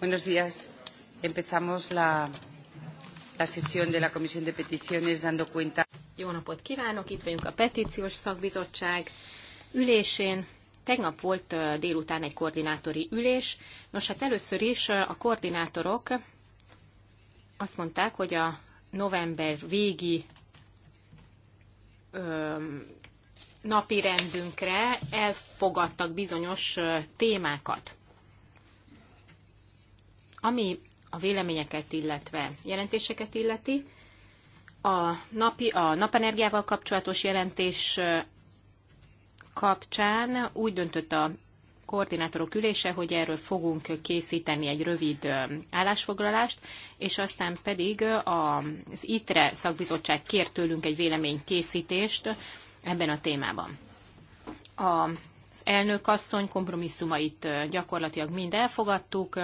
Buenos días. Empezamos la, la sesión de la Comisión de Peticiones dando cuenta. Jó napot kívánok! Itt vagyunk a Petíciós Szakbizottság ülésén. Tegnap volt délután egy koordinátori ülés. Nos, hát először is a koordinátorok azt mondták, hogy a november végi napi rendünkre elfogadtak bizonyos témákat. Ami a véleményeket, illetve jelentéseket illeti, a, napi, a napenergiával kapcsolatos jelentés kapcsán úgy döntött a koordinátorok ülése, hogy erről fogunk készíteni egy rövid állásfoglalást, és aztán pedig az ITRE szakbizottság kért tőlünk egy véleménykészítést ebben a témában. Az elnök asszony kompromisszumait gyakorlatilag mind elfogadtuk,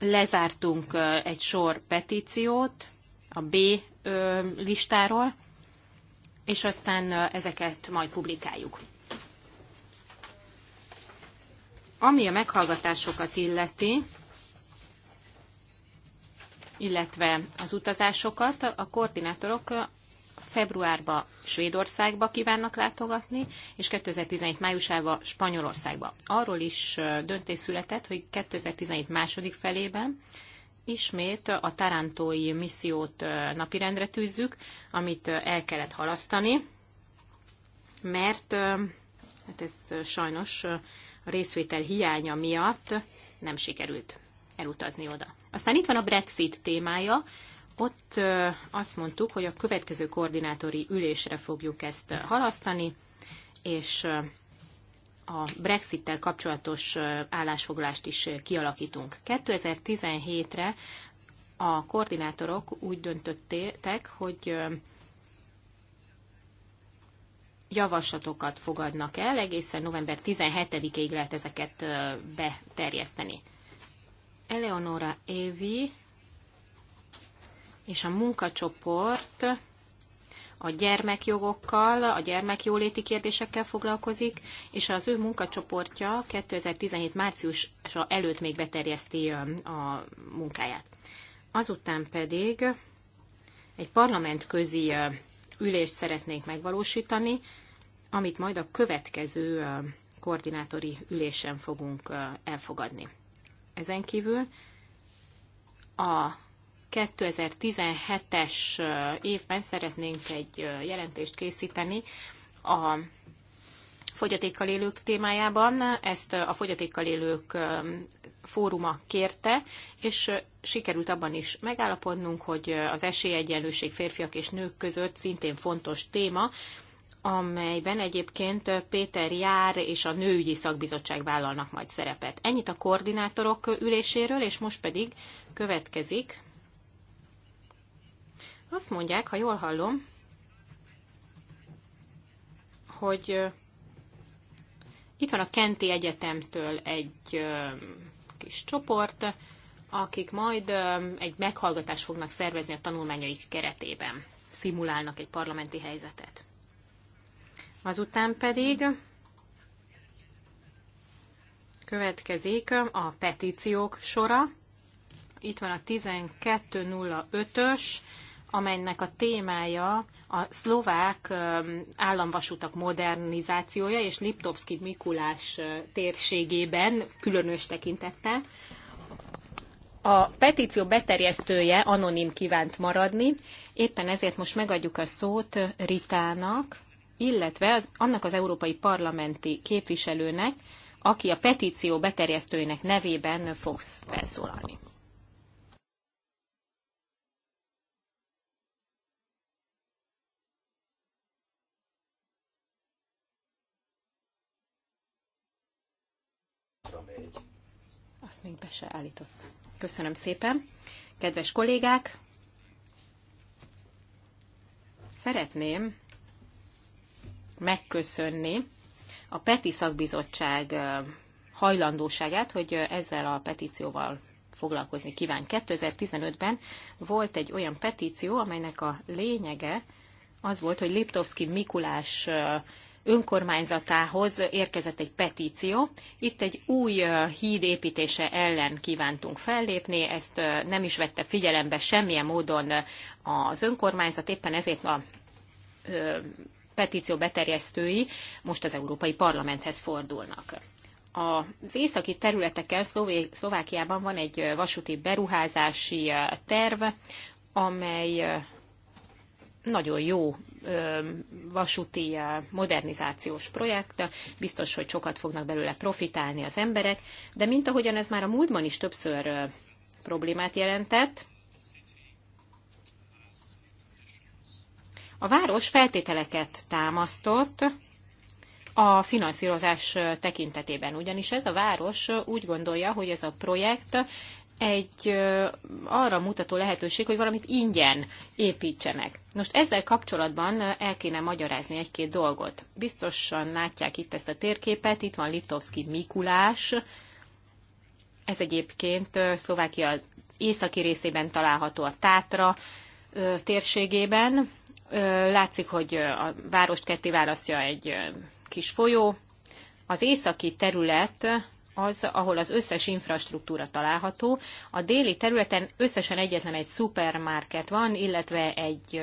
lezártunk egy sor petíciót a B listáról, és aztán ezeket majd publikáljuk. Ami a meghallgatásokat illeti, illetve az utazásokat, a koordinátorok februárba Svédországba kívánnak látogatni, és 2017 májusába Spanyolországba. Arról is döntés született, hogy 2017 második felében ismét a tarantói missziót napirendre tűzzük, amit el kellett halasztani, mert hát ez sajnos a részvétel hiánya miatt nem sikerült elutazni oda. Aztán itt van a Brexit témája, ott azt mondtuk, hogy a következő koordinátori ülésre fogjuk ezt halasztani, és a Brexittel kapcsolatos állásfoglalást is kialakítunk. 2017-re a koordinátorok úgy döntöttek, hogy javaslatokat fogadnak el, egészen november 17-ig lehet ezeket beterjeszteni. Eleonora Évi és a munkacsoport a gyermekjogokkal, a gyermekjóléti kérdésekkel foglalkozik, és az ő munkacsoportja 2017 március előtt még beterjeszti a munkáját. Azután pedig egy parlamentközi ülést szeretnénk megvalósítani, amit majd a következő koordinátori ülésen fogunk elfogadni. Ezen kívül a 2017-es évben szeretnénk egy jelentést készíteni a fogyatékkal élők témájában. Ezt a fogyatékkal élők fóruma kérte, és sikerült abban is megállapodnunk, hogy az esélyegyenlőség férfiak és nők között szintén fontos téma, amelyben egyébként Péter Jár és a Nőügyi Szakbizottság vállalnak majd szerepet. Ennyit a koordinátorok üléséről, és most pedig következik azt mondják, ha jól hallom, hogy itt van a Kenti Egyetemtől egy kis csoport, akik majd egy meghallgatást fognak szervezni a tanulmányaik keretében. Szimulálnak egy parlamenti helyzetet. Azután pedig következik a petíciók sora. Itt van a 1205-ös, amelynek a témája a szlovák államvasutak modernizációja és Liptovski Mikulás térségében különös tekintettel. A petíció beterjesztője anonim kívánt maradni, éppen ezért most megadjuk a szót Ritának, illetve az, annak az európai parlamenti képviselőnek, aki a petíció beterjesztőjének nevében fog felszólalni. azt még be se állítottam. Köszönöm szépen. Kedves kollégák, szeretném megköszönni a PETI szakbizottság hajlandóságát, hogy ezzel a petícióval foglalkozni kíván. 2015-ben volt egy olyan petíció, amelynek a lényege az volt, hogy Liptovski Mikulás önkormányzatához érkezett egy petíció. Itt egy új híd építése ellen kívántunk fellépni, ezt nem is vette figyelembe semmilyen módon az önkormányzat, éppen ezért a petíció beterjesztői most az Európai Parlamenthez fordulnak. Az északi területeken Szlovákiában van egy vasúti beruházási terv, amely nagyon jó vasúti modernizációs projekt, biztos, hogy sokat fognak belőle profitálni az emberek, de mint ahogyan ez már a múltban is többször problémát jelentett, a város feltételeket támasztott a finanszírozás tekintetében, ugyanis ez a város úgy gondolja, hogy ez a projekt egy arra mutató lehetőség, hogy valamit ingyen építsenek. Most ezzel kapcsolatban el kéne magyarázni egy-két dolgot. Biztosan látják itt ezt a térképet, itt van Litovszki Mikulás, ez egyébként Szlovákia északi részében található a Tátra térségében. Látszik, hogy a várost ketté választja egy kis folyó. Az északi terület az, ahol az összes infrastruktúra található. A déli területen összesen egyetlen egy szupermarket van, illetve egy,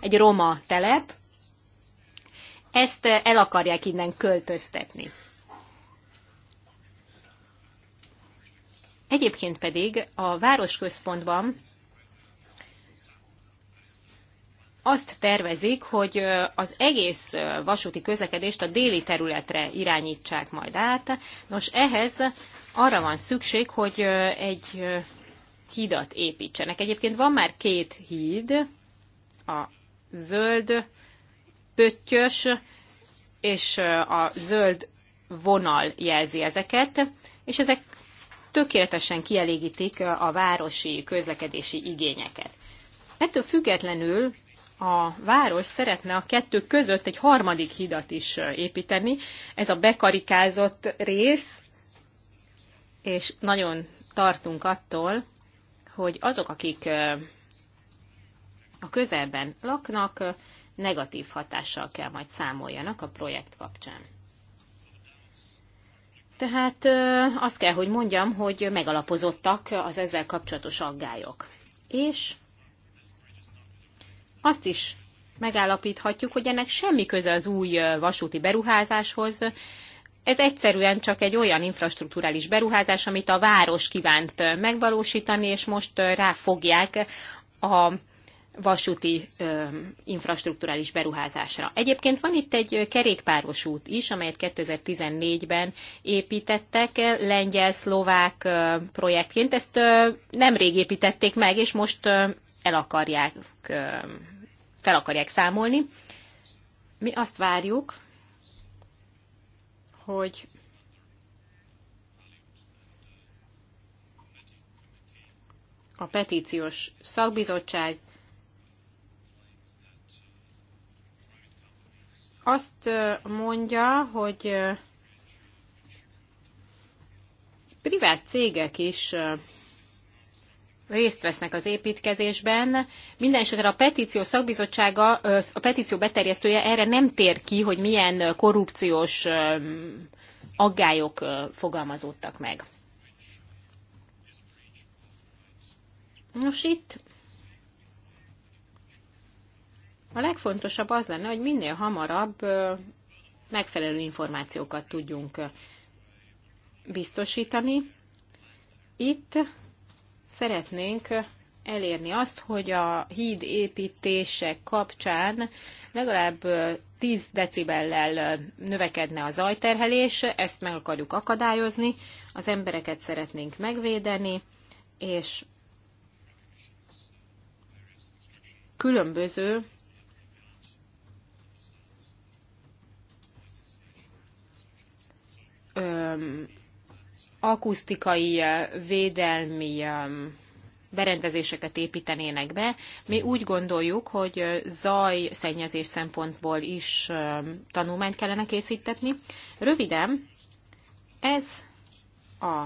egy roma telep. Ezt el akarják innen költöztetni. Egyébként pedig a városközpontban azt tervezik, hogy az egész vasúti közlekedést a déli területre irányítsák majd át. Nos, ehhez arra van szükség, hogy egy hídat építsenek. Egyébként van már két híd, a zöld pöttyös és a zöld vonal jelzi ezeket, és ezek tökéletesen kielégítik a városi közlekedési igényeket. Ettől függetlenül a város szeretne a kettő között egy harmadik hidat is építeni. Ez a bekarikázott rész, és nagyon tartunk attól, hogy azok, akik a közelben laknak, negatív hatással kell majd számoljanak a projekt kapcsán. Tehát azt kell, hogy mondjam, hogy megalapozottak az ezzel kapcsolatos aggályok. És azt is megállapíthatjuk, hogy ennek semmi köze az új vasúti beruházáshoz. Ez egyszerűen csak egy olyan infrastruktúrális beruházás, amit a város kívánt megvalósítani, és most ráfogják a vasúti ö, infrastruktúrális beruházásra. Egyébként van itt egy kerékpáros út is, amelyet 2014-ben építettek lengyel-szlovák projektként. Ezt ö, nemrég építették meg, és most ö, el akarják, fel akarják számolni. Mi azt várjuk, hogy a petíciós szakbizottság azt mondja, hogy privát cégek is részt vesznek az építkezésben. Mindenesetre a petíció szakbizottsága, a petíció beterjesztője erre nem tér ki, hogy milyen korrupciós aggályok fogalmazódtak meg. Nos itt a legfontosabb az lenne, hogy minél hamarabb megfelelő információkat tudjunk biztosítani. Itt szeretnénk elérni azt, hogy a híd építések kapcsán legalább 10 decibellel növekedne a zajterhelés, ezt meg akarjuk akadályozni, az embereket szeretnénk megvédeni, és különböző öm, akusztikai védelmi berendezéseket építenének be. Mi úgy gondoljuk, hogy zaj szennyezés szempontból is tanulmányt kellene készítetni. Röviden, ez a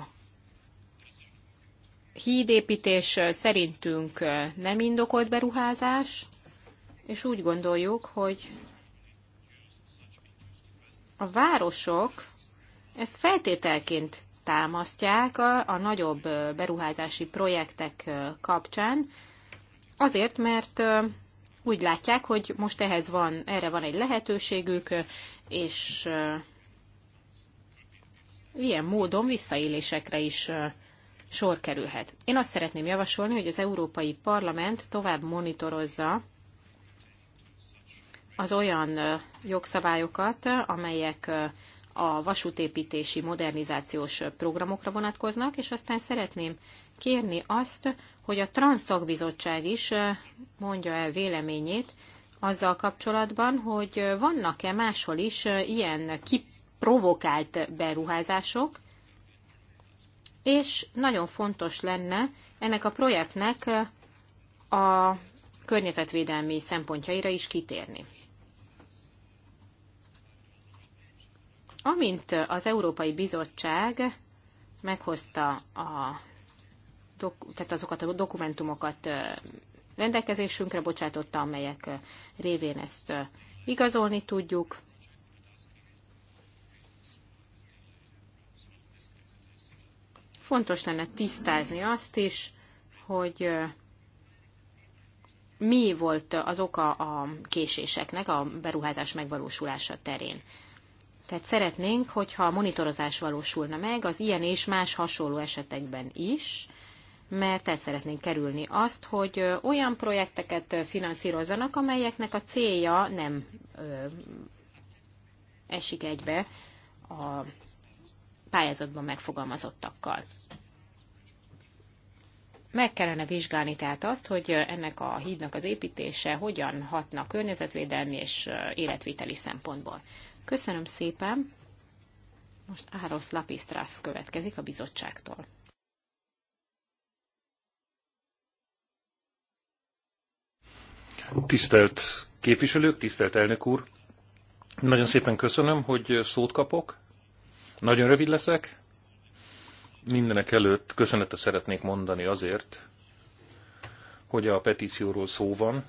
hídépítés szerintünk nem indokolt beruházás, és úgy gondoljuk, hogy a városok ezt feltételként támasztják a, a nagyobb beruházási projektek kapcsán, azért, mert úgy látják, hogy most ehhez van, erre van egy lehetőségük, és ilyen módon visszaélésekre is sor kerülhet. Én azt szeretném javasolni, hogy az Európai Parlament tovább monitorozza az olyan jogszabályokat, amelyek a vasútépítési modernizációs programokra vonatkoznak, és aztán szeretném kérni azt, hogy a Transzakbizottság is mondja el véleményét azzal kapcsolatban, hogy vannak-e máshol is ilyen kiprovokált beruházások, és nagyon fontos lenne ennek a projektnek a környezetvédelmi szempontjaira is kitérni. Amint az Európai Bizottság meghozta a, tehát azokat a dokumentumokat rendelkezésünkre bocsátotta, amelyek révén ezt igazolni tudjuk, fontos lenne tisztázni azt is, hogy mi volt az oka a késéseknek a beruházás megvalósulása terén. Tehát szeretnénk, hogyha a monitorozás valósulna meg az ilyen és más hasonló esetekben is, mert el szeretnénk kerülni azt, hogy olyan projekteket finanszírozzanak, amelyeknek a célja nem ö, esik egybe a pályázatban megfogalmazottakkal. Meg kellene vizsgálni tehát azt, hogy ennek a hídnak az építése hogyan hatna környezetvédelmi és életviteli szempontból. Köszönöm szépen. Most Árosz Lapisztrász következik a bizottságtól. Tisztelt képviselők, tisztelt elnök úr! Nagyon szépen köszönöm, hogy szót kapok. Nagyon rövid leszek. Mindenek előtt köszönetet szeretnék mondani azért, hogy a petícióról szó van,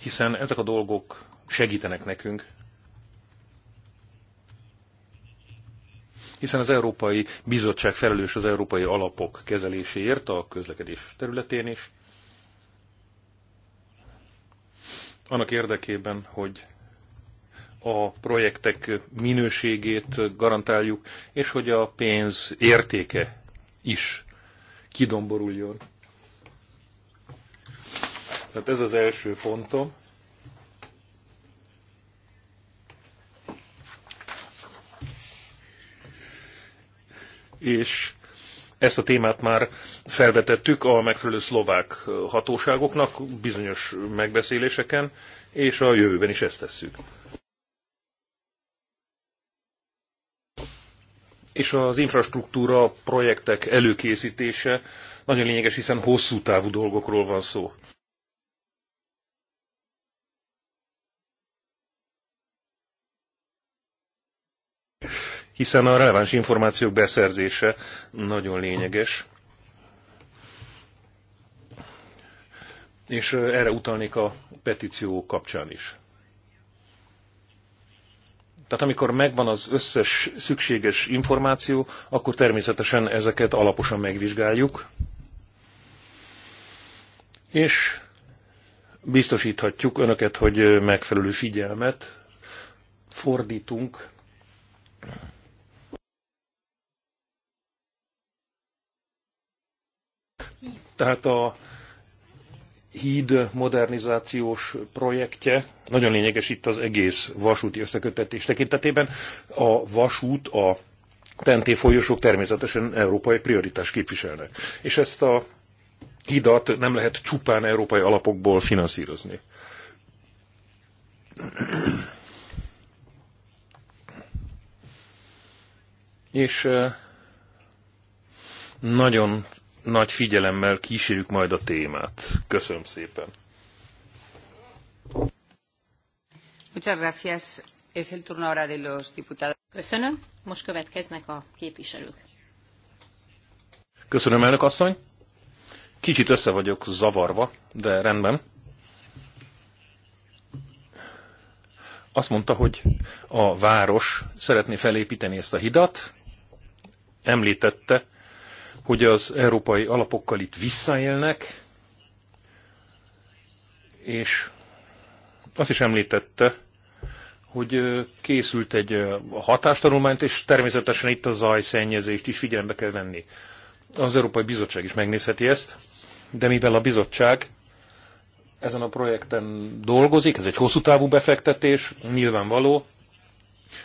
hiszen ezek a dolgok segítenek nekünk, hiszen az Európai Bizottság felelős az európai alapok kezeléséért a közlekedés területén is. Annak érdekében, hogy a projektek minőségét garantáljuk, és hogy a pénz értéke is kidomboruljon. Tehát ez az első pontom. és ezt a témát már felvetettük a megfelelő szlovák hatóságoknak bizonyos megbeszéléseken, és a jövőben is ezt tesszük. És az infrastruktúra projektek előkészítése nagyon lényeges, hiszen hosszú távú dolgokról van szó. hiszen a releváns információk beszerzése nagyon lényeges. És erre utalnék a petíció kapcsán is. Tehát amikor megvan az összes szükséges információ, akkor természetesen ezeket alaposan megvizsgáljuk, és biztosíthatjuk önöket, hogy megfelelő figyelmet fordítunk Tehát a híd modernizációs projektje nagyon lényeges itt az egész vasúti összekötetés tekintetében. A vasút a tenté folyosók természetesen európai prioritás képviselnek. És ezt a hidat nem lehet csupán európai alapokból finanszírozni. És eh, nagyon nagy figyelemmel kísérjük majd a témát. Köszönöm szépen. Köszönöm. Most következnek a képviselők. Köszönöm, elnök asszony. Kicsit össze vagyok zavarva, de rendben. Azt mondta, hogy a város szeretné felépíteni ezt a hidat. Említette hogy az európai alapokkal itt visszaélnek, és azt is említette, hogy készült egy hatástanulmányt, és természetesen itt a zajszennyezést is figyelembe kell venni. Az Európai Bizottság is megnézheti ezt, de mivel a bizottság ezen a projekten dolgozik, ez egy hosszú távú befektetés, nyilvánvaló,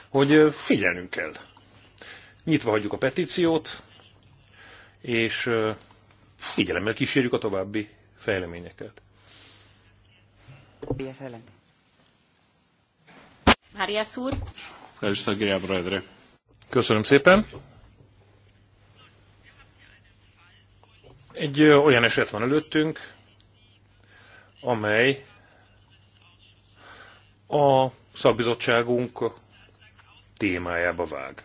hogy figyelnünk kell. Nyitva hagyjuk a petíciót, és figyelemmel kísérjük a további fejleményeket. Máriás úr. Köszönöm szépen. Egy olyan eset van előttünk, amely a szakbizottságunk témájába vág.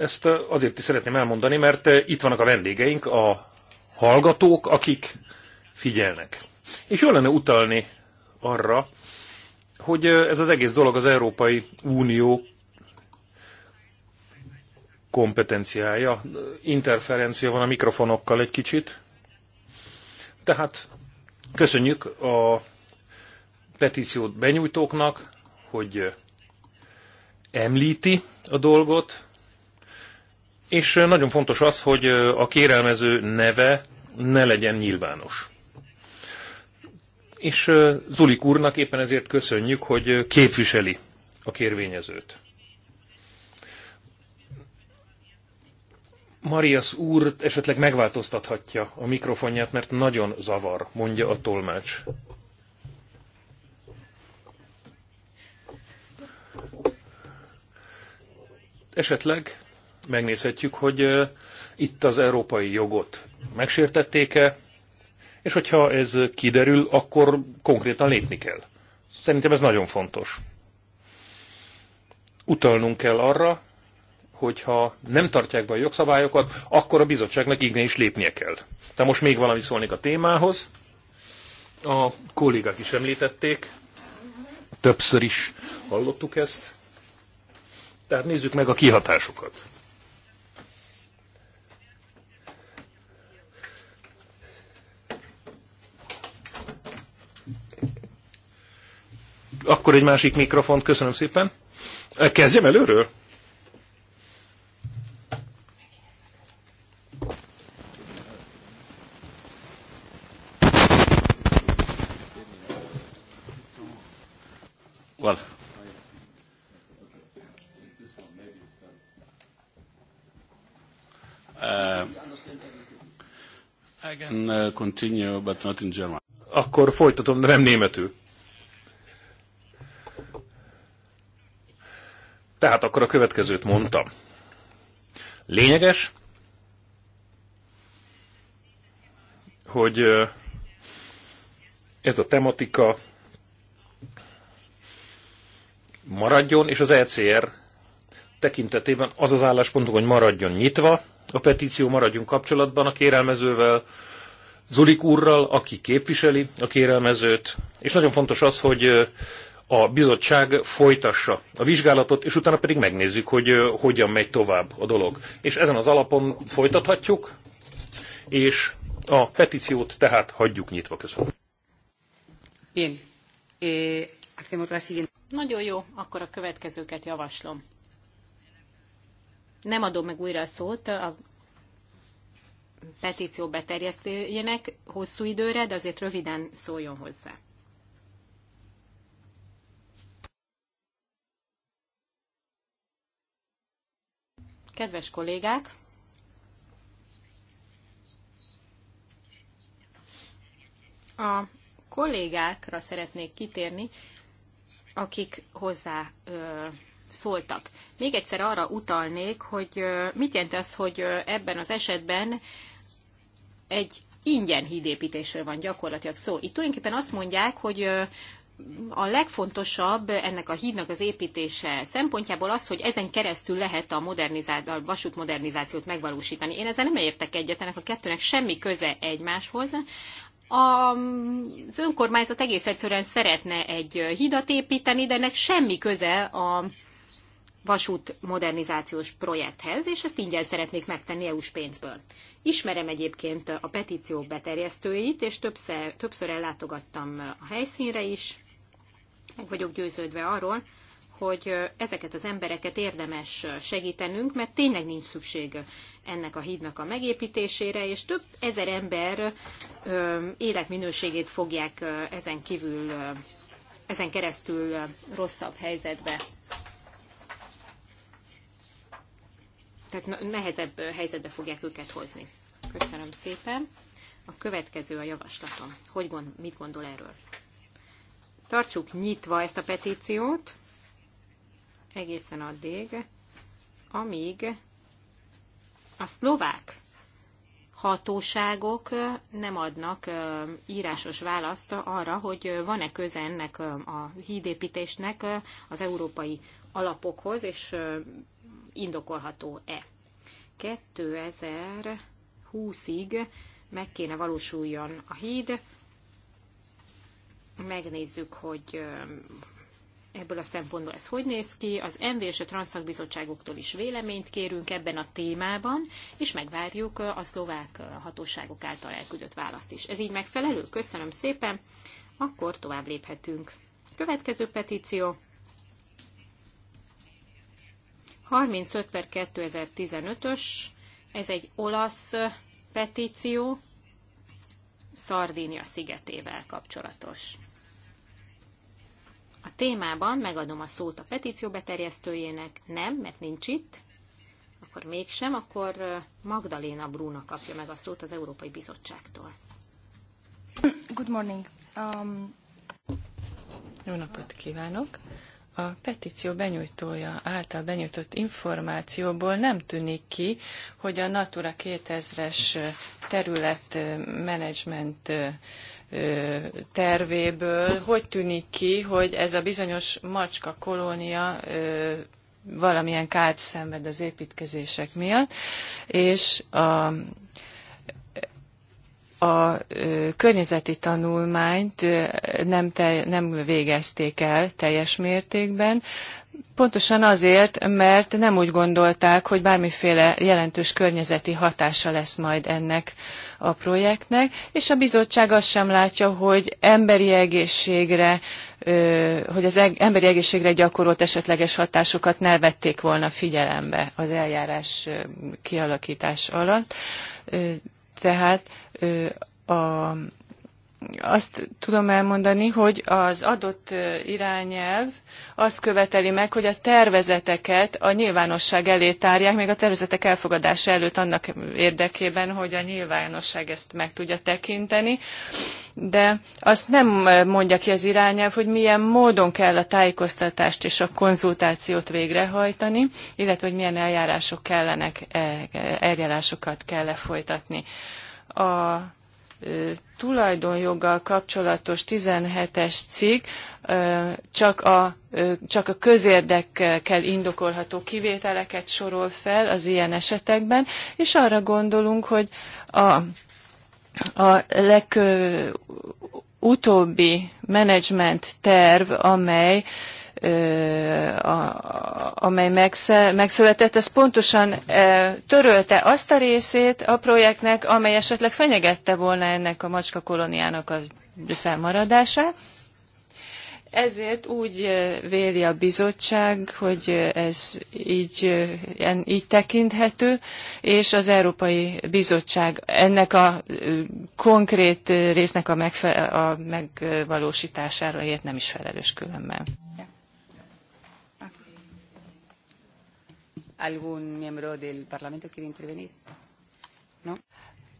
Ezt azért is szeretném elmondani, mert itt vannak a vendégeink, a hallgatók, akik figyelnek. És jó lenne utalni arra, hogy ez az egész dolog az Európai Unió kompetenciája. Interferencia van a mikrofonokkal egy kicsit. Tehát köszönjük a petíciót benyújtóknak, hogy említi a dolgot, és nagyon fontos az, hogy a kérelmező neve ne legyen nyilvános. És Zulik úrnak éppen ezért köszönjük, hogy képviseli a kérvényezőt. Marias úr esetleg megváltoztathatja a mikrofonját, mert nagyon zavar, mondja a tolmács. Esetleg megnézhetjük, hogy itt az európai jogot megsértették-e, és hogyha ez kiderül, akkor konkrétan lépni kell. Szerintem ez nagyon fontos. Utalnunk kell arra, hogyha nem tartják be a jogszabályokat, akkor a bizottságnak igenis lépnie kell. Tehát most még valami szólnék a témához. A kollégák is említették, többször is hallottuk ezt. Tehát nézzük meg a kihatásokat. akkor egy másik mikrofont, köszönöm szépen. Kezdjem előről? Well, uh, I can uh, continue, but not in German. Akkor folytatom, de nem németül. Tehát akkor a következőt mondtam. Lényeges, hogy ez a tematika maradjon, és az ECR tekintetében az az álláspontunk, hogy maradjon nyitva, a petíció maradjon kapcsolatban a kérelmezővel, Zulik úrral, aki képviseli a kérelmezőt, és nagyon fontos az, hogy a bizottság folytassa a vizsgálatot, és utána pedig megnézzük, hogy hogyan megy tovább a dolog. És ezen az alapon folytathatjuk, és a petíciót tehát hagyjuk nyitva. Köszönöm. Bien. Eh, Nagyon jó, akkor a következőket javaslom. Nem adom meg újra a szót a petíció beterjesztőjének hosszú időre, de azért röviden szóljon hozzá. Kedves kollégák! A kollégákra szeretnék kitérni, akik hozzá ö, szóltak. Még egyszer arra utalnék, hogy ö, mit jelent az, hogy ö, ebben az esetben egy ingyen hídépítésről van gyakorlatilag szó. Itt tulajdonképpen azt mondják, hogy a legfontosabb ennek a hídnak az építése szempontjából az, hogy ezen keresztül lehet a, modernizált, a vasút modernizációt megvalósítani. Én ezzel nem értek egyet, ennek a kettőnek semmi köze egymáshoz. A, az önkormányzat egész egyszerűen szeretne egy hidat építeni, de ennek semmi köze a vasút modernizációs projekthez, és ezt ingyen szeretnék megtenni EU-s pénzből. Ismerem egyébként a petíció beterjesztőit, és többször, többször ellátogattam a helyszínre is, meg vagyok győződve arról, hogy ezeket az embereket érdemes segítenünk, mert tényleg nincs szükség ennek a hídnak a megépítésére, és több ezer ember életminőségét fogják ezen kívül, ezen keresztül rosszabb helyzetbe. Tehát nehezebb helyzetbe fogják őket hozni. Köszönöm szépen. A következő a javaslatom. Hogy gond, mit gondol erről? tartsuk nyitva ezt a petíciót egészen addig, amíg a szlovák hatóságok nem adnak írásos választ arra, hogy van-e köze ennek a hídépítésnek az európai alapokhoz, és indokolható-e. 2020-ig meg kéne valósuljon a híd, megnézzük, hogy ebből a szempontból ez hogy néz ki. Az MV és a Transzakbizottságoktól is véleményt kérünk ebben a témában, és megvárjuk a szlovák hatóságok által elküldött választ is. Ez így megfelelő? Köszönöm szépen. Akkor tovább léphetünk. Következő petíció. 35 per 2015-ös. Ez egy olasz petíció Szardínia szigetével kapcsolatos a témában megadom a szót a petíció beterjesztőjének. Nem, mert nincs itt. Akkor mégsem, akkor Magdaléna Bruna kapja meg a szót az Európai Bizottságtól. Good morning. Um... Jó napot kívánok! a petíció benyújtója által benyújtott információból nem tűnik ki, hogy a Natura 2000-es terület tervéből hogy tűnik ki, hogy ez a bizonyos macska kolónia valamilyen kárt szenved az építkezések miatt, és a a környezeti tanulmányt nem, te, nem végezték el teljes mértékben, pontosan azért, mert nem úgy gondolták, hogy bármiféle jelentős környezeti hatása lesz majd ennek a projektnek, és a bizottság azt sem látja, hogy emberi egészségre, hogy az emberi egészségre gyakorolt esetleges hatásokat ne vették volna figyelembe az eljárás kialakítás alatt tehát a azt tudom elmondani, hogy az adott irányelv azt követeli meg, hogy a tervezeteket a nyilvánosság elé tárják, még a tervezetek elfogadása előtt annak érdekében, hogy a nyilvánosság ezt meg tudja tekinteni. De azt nem mondja ki az irányelv, hogy milyen módon kell a tájékoztatást és a konzultációt végrehajtani, illetve hogy milyen eljárások kellenek, e, e, eljárásokat kell lefolytatni. A tulajdonjoggal kapcsolatos 17-es cikk csak a, csak a közérdekkel indokolható kivételeket sorol fel az ilyen esetekben, és arra gondolunk, hogy a, a legutóbbi menedzsment terv, amely amely megszületett, ez pontosan törölte azt a részét a projektnek, amely esetleg fenyegette volna ennek a macska kolóniának a felmaradását. Ezért úgy véli a bizottság, hogy ez így, így tekinthető, és az Európai Bizottság ennek a konkrét résznek a, megfe- a megvalósítására ért nem is felelős különben. ¿Algún miembro del Parlamento quiere intervenir? No?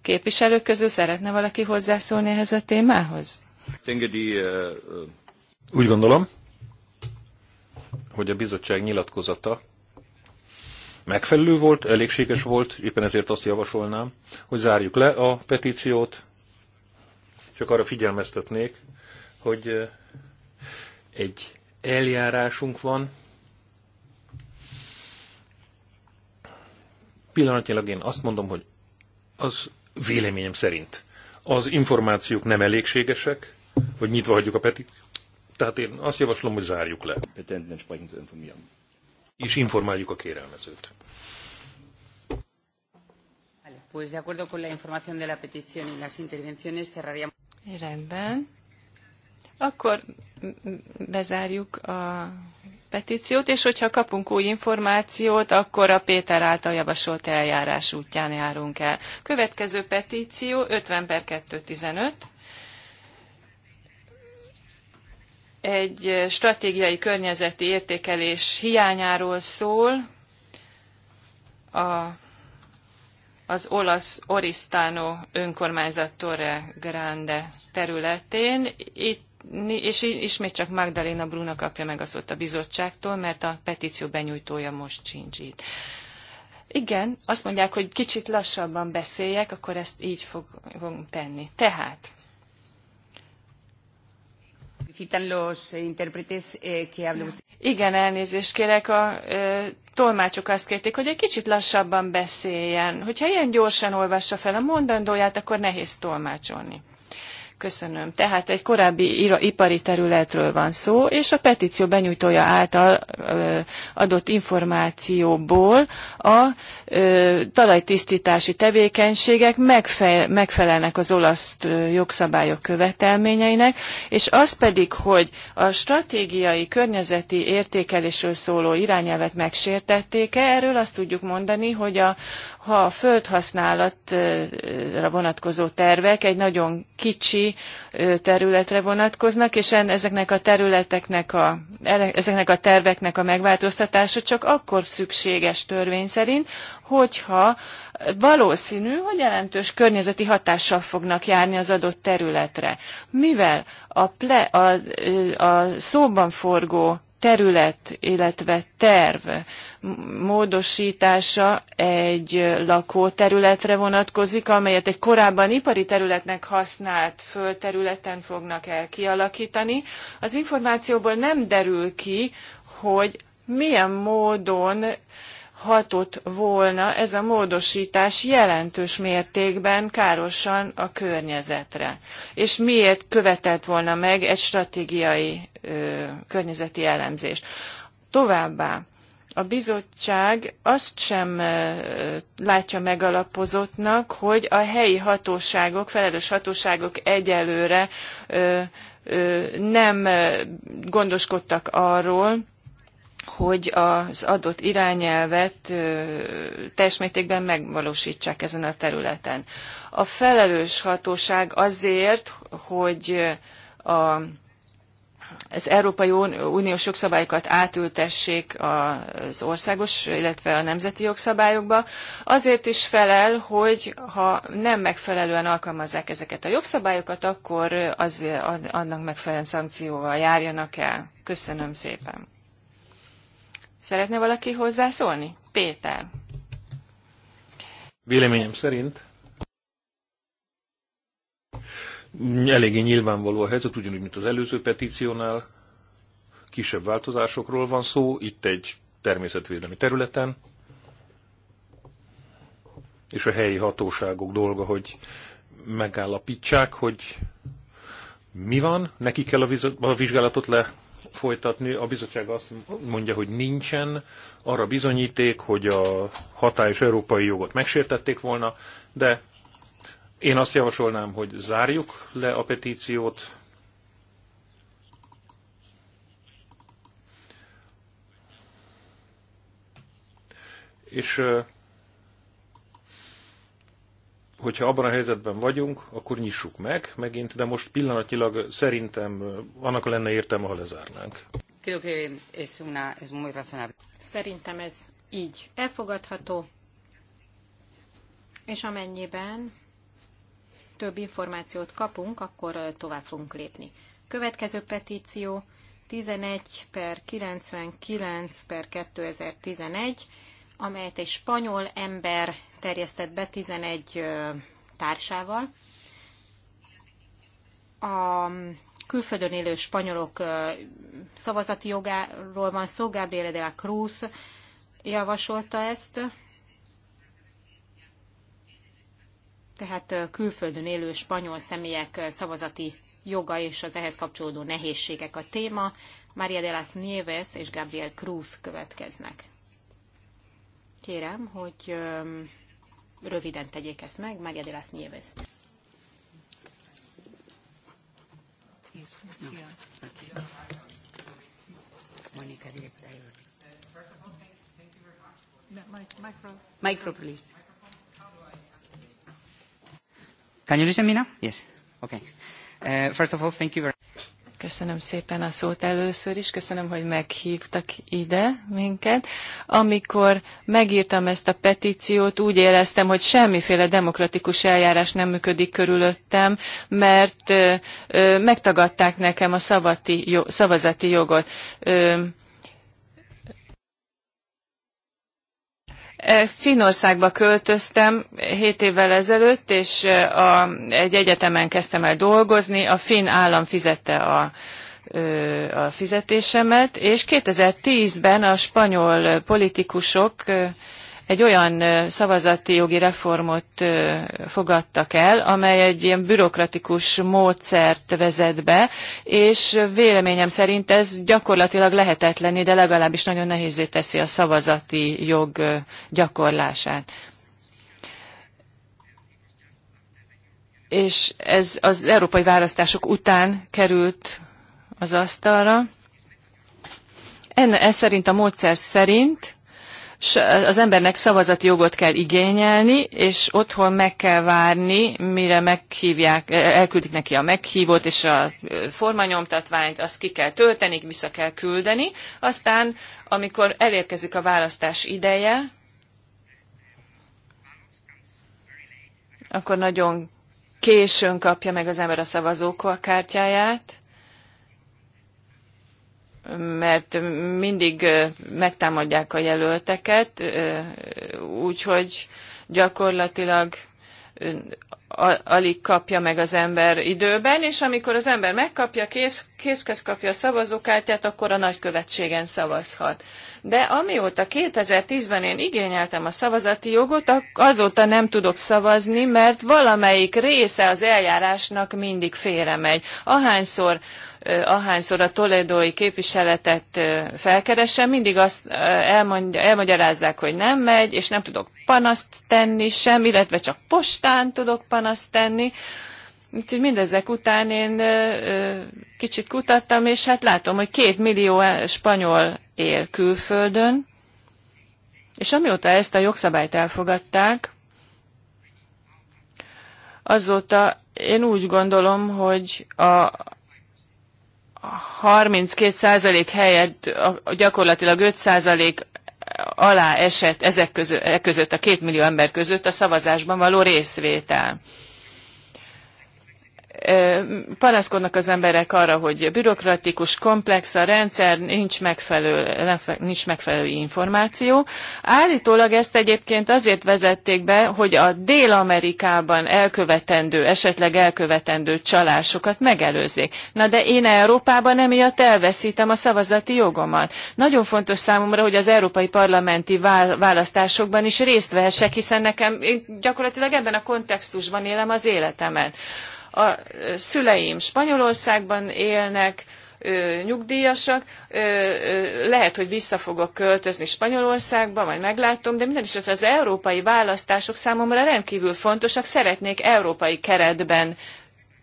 Képviselők közül szeretne valaki hozzászólni ehhez a témához? Eh, eh, Úgy gondolom, hogy a bizottság nyilatkozata megfelelő volt, elégséges volt, éppen ezért azt javasolnám, hogy zárjuk le a petíciót, csak arra figyelmeztetnék, hogy eh, egy eljárásunk van, Pillanatnyilag én azt mondom, hogy az véleményem szerint az információk nem elégségesek, vagy nyitva hagyjuk a petit. Tehát én azt javaslom, hogy zárjuk le. És informáljuk a kérelmezőt. Pues de acuerdo con la información de la petición y las intervenciones cerraríamos. Rendben. Akkor bezárjuk a petíciót, és hogyha kapunk új információt, akkor a Péter által javasolt eljárás útján járunk el. Következő petíció 50 per 215. Egy stratégiai környezeti értékelés hiányáról szól. A az olasz Oristano önkormányzat Torre Grande területén. Itt és ismét csak Magdalena Bruna kapja meg azt ott a bizottságtól, mert a petíció benyújtója most sincs itt. Igen, azt mondják, hogy kicsit lassabban beszéljek, akkor ezt így fogunk tenni. Tehát. Eh, igen, elnézést kérek, a ö, tolmácsok azt kérték, hogy egy kicsit lassabban beszéljen. Hogyha ilyen gyorsan olvassa fel a mondandóját, akkor nehéz tolmácsolni. Köszönöm. Tehát egy korábbi ipari területről van szó, és a petíció benyújtója által adott információból a talajtisztítási tevékenységek megfelelnek az olasz jogszabályok követelményeinek, és az pedig, hogy a stratégiai környezeti értékelésről szóló irányelvet megsértették-e, erről azt tudjuk mondani, hogy a, ha a földhasználatra vonatkozó tervek egy nagyon kicsi, területre vonatkoznak, és ezeknek a területeknek a, ezeknek a terveknek a megváltoztatása csak akkor szükséges törvény szerint, hogyha valószínű, hogy jelentős környezeti hatással fognak járni az adott területre. Mivel a, ple, a, a szóban forgó terület, illetve terv módosítása egy lakóterületre vonatkozik, amelyet egy korábban ipari területnek használt földterületen fognak el kialakítani. Az információból nem derül ki, hogy milyen módon hatott volna ez a módosítás jelentős mértékben károsan a környezetre. És miért követelt volna meg egy stratégiai ö, környezeti elemzést. Továbbá a bizottság azt sem látja megalapozottnak, hogy a helyi hatóságok, felelős hatóságok egyelőre ö, ö, nem gondoskodtak arról, hogy az adott irányelvet teljes mértékben megvalósítsák ezen a területen. A felelős hatóság azért, hogy a az Európai Uniós jogszabályokat átültessék az országos, illetve a nemzeti jogszabályokba. Azért is felel, hogy ha nem megfelelően alkalmazzák ezeket a jogszabályokat, akkor az annak megfelelően szankcióval járjanak el. Köszönöm szépen. Szeretne valaki hozzászólni? Péter. Véleményem szerint eléggé nyilvánvaló a helyzet, ugyanúgy, mint az előző petíciónál. Kisebb változásokról van szó, itt egy természetvédelmi területen, és a helyi hatóságok dolga, hogy megállapítsák, hogy mi van, neki kell a, vizsgálatot le folytatni. A bizottság azt mondja, hogy nincsen arra bizonyíték, hogy a hatályos európai jogot megsértették volna, de én azt javasolnám, hogy zárjuk le a petíciót. És hogyha abban a helyzetben vagyunk, akkor nyissuk meg megint, de most pillanatnyilag szerintem annak lenne értelme, ha lezárnánk. Szerintem ez így elfogadható, és amennyiben több információt kapunk, akkor tovább fogunk lépni. Következő petíció 11 per 99 per 2011 amelyet egy spanyol ember terjesztett be 11 társával. A külföldön élő spanyolok szavazati jogáról van szó, Gabriel de la Cruz javasolta ezt, tehát külföldön élő spanyol személyek szavazati joga és az ehhez kapcsolódó nehézségek a téma. Maria de las Nieves és Gabriel Cruz következnek. Kérem, hogy röviden tegyék ezt meg, Maria las Nieves. Micro. Micro, please. Can you listen me now? Yes. Okay. Uh, first of all, thank you very Köszönöm szépen a szót először is, köszönöm, hogy meghívtak ide minket. Amikor megírtam ezt a petíciót, úgy éreztem, hogy semmiféle demokratikus eljárás nem működik körülöttem, mert ö, ö, megtagadták nekem a szavati, jo, szavazati jogot. Ö, E, Finországba költöztem 7 évvel ezelőtt, és e, a, egy egyetemen kezdtem el dolgozni. A finn állam fizette a, e, a fizetésemet, és 2010-ben a spanyol politikusok egy olyan szavazati jogi reformot fogadtak el, amely egy ilyen bürokratikus módszert vezet be, és véleményem szerint ez gyakorlatilag lehetetlené, de legalábbis nagyon nehézé teszi a szavazati jog gyakorlását. És ez az európai választások után került az asztalra. ez szerint a módszer szerint az embernek szavazati jogot kell igényelni, és otthon meg kell várni, mire meghívják, elküldik neki a meghívót és a formanyomtatványt, azt ki kell tölteni, vissza kell küldeni. Aztán, amikor elérkezik a választás ideje, akkor nagyon későn kapja meg az ember a szavazókártyáját, mert mindig megtámadják a jelölteket, úgyhogy gyakorlatilag alig kapja meg az ember időben, és amikor az ember megkapja, kész, készkez kapja a szavazókártyát, akkor a nagykövetségen szavazhat. De amióta 2010-ben én igényeltem a szavazati jogot, azóta nem tudok szavazni, mert valamelyik része az eljárásnak mindig félremegy. Ahányszor ahányszor a toledói képviseletet felkeresem, mindig azt elmondja, elmagyarázzák, hogy nem megy, és nem tudok panaszt tenni sem, illetve csak postán tudok panaszt tenni. Úgyhogy mindezek után én kicsit kutattam, és hát látom, hogy két millió spanyol él külföldön, és amióta ezt a jogszabályt elfogadták, azóta én úgy gondolom, hogy a, 32% helyett gyakorlatilag 5% alá esett ezek között, e között, a két millió ember között a szavazásban való részvétel panaszkodnak az emberek arra, hogy bürokratikus, komplex a rendszer, nincs megfelelő, nincs megfelelő információ. Állítólag ezt egyébként azért vezették be, hogy a Dél-Amerikában elkövetendő, esetleg elkövetendő csalásokat megelőzzék. Na de én Európában emiatt elveszítem a szavazati jogomat. Nagyon fontos számomra, hogy az európai parlamenti választásokban is részt vehessek, hiszen nekem én gyakorlatilag ebben a kontextusban élem az életemet. A szüleim Spanyolországban élnek, nyugdíjasak, lehet, hogy vissza fogok költözni Spanyolországba, majd meglátom, de minden esetre az európai választások számomra rendkívül fontosak, szeretnék európai keretben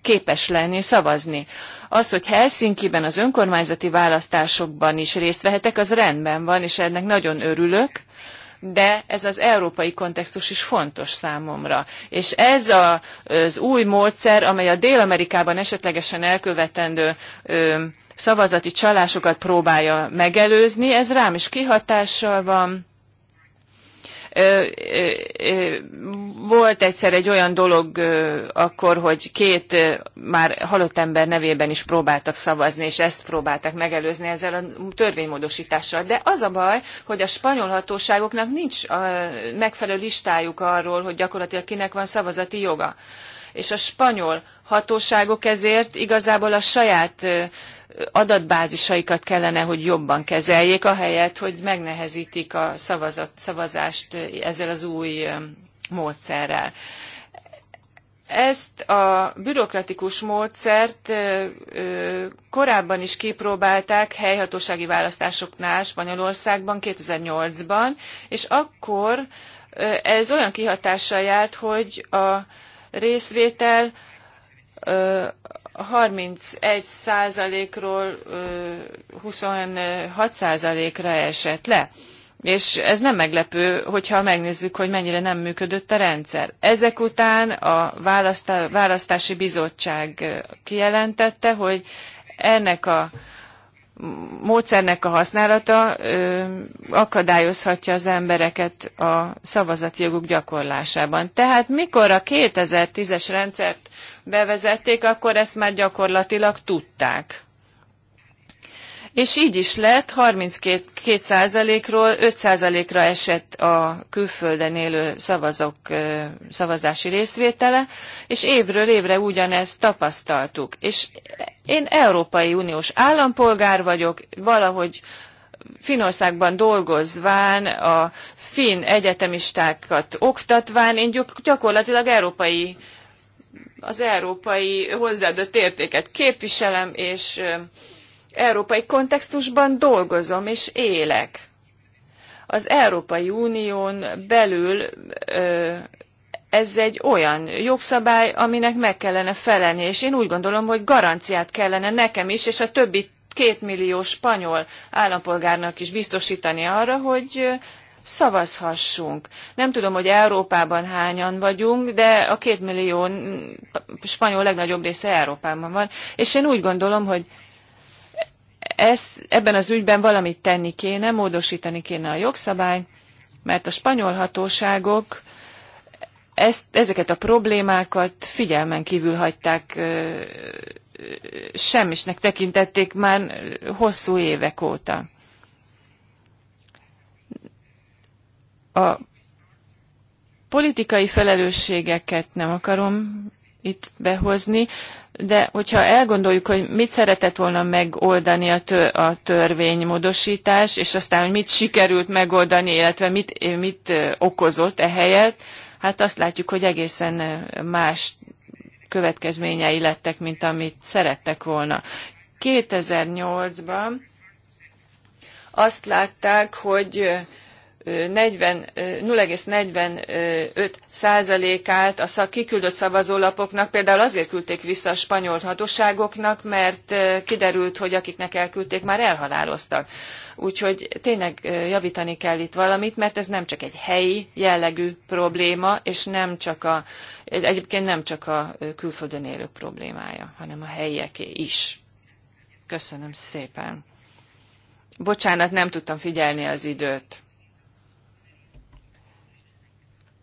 képes lenni, szavazni. Az, hogy Helsinkiben az önkormányzati választásokban is részt vehetek, az rendben van, és ennek nagyon örülök, de ez az európai kontextus is fontos számomra. És ez a, az új módszer, amely a Dél-Amerikában esetlegesen elkövetendő ö, szavazati csalásokat próbálja megelőzni, ez rám is kihatással van volt egyszer egy olyan dolog akkor, hogy két már halott ember nevében is próbáltak szavazni, és ezt próbáltak megelőzni ezzel a törvénymódosítással. De az a baj, hogy a spanyol hatóságoknak nincs a megfelelő listájuk arról, hogy gyakorlatilag kinek van szavazati joga. És a spanyol hatóságok ezért igazából a saját adatbázisaikat kellene, hogy jobban kezeljék, ahelyett, hogy megnehezítik a szavazat, szavazást ezzel az új módszerrel. Ezt a bürokratikus módszert korábban is kipróbálták helyhatósági választásoknál Spanyolországban 2008-ban, és akkor ez olyan kihatással járt, hogy a részvétel 31%-ról 26%-ra esett le. És ez nem meglepő, hogyha megnézzük, hogy mennyire nem működött a rendszer. Ezek után a választási bizottság kijelentette, hogy ennek a módszernek a használata ö, akadályozhatja az embereket a szavazatjoguk gyakorlásában. Tehát mikor a 2010-es rendszert bevezették, akkor ezt már gyakorlatilag tudták. És így is lett, 32%-ról 5%-ra esett a külföldön élő szavazók szavazási részvétele, és évről évre ugyanezt tapasztaltuk. És én Európai Uniós állampolgár vagyok, valahogy Finországban dolgozván, a finn egyetemistákat oktatván, én gyakorlatilag európai az európai hozzáadott értéket képviselem, és európai kontextusban dolgozom és élek. Az Európai Unión belül ez egy olyan jogszabály, aminek meg kellene felelni, és én úgy gondolom, hogy garanciát kellene nekem is, és a többi kétmillió spanyol állampolgárnak is biztosítani arra, hogy szavazhassunk. Nem tudom, hogy Európában hányan vagyunk, de a két millió spanyol legnagyobb része Európában van, és én úgy gondolom, hogy ezt, ebben az ügyben valamit tenni kéne, módosítani kéne a jogszabályt, mert a spanyol hatóságok ezt, ezeket a problémákat figyelmen kívül hagyták, semmisnek tekintették már hosszú évek óta. A politikai felelősségeket nem akarom itt behozni, de hogyha elgondoljuk, hogy mit szeretett volna megoldani a, tör, a törvénymódosítás, és aztán, hogy mit sikerült megoldani, illetve mit, mit okozott ehelyett, hát azt látjuk, hogy egészen más következményei lettek, mint amit szerettek volna. 2008-ban azt látták, hogy 0,45 százalékát a szak kiküldött szavazólapoknak például azért küldték vissza a spanyol hatóságoknak, mert kiderült, hogy akiknek elküldték, már elhaláloztak. Úgyhogy tényleg javítani kell itt valamit, mert ez nem csak egy helyi jellegű probléma, és nem csak a, egyébként nem csak a külföldön élők problémája, hanem a helyieké is. Köszönöm szépen. Bocsánat, nem tudtam figyelni az időt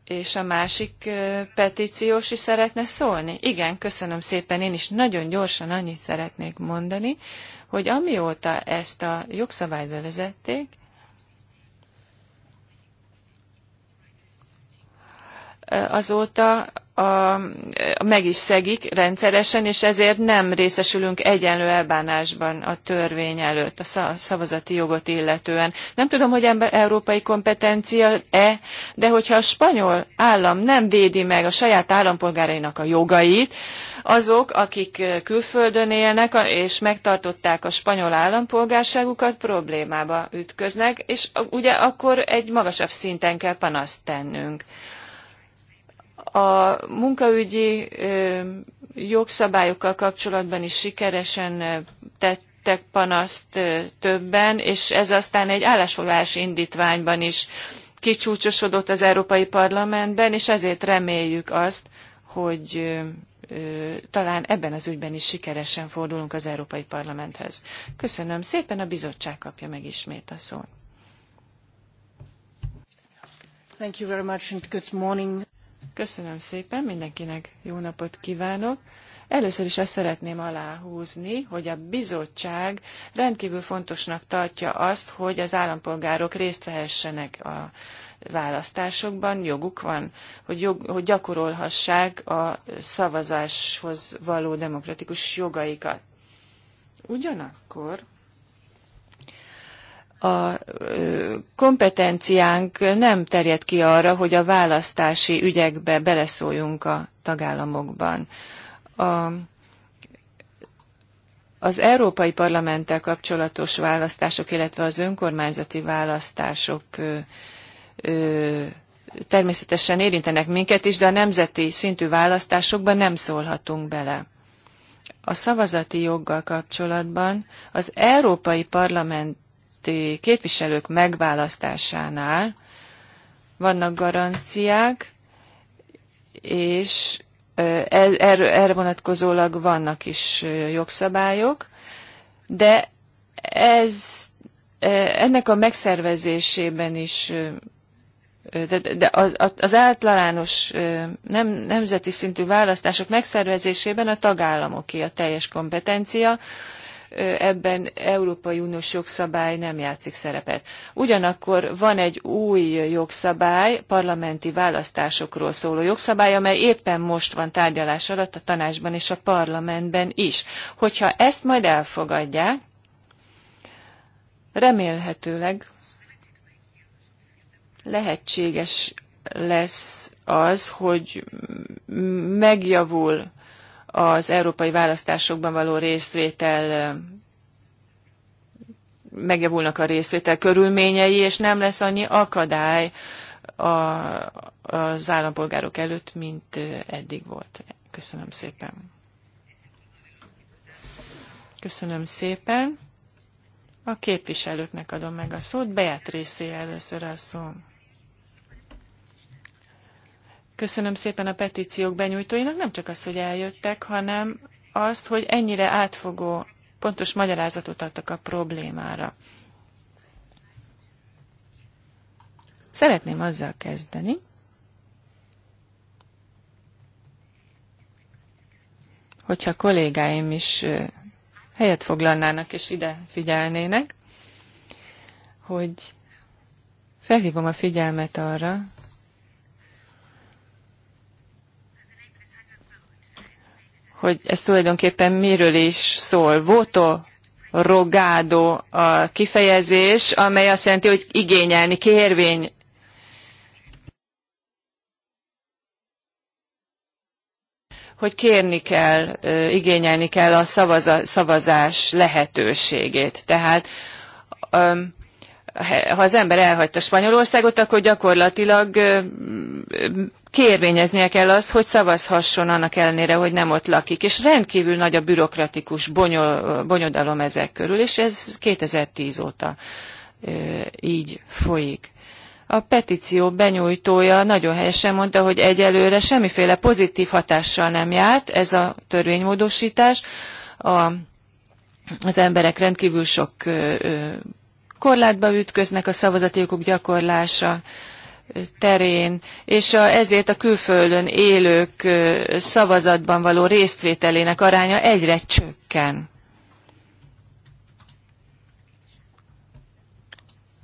és a másik petíciós is szeretne szólni? Igen, köszönöm szépen, én is nagyon gyorsan annyit szeretnék mondani, hogy amióta ezt a jogszabályt bevezették, azóta a, meg is szegik rendszeresen, és ezért nem részesülünk egyenlő elbánásban a törvény előtt, a szavazati jogot illetően. Nem tudom, hogy ember, európai kompetencia-e, de hogyha a spanyol állam nem védi meg a saját állampolgárainak a jogait, azok, akik külföldön élnek és megtartották a spanyol állampolgárságukat, problémába ütköznek, és ugye akkor egy magasabb szinten kell panaszt tennünk a munkaügyi jogszabályokkal kapcsolatban is sikeresen tettek panaszt többen, és ez aztán egy állásfoglalás indítványban is kicsúcsosodott az Európai Parlamentben, és ezért reméljük azt, hogy talán ebben az ügyben is sikeresen fordulunk az Európai Parlamenthez. Köszönöm szépen, a bizottság kapja meg ismét a szót. Thank you very much and good morning. Köszönöm szépen, mindenkinek jó napot kívánok. Először is azt szeretném aláhúzni, hogy a bizottság rendkívül fontosnak tartja azt, hogy az állampolgárok részt vehessenek a választásokban, joguk van, hogy, jog, hogy gyakorolhassák a szavazáshoz való demokratikus jogaikat. Ugyanakkor a kompetenciánk nem terjed ki arra, hogy a választási ügyekbe beleszóljunk a tagállamokban. A, az Európai Parlamenttel kapcsolatos választások, illetve az önkormányzati választások ö, ö, természetesen érintenek minket is, de a nemzeti szintű választásokban nem szólhatunk bele. A szavazati joggal kapcsolatban az Európai Parlament parlamenti képviselők megválasztásánál vannak garanciák, és er, erre vonatkozólag vannak is jogszabályok, de ez, ennek a megszervezésében is, de, de az, az általános nem, nemzeti szintű választások megszervezésében a tagállamoké a teljes kompetencia, ebben Európai Uniós jogszabály nem játszik szerepet. Ugyanakkor van egy új jogszabály, parlamenti választásokról szóló jogszabály, amely éppen most van tárgyalás alatt a tanácsban és a parlamentben is. Hogyha ezt majd elfogadják, remélhetőleg lehetséges lesz az, hogy megjavul az európai választásokban való részvétel megjavulnak a részvétel körülményei, és nem lesz annyi akadály a, az állampolgárok előtt, mint eddig volt. Köszönöm szépen. Köszönöm szépen. A képviselőknek adom meg a szót. Beatrice először a szó. Köszönöm szépen a petíciók benyújtóinak, nem csak azt, hogy eljöttek, hanem azt, hogy ennyire átfogó, pontos magyarázatot adtak a problémára. Szeretném azzal kezdeni, hogyha kollégáim is helyet foglalnának és ide figyelnének, hogy felhívom a figyelmet arra, hogy ez tulajdonképpen miről is szól. Voto rogádo a kifejezés, amely azt jelenti, hogy igényelni, kérvény, hogy kérni kell, igényelni kell a szavaza, szavazás lehetőségét. Tehát um, ha az ember elhagyta Spanyolországot, akkor gyakorlatilag kérvényeznie kell azt, hogy szavazhasson annak ellenére, hogy nem ott lakik. És rendkívül nagy a bürokratikus bonyol, bonyodalom ezek körül, és ez 2010 óta így folyik. A petíció benyújtója nagyon helyesen mondta, hogy egyelőre semmiféle pozitív hatással nem járt ez a törvénymódosítás. A, az emberek rendkívül sok korlátba ütköznek a szavazati jogok gyakorlása terén, és ezért a külföldön élők szavazatban való résztvételének aránya egyre csökken.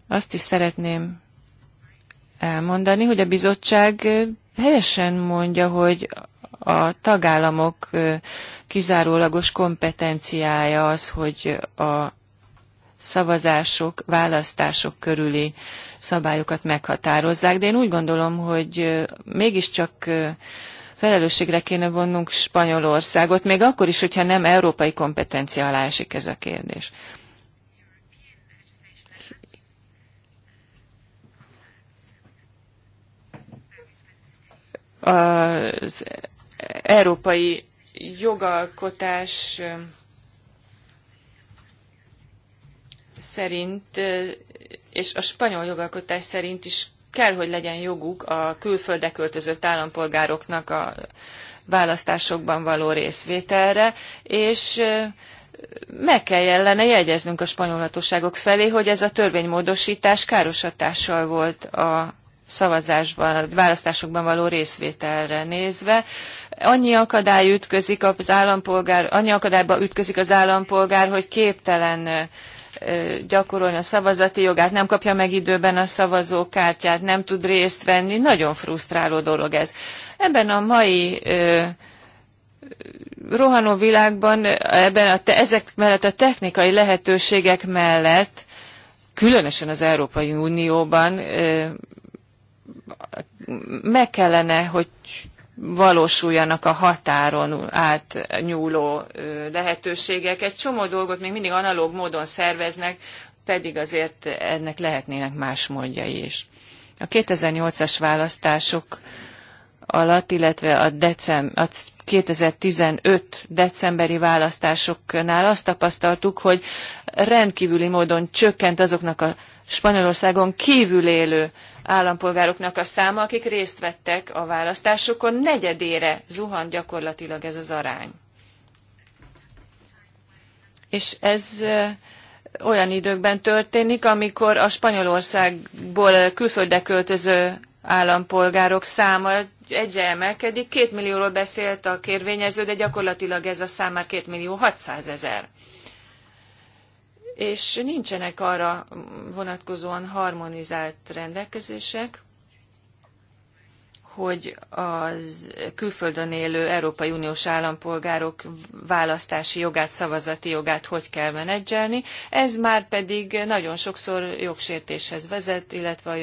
Azt is szeretném elmondani, hogy a bizottság helyesen mondja, hogy a tagállamok kizárólagos kompetenciája az, hogy a szavazások, választások körüli szabályokat meghatározzák, de én úgy gondolom, hogy mégiscsak felelősségre kéne vonnunk Spanyolországot, még akkor is, hogyha nem európai kompetencia alá esik ez a kérdés. Az európai jogalkotás szerint, és a spanyol jogalkotás szerint is kell, hogy legyen joguk a külföldre költözött állampolgároknak a választásokban való részvételre, és meg kell jellene jegyeznünk a spanyol hatóságok felé, hogy ez a törvénymódosítás káros hatással volt a szavazásban, a választásokban való részvételre nézve. Annyi akadály ütközik az állampolgár, annyi akadályba ütközik az állampolgár, hogy képtelen gyakorolni a szavazati jogát, nem kapja meg időben a szavazókártyát, nem tud részt venni. Nagyon frusztráló dolog ez. Ebben a mai rohanó világban, ebben a, te ezek mellett a technikai lehetőségek mellett, különösen az Európai Unióban meg kellene, hogy valósuljanak a határon átnyúló lehetőségek. Egy csomó dolgot még mindig analóg módon szerveznek, pedig azért ennek lehetnének más módjai is. A 2008-as választások alatt, illetve a, decem, a 2015 decemberi választásoknál azt tapasztaltuk, hogy rendkívüli módon csökkent azoknak a Spanyolországon kívül élő állampolgároknak a száma, akik részt vettek a választásokon, negyedére zuhan gyakorlatilag ez az arány. És ez olyan időkben történik, amikor a Spanyolországból külföldre költöző állampolgárok száma egyre emelkedik. Két millióról beszélt a kérvényező, de gyakorlatilag ez a szám már két millió 600 ezer és nincsenek arra vonatkozóan harmonizált rendelkezések, hogy az külföldön élő Európai Uniós állampolgárok választási jogát, szavazati jogát hogy kell menedzselni. Ez már pedig nagyon sokszor jogsértéshez vezet, illetve a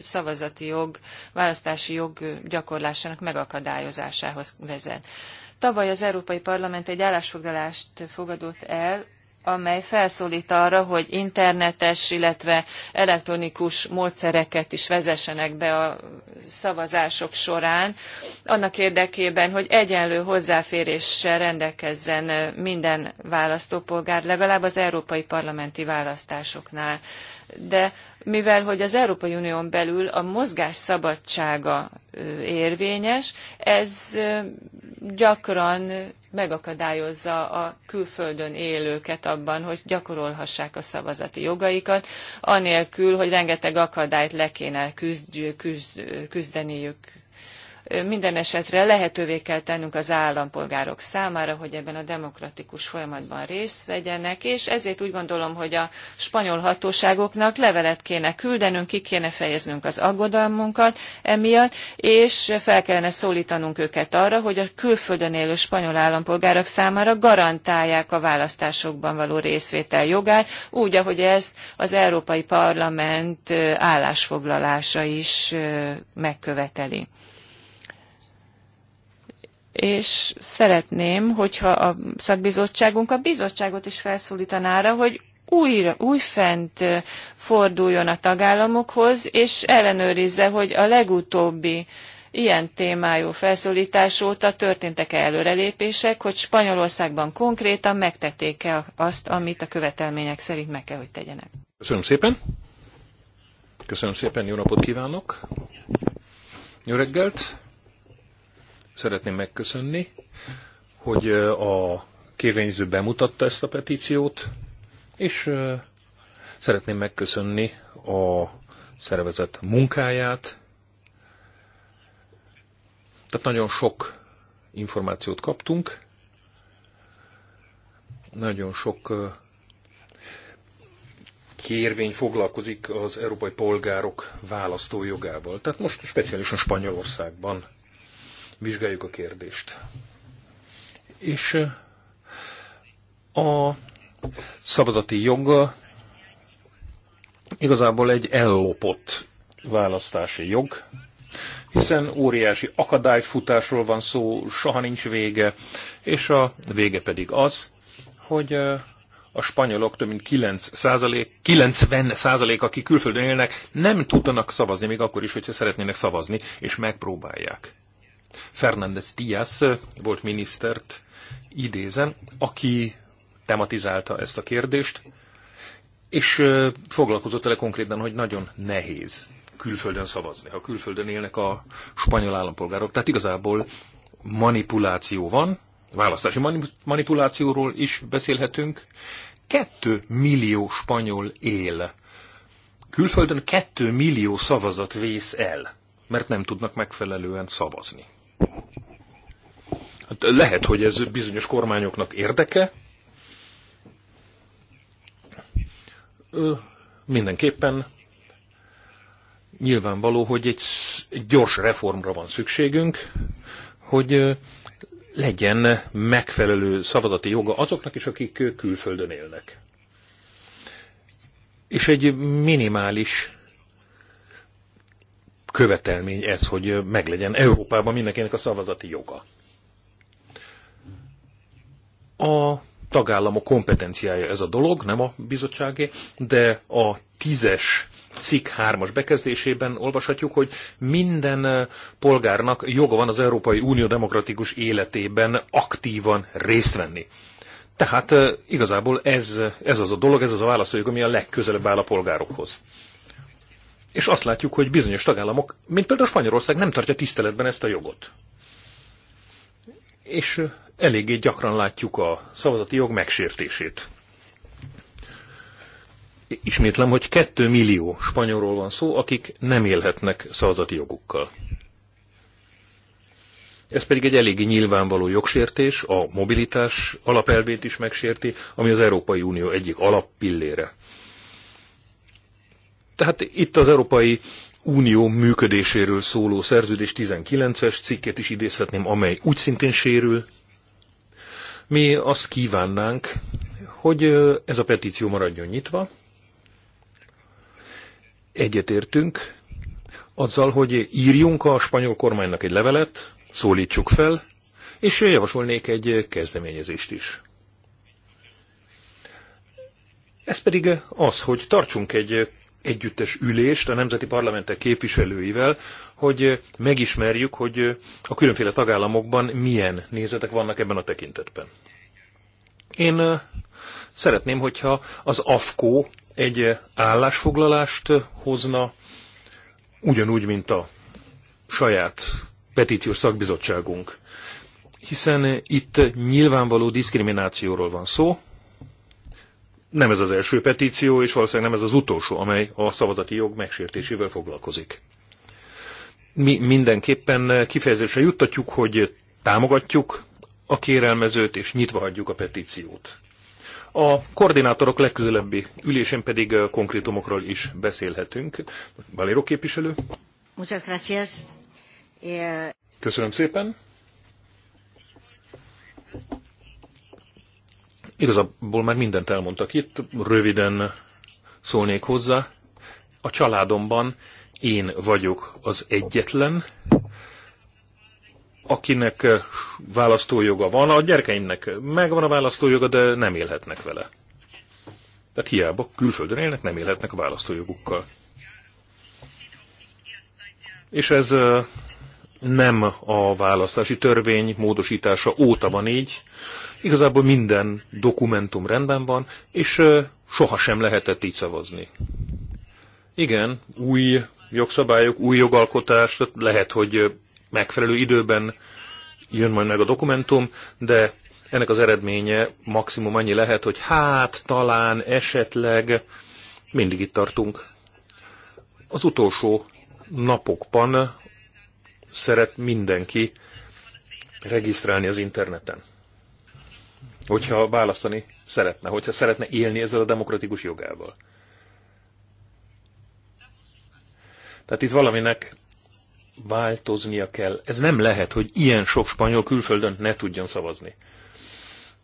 szavazati jog, választási jog gyakorlásának megakadályozásához vezet. Tavaly az Európai Parlament egy állásfoglalást fogadott el amely felszólít arra, hogy internetes, illetve elektronikus módszereket is vezessenek be a szavazások során, annak érdekében, hogy egyenlő hozzáféréssel rendelkezzen minden választópolgár, legalább az európai parlamenti választásoknál. De mivel hogy az Európai Unión belül a mozgás szabadsága érvényes, ez gyakran megakadályozza a külföldön élőket abban, hogy gyakorolhassák a szavazati jogaikat, anélkül, hogy rengeteg akadályt le kéne küzd, küzd, küzdeniük minden esetre lehetővé kell tennünk az állampolgárok számára, hogy ebben a demokratikus folyamatban részt vegyenek, és ezért úgy gondolom, hogy a spanyol hatóságoknak levelet kéne küldenünk, ki kéne fejeznünk az aggodalmunkat emiatt, és fel kellene szólítanunk őket arra, hogy a külföldön élő spanyol állampolgárok számára garantálják a választásokban való részvétel jogát, úgy, ahogy ezt az Európai Parlament állásfoglalása is megköveteli és szeretném, hogyha a szakbizottságunk a bizottságot is felszólítanára, hogy újra, újfent forduljon a tagállamokhoz, és ellenőrizze, hogy a legutóbbi ilyen témájú felszólítás óta történtek-e előrelépések, hogy Spanyolországban konkrétan megtették-e azt, amit a követelmények szerint meg kell, hogy tegyenek. Köszönöm szépen. Köszönöm szépen, jó napot kívánok. Jó reggelt szeretném megköszönni, hogy a kérvényző bemutatta ezt a petíciót, és szeretném megköszönni a szervezet munkáját. Tehát nagyon sok információt kaptunk, nagyon sok kérvény foglalkozik az európai polgárok választójogával. Tehát most speciálisan Spanyolországban vizsgáljuk a kérdést. És a szabadati joga igazából egy ellopott választási jog, hiszen óriási akadályfutásról van szó, soha nincs vége, és a vége pedig az, hogy a spanyolok több mint 9 százalék, 90 százalék, akik külföldön élnek, nem tudnak szavazni, még akkor is, hogyha szeretnének szavazni, és megpróbálják. Fernández Díaz volt minisztert idézen, aki tematizálta ezt a kérdést, és foglalkozott vele konkrétan, hogy nagyon nehéz külföldön szavazni, ha külföldön élnek a spanyol állampolgárok. Tehát igazából manipuláció van, választási manipulációról is beszélhetünk. Kettő millió spanyol él. Külföldön kettő millió szavazat vész el, mert nem tudnak megfelelően szavazni. Hát lehet, hogy ez bizonyos kormányoknak érdeke. Ö, mindenképpen nyilvánvaló, hogy egy gyors reformra van szükségünk, hogy legyen megfelelő szavazati joga azoknak is, akik külföldön élnek. És egy minimális követelmény ez, hogy meglegyen Európában mindenkinek a szavazati joga a tagállamok kompetenciája ez a dolog, nem a bizottságé, de a tízes cikk hármas bekezdésében olvashatjuk, hogy minden eh, polgárnak joga van az Európai Unió demokratikus életében aktívan részt venni. Tehát eh, igazából ez, ez az a dolog, ez az a válaszoljuk, ami a legközelebb áll a polgárokhoz. És azt látjuk, hogy bizonyos tagállamok, mint például Spanyolország, nem tartja tiszteletben ezt a jogot. És eh, eléggé gyakran látjuk a szavazati jog megsértését. Ismétlem, hogy 2 millió spanyolról van szó, akik nem élhetnek szavazati jogukkal. Ez pedig egy eléggé nyilvánvaló jogsértés, a mobilitás alapelvét is megsérti, ami az Európai Unió egyik alappillére. Tehát itt az Európai Unió működéséről szóló szerződés 19-es cikkét is idézhetném, amely úgy szintén sérül, mi azt kívánnánk, hogy ez a petíció maradjon nyitva. Egyetértünk azzal, hogy írjunk a spanyol kormánynak egy levelet, szólítsuk fel, és javasolnék egy kezdeményezést is. Ez pedig az, hogy tartsunk egy együttes ülést a nemzeti parlamentek képviselőivel, hogy megismerjük, hogy a különféle tagállamokban milyen nézetek vannak ebben a tekintetben. Én szeretném, hogyha az AFKO egy állásfoglalást hozna, ugyanúgy, mint a saját petíciós szakbizottságunk. Hiszen itt nyilvánvaló diszkriminációról van szó, nem ez az első petíció, és valószínűleg nem ez az utolsó, amely a szabadati jog megsértésével foglalkozik. Mi mindenképpen kifejezésre juttatjuk, hogy támogatjuk a kérelmezőt, és nyitva hagyjuk a petíciót. A koordinátorok legközelebbi ülésén pedig konkrétumokról is beszélhetünk. Valéro képviselő. Muchas gracias. Eh, Köszönöm szépen. Igazából már mindent elmondtak itt, röviden szólnék hozzá. A családomban én vagyok az egyetlen, akinek eh, választójoga van, a gyerekeimnek megvan a választójoga, de nem élhetnek vele. Tehát hiába külföldön élnek, nem élhetnek a választójogukkal. És ez eh, nem a választási törvény módosítása óta van így. Igazából minden dokumentum rendben van, és eh, sohasem lehetett így szavazni. Igen, új jogszabályok, új jogalkotás, lehet, hogy megfelelő időben jön majd meg a dokumentum, de ennek az eredménye maximum annyi lehet, hogy hát, talán, esetleg, mindig itt tartunk. Az utolsó napokban szeret mindenki regisztrálni az interneten. Hogyha választani szeretne, hogyha szeretne élni ezzel a demokratikus jogával. Tehát itt valaminek változnia kell. Ez nem lehet, hogy ilyen sok spanyol külföldön ne tudjon szavazni.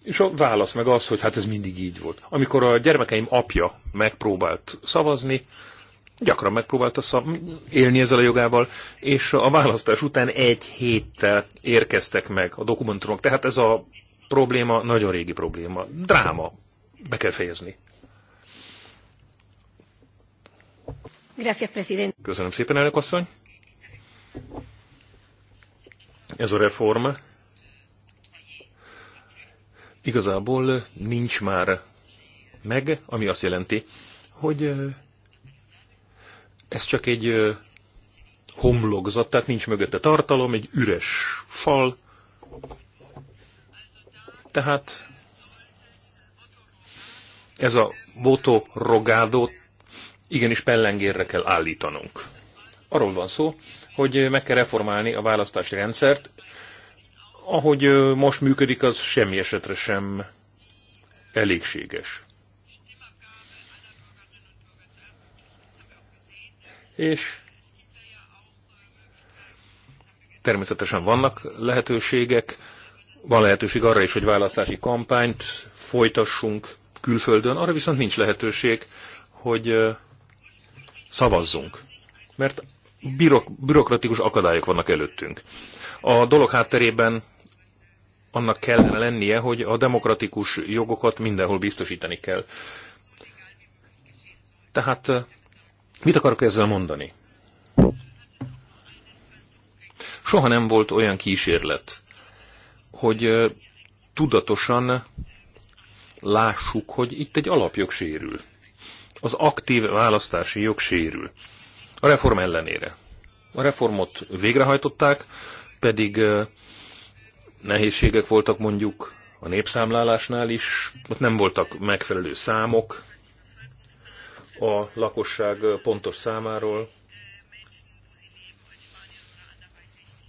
És a válasz meg az, hogy hát ez mindig így volt. Amikor a gyermekeim apja megpróbált szavazni, gyakran megpróbálta szav- élni ezzel a jogával, és a választás után egy héttel érkeztek meg a dokumentumok. Tehát ez a probléma nagyon régi probléma. Dráma. Be kell fejezni. Köszönöm szépen, elnök asszony. Ez a reform igazából nincs már meg, ami azt jelenti, hogy ez csak egy homlokzat, tehát nincs mögötte tartalom, egy üres fal. Tehát ez a Boto Rogádót igenis pellengérre kell állítanunk arról van szó, hogy meg kell reformálni a választási rendszert. Ahogy most működik, az semmi esetre sem elégséges. És természetesen vannak lehetőségek, van lehetőség arra is, hogy választási kampányt folytassunk külföldön, arra viszont nincs lehetőség, hogy szavazzunk. Mert bürok, bürokratikus akadályok vannak előttünk. A dolog hátterében annak kellene lennie, hogy a demokratikus jogokat mindenhol biztosítani kell. Tehát eh, mit akarok ezzel mondani? Soha nem volt olyan kísérlet, hogy eh, tudatosan lássuk, hogy itt egy alapjog sérül. Az aktív választási jog sérül a reform ellenére. A reformot végrehajtották, pedig nehézségek voltak mondjuk a népszámlálásnál is, ott nem voltak megfelelő számok a lakosság pontos számáról.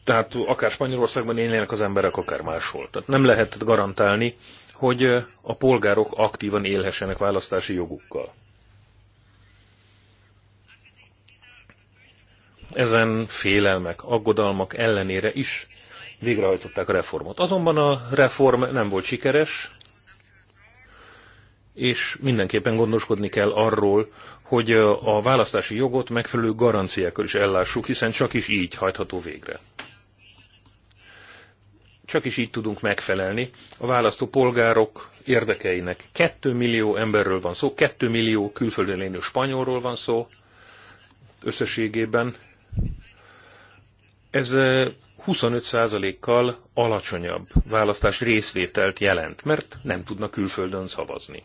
Tehát akár Spanyolországban élnének az emberek, akár máshol. Tehát nem lehetett garantálni, hogy a polgárok aktívan élhessenek választási jogukkal. ezen félelmek, aggodalmak ellenére is végrehajtották a reformot. Azonban a reform nem volt sikeres, és mindenképpen gondoskodni kell arról, hogy a választási jogot megfelelő garanciákkal is ellássuk, hiszen csak is így hajtható végre. Csak is így tudunk megfelelni a választó polgárok érdekeinek. Kettő millió emberről van szó, kettő millió külföldön lévő spanyolról van szó összességében, ez 25%-kal alacsonyabb választás részvételt jelent, mert nem tudnak külföldön szavazni.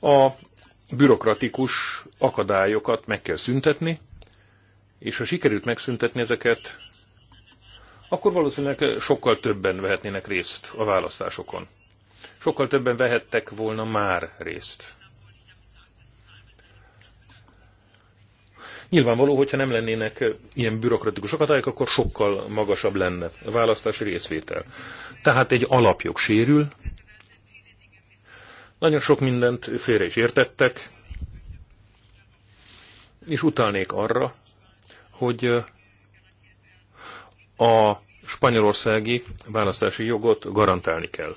A bürokratikus akadályokat meg kell szüntetni, és ha sikerült megszüntetni ezeket, akkor valószínűleg sokkal többen vehetnének részt a választásokon sokkal többen vehettek volna már részt. Nyilvánvaló, hogyha nem lennének ilyen bürokratikus akadályok, akkor sokkal magasabb lenne a választási részvétel. Tehát egy alapjog sérül, nagyon sok mindent félre is értettek, és utalnék arra, hogy a spanyolországi választási jogot garantálni kell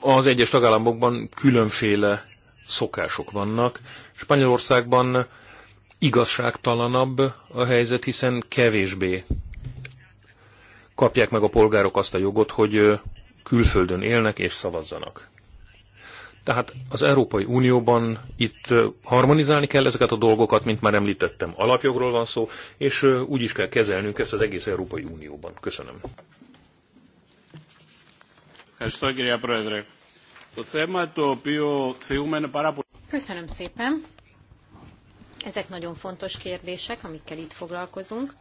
az egyes tagállamokban különféle szokások vannak. Spanyolországban igazságtalanabb a helyzet, hiszen kevésbé kapják meg a polgárok azt a jogot, hogy külföldön élnek és szavazzanak. Tehát az Európai Unióban itt harmonizálni kell ezeket a dolgokat, mint már említettem, alapjogról van szó, és úgy is kell kezelnünk ezt az egész Európai Unióban. Köszönöm. Ευχαριστώ κυρία Πρόεδρε. Το θέμα το οποίο θεούμε είναι πάρα πολύ... Köszönöm szépen. Ezek nagyon fontos kérdések, amikkel itt foglalkozunk,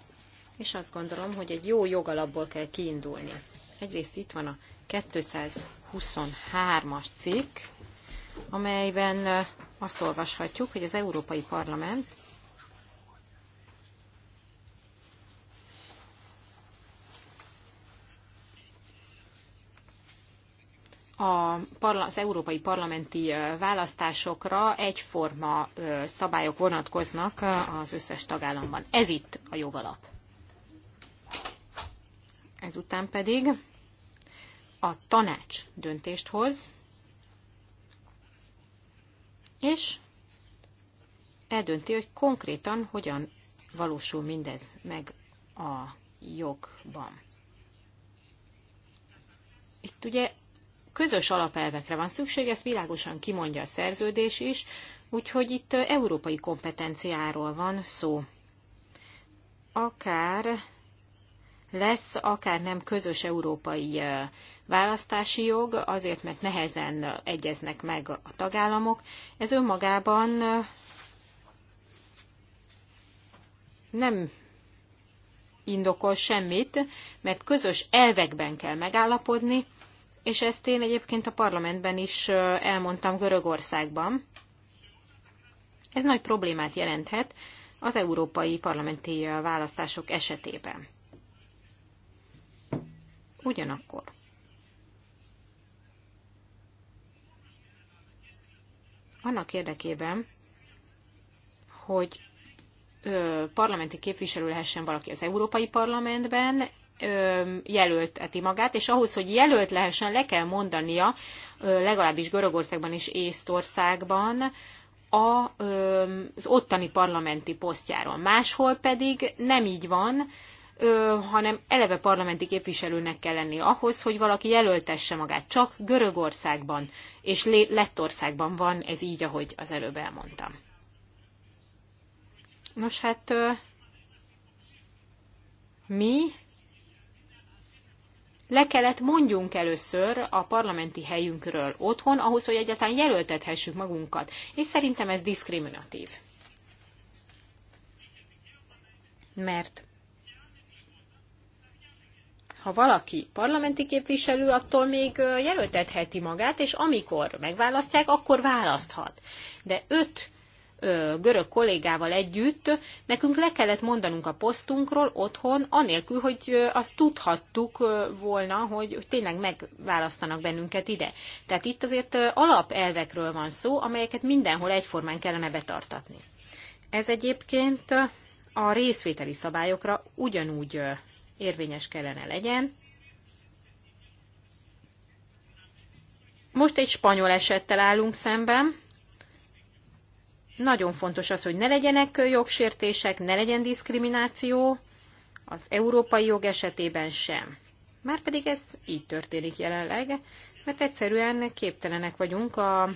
és azt gondolom, hogy egy jó jogalapból kell kiindulni. Egyrészt itt van a 223-as cikk, amelyben eh, azt olvashatjuk, hogy az Európai Parlament a az európai parlamenti választásokra egyforma szabályok vonatkoznak az összes tagállamban. Ez itt a jogalap. Ezután pedig a tanács döntést hoz, és eldönti, hogy konkrétan hogyan valósul mindez meg a jogban. Itt ugye közös alapelvekre van szükség, ezt világosan kimondja a szerződés is, úgyhogy itt európai kompetenciáról van szó. Akár lesz, akár nem közös európai választási jog, azért, mert nehezen egyeznek meg a tagállamok. Ez önmagában nem indokol semmit, mert közös elvekben kell megállapodni, és ezt én egyébként a parlamentben is elmondtam Görögországban. Ez nagy problémát jelenthet az európai parlamenti választások esetében. Ugyanakkor annak érdekében, hogy parlamenti képviselő lehessen valaki az Európai Parlamentben, jelölteti magát, és ahhoz, hogy jelölt lehessen, le kell mondania, legalábbis Görögországban és Észtországban, a, az ottani parlamenti posztjáról. Máshol pedig nem így van, hanem eleve parlamenti képviselőnek kell lenni ahhoz, hogy valaki jelöltesse magát. Csak Görögországban és Lettországban van ez így, ahogy az előbb elmondtam. Nos hát mi le kellett mondjunk először a parlamenti helyünkről otthon, ahhoz, hogy egyáltalán jelöltethessük magunkat. És szerintem ez diszkriminatív. Mert ha valaki parlamenti képviselő, attól még jelöltetheti magát, és amikor megválasztják, akkor választhat. De öt görög kollégával együtt, nekünk le kellett mondanunk a posztunkról otthon, anélkül, hogy azt tudhattuk volna, hogy tényleg megválasztanak bennünket ide. Tehát itt azért alapelvekről van szó, amelyeket mindenhol egyformán kellene betartatni. Ez egyébként a részvételi szabályokra ugyanúgy érvényes kellene legyen. Most egy spanyol esettel állunk szemben, nagyon fontos az, hogy ne legyenek jogsértések, ne legyen diszkrimináció, az európai jog esetében sem. Márpedig ez így történik jelenleg, mert egyszerűen képtelenek vagyunk a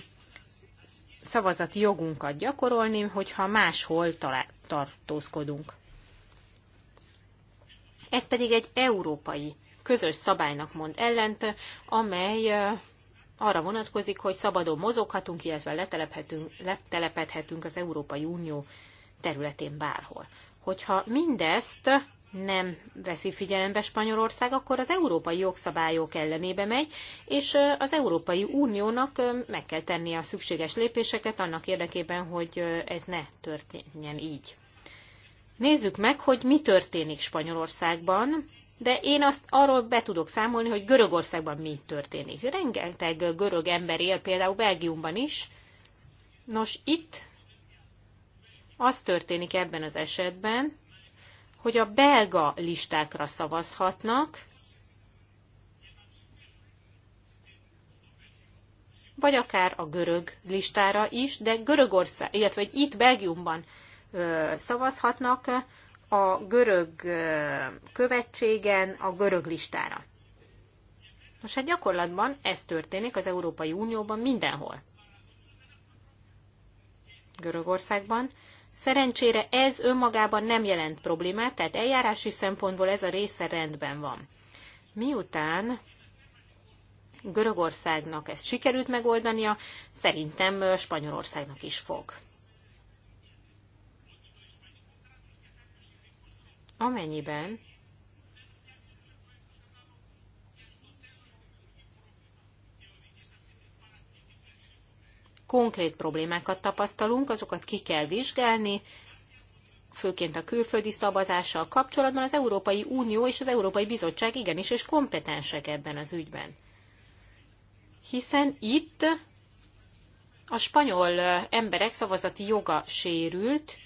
szavazati jogunkat gyakorolni, hogyha máshol tartózkodunk. Ez pedig egy európai közös szabálynak mond ellent, amely arra vonatkozik, hogy szabadon mozoghatunk, illetve letelephetünk, letelepedhetünk az Európai Unió területén bárhol. Hogyha mindezt nem veszi figyelembe Spanyolország, akkor az európai jogszabályok ellenébe megy, és az Európai Uniónak meg kell tennie a szükséges lépéseket annak érdekében, hogy ez ne történjen így. Nézzük meg, hogy mi történik Spanyolországban de én azt arról be tudok számolni, hogy Görögországban mi történik. Rengeteg görög ember él például Belgiumban is. Nos, itt az történik ebben az esetben, hogy a belga listákra szavazhatnak, vagy akár a görög listára is, de Görögország, illetve hogy itt Belgiumban ö, szavazhatnak a görög követségen a görög listára. Most hát gyakorlatban ez történik az Európai Unióban mindenhol. Görögországban. Szerencsére ez önmagában nem jelent problémát, tehát eljárási szempontból ez a része rendben van. Miután Görögországnak ezt sikerült megoldania, szerintem Spanyolországnak is fog. amennyiben konkrét problémákat tapasztalunk, azokat ki kell vizsgálni, főként a külföldi szavazással kapcsolatban az Európai Unió és az Európai Bizottság igenis és kompetensek ebben az ügyben. Hiszen itt a spanyol emberek szavazati joga sérült,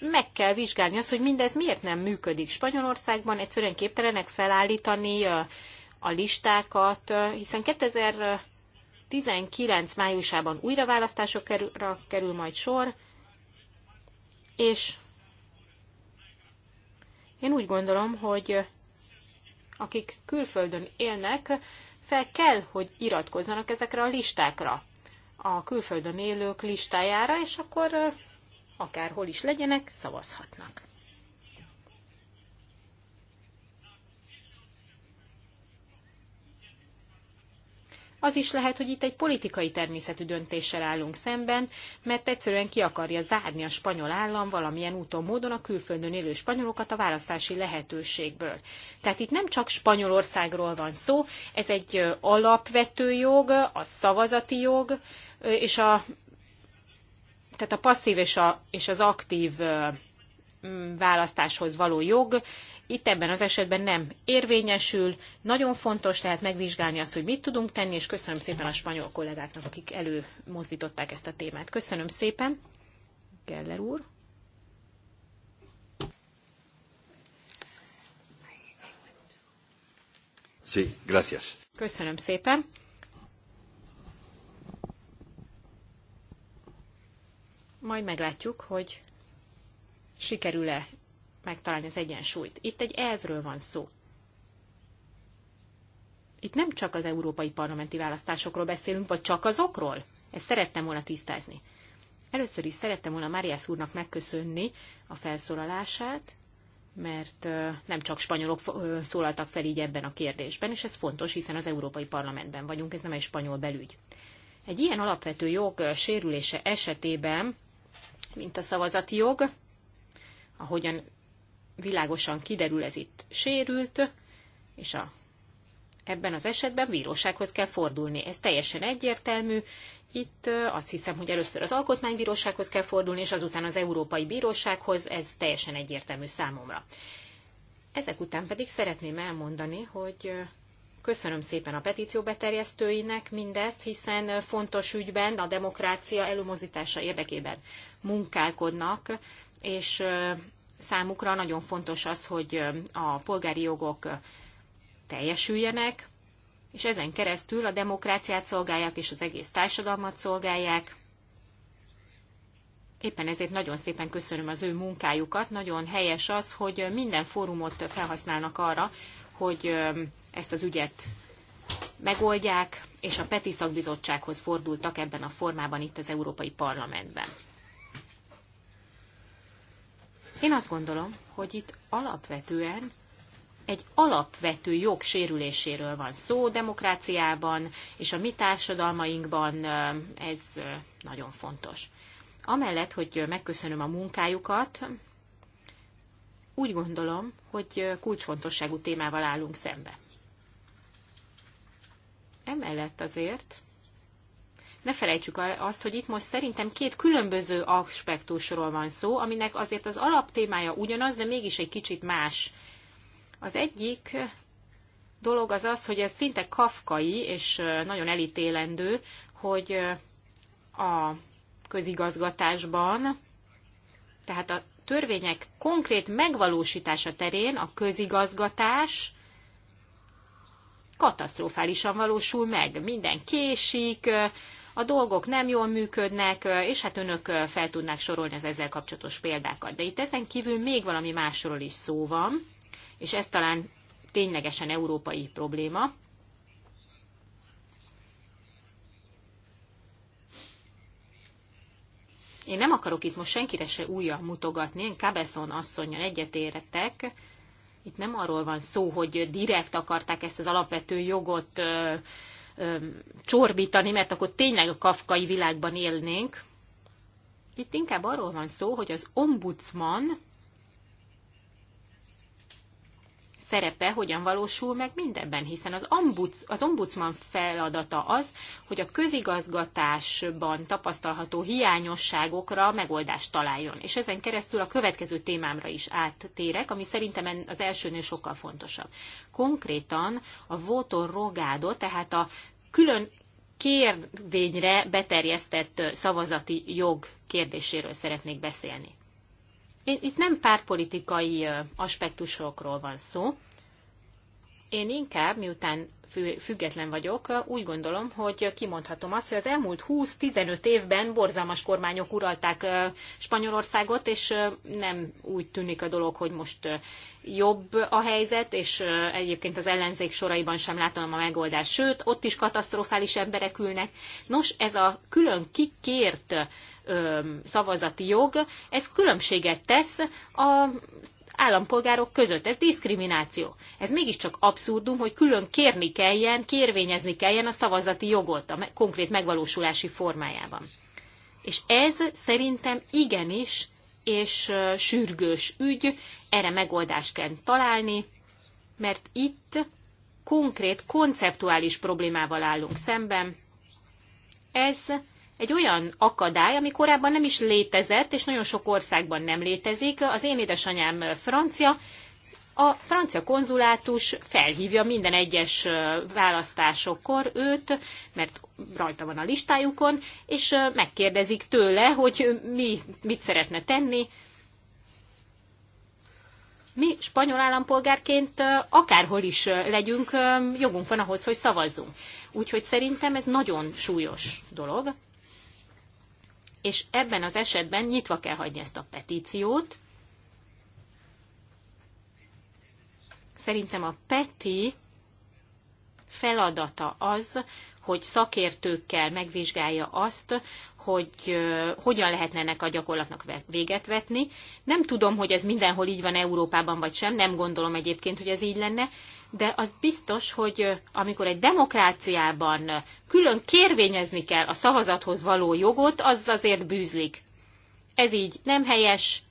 meg kell vizsgálni azt, hogy mindez miért nem működik. Spanyolországban egyszerűen képtelenek felállítani a listákat, hiszen 2019 májusában újra választásokra kerül majd sor, és én úgy gondolom, hogy akik külföldön élnek, fel kell, hogy iratkozzanak ezekre a listákra, a külföldön élők listájára, és akkor akárhol is legyenek, szavazhatnak. Az is lehet, hogy itt egy politikai természetű döntéssel állunk szemben, mert egyszerűen ki akarja zárni a spanyol állam valamilyen úton módon a külföldön élő spanyolokat a választási lehetőségből. Tehát itt nem csak Spanyolországról van szó, ez egy alapvető jog, a szavazati jog, és a tehát a passzív és, a, és az aktív mm, választáshoz való jog itt ebben az esetben nem érvényesül. Nagyon fontos tehát megvizsgálni azt, hogy mit tudunk tenni, és köszönöm szépen a spanyol kollégáknak, akik előmozdították ezt a témát. Köszönöm szépen, Geller úr. Sí, gracias. Köszönöm szépen. Majd meglátjuk, hogy sikerül-e megtalálni az egyensúlyt. Itt egy elvről van szó. Itt nem csak az európai parlamenti választásokról beszélünk, vagy csak azokról. Ezt szerettem volna tisztázni. Először is szerettem volna Máriász úrnak megköszönni a felszólalását, mert nem csak spanyolok szólaltak fel így ebben a kérdésben, és ez fontos, hiszen az Európai Parlamentben vagyunk, ez nem egy spanyol belügy. Egy ilyen alapvető jog sérülése esetében mint a szavazati jog. Ahogyan világosan kiderül, ez itt sérült, és a, ebben az esetben bírósághoz kell fordulni. Ez teljesen egyértelmű. Itt azt hiszem, hogy először az Alkotmánybírósághoz kell fordulni, és azután az Európai Bírósághoz, ez teljesen egyértelmű számomra. Ezek után pedig szeretném elmondani, hogy Köszönöm szépen a petíció beterjesztőinek mindezt, hiszen fontos ügyben a demokrácia elumozítása érdekében munkálkodnak, és számukra nagyon fontos az, hogy a polgári jogok teljesüljenek, és ezen keresztül a demokráciát szolgálják és az egész társadalmat szolgálják. Éppen ezért nagyon szépen köszönöm az ő munkájukat. Nagyon helyes az, hogy minden fórumot felhasználnak arra, hogy ezt az ügyet megoldják, és a PETI szakbizottsághoz fordultak ebben a formában itt az Európai Parlamentben. Én azt gondolom, hogy itt alapvetően egy alapvető jog sérüléséről van szó demokráciában, és a mi társadalmainkban ez nagyon fontos. Amellett, hogy megköszönöm a munkájukat, úgy gondolom, hogy kulcsfontosságú témával állunk szembe. Emellett azért ne felejtsük azt, hogy itt most szerintem két különböző aspektusról van szó, aminek azért az alaptémája ugyanaz, de mégis egy kicsit más. Az egyik dolog az az, hogy ez szinte kafkai és nagyon elítélendő, hogy a közigazgatásban, tehát a törvények konkrét megvalósítása terén a közigazgatás katasztrofálisan valósul meg. Minden késik, a dolgok nem jól működnek, és hát önök fel tudnák sorolni az ezzel kapcsolatos példákat. De itt ezen kívül még valami másról is szó van, és ez talán ténylegesen európai probléma. Én nem akarok itt most senkire se újra mutogatni, én Cabezon asszonyon egyetértek, itt nem arról van szó, hogy direkt akarták ezt az alapvető jogot ö, ö, csorbítani, mert akkor tényleg a kafkai világban élnénk. Itt inkább arról van szó, hogy az ombudsman szerepe hogyan valósul meg mindenben, hiszen az, ombuds, az ombudsman feladata az, hogy a közigazgatásban tapasztalható hiányosságokra megoldást találjon. És ezen keresztül a következő témámra is áttérek, ami szerintem az elsőnél sokkal fontosabb. Konkrétan a votor Rogádo, tehát a külön kérvényre beterjesztett szavazati jog kérdéséről szeretnék beszélni itt nem pártpolitikai aspektusokról van szó. Én inkább, miután független vagyok, úgy gondolom, hogy kimondhatom azt, hogy az elmúlt 20-15 évben borzalmas kormányok uralták Spanyolországot, és nem úgy tűnik a dolog, hogy most jobb a helyzet, és egyébként az ellenzék soraiban sem látom a megoldást, sőt, ott is katasztrofális emberek ülnek. Nos, ez a külön kikért szavazati jog, ez különbséget tesz a állampolgárok között. Ez diszkrimináció. Ez mégiscsak abszurdum, hogy külön kérni kelljen, kérvényezni kelljen a szavazati jogot a konkrét megvalósulási formájában. És ez szerintem igenis és sürgős ügy, erre megoldást kell találni, mert itt konkrét, konceptuális problémával állunk szemben. Ez egy olyan akadály, ami korábban nem is létezett, és nagyon sok országban nem létezik. Az én édesanyám francia, a francia konzulátus felhívja minden egyes választásokkor őt, mert rajta van a listájukon, és megkérdezik tőle, hogy mi, mit szeretne tenni. Mi spanyol állampolgárként akárhol is legyünk, jogunk van ahhoz, hogy szavazzunk. Úgyhogy szerintem ez nagyon súlyos dolog és ebben az esetben nyitva kell hagyni ezt a petíciót. Szerintem a Peti feladata az, hogy szakértőkkel megvizsgálja azt, hogy hogyan lehetne ennek a gyakorlatnak véget vetni. Nem tudom, hogy ez mindenhol így van Európában vagy sem, nem gondolom egyébként, hogy ez így lenne, de az biztos, hogy amikor egy demokráciában külön kérvényezni kell a szavazathoz való jogot, az azért bűzlik. Ez így nem helyes.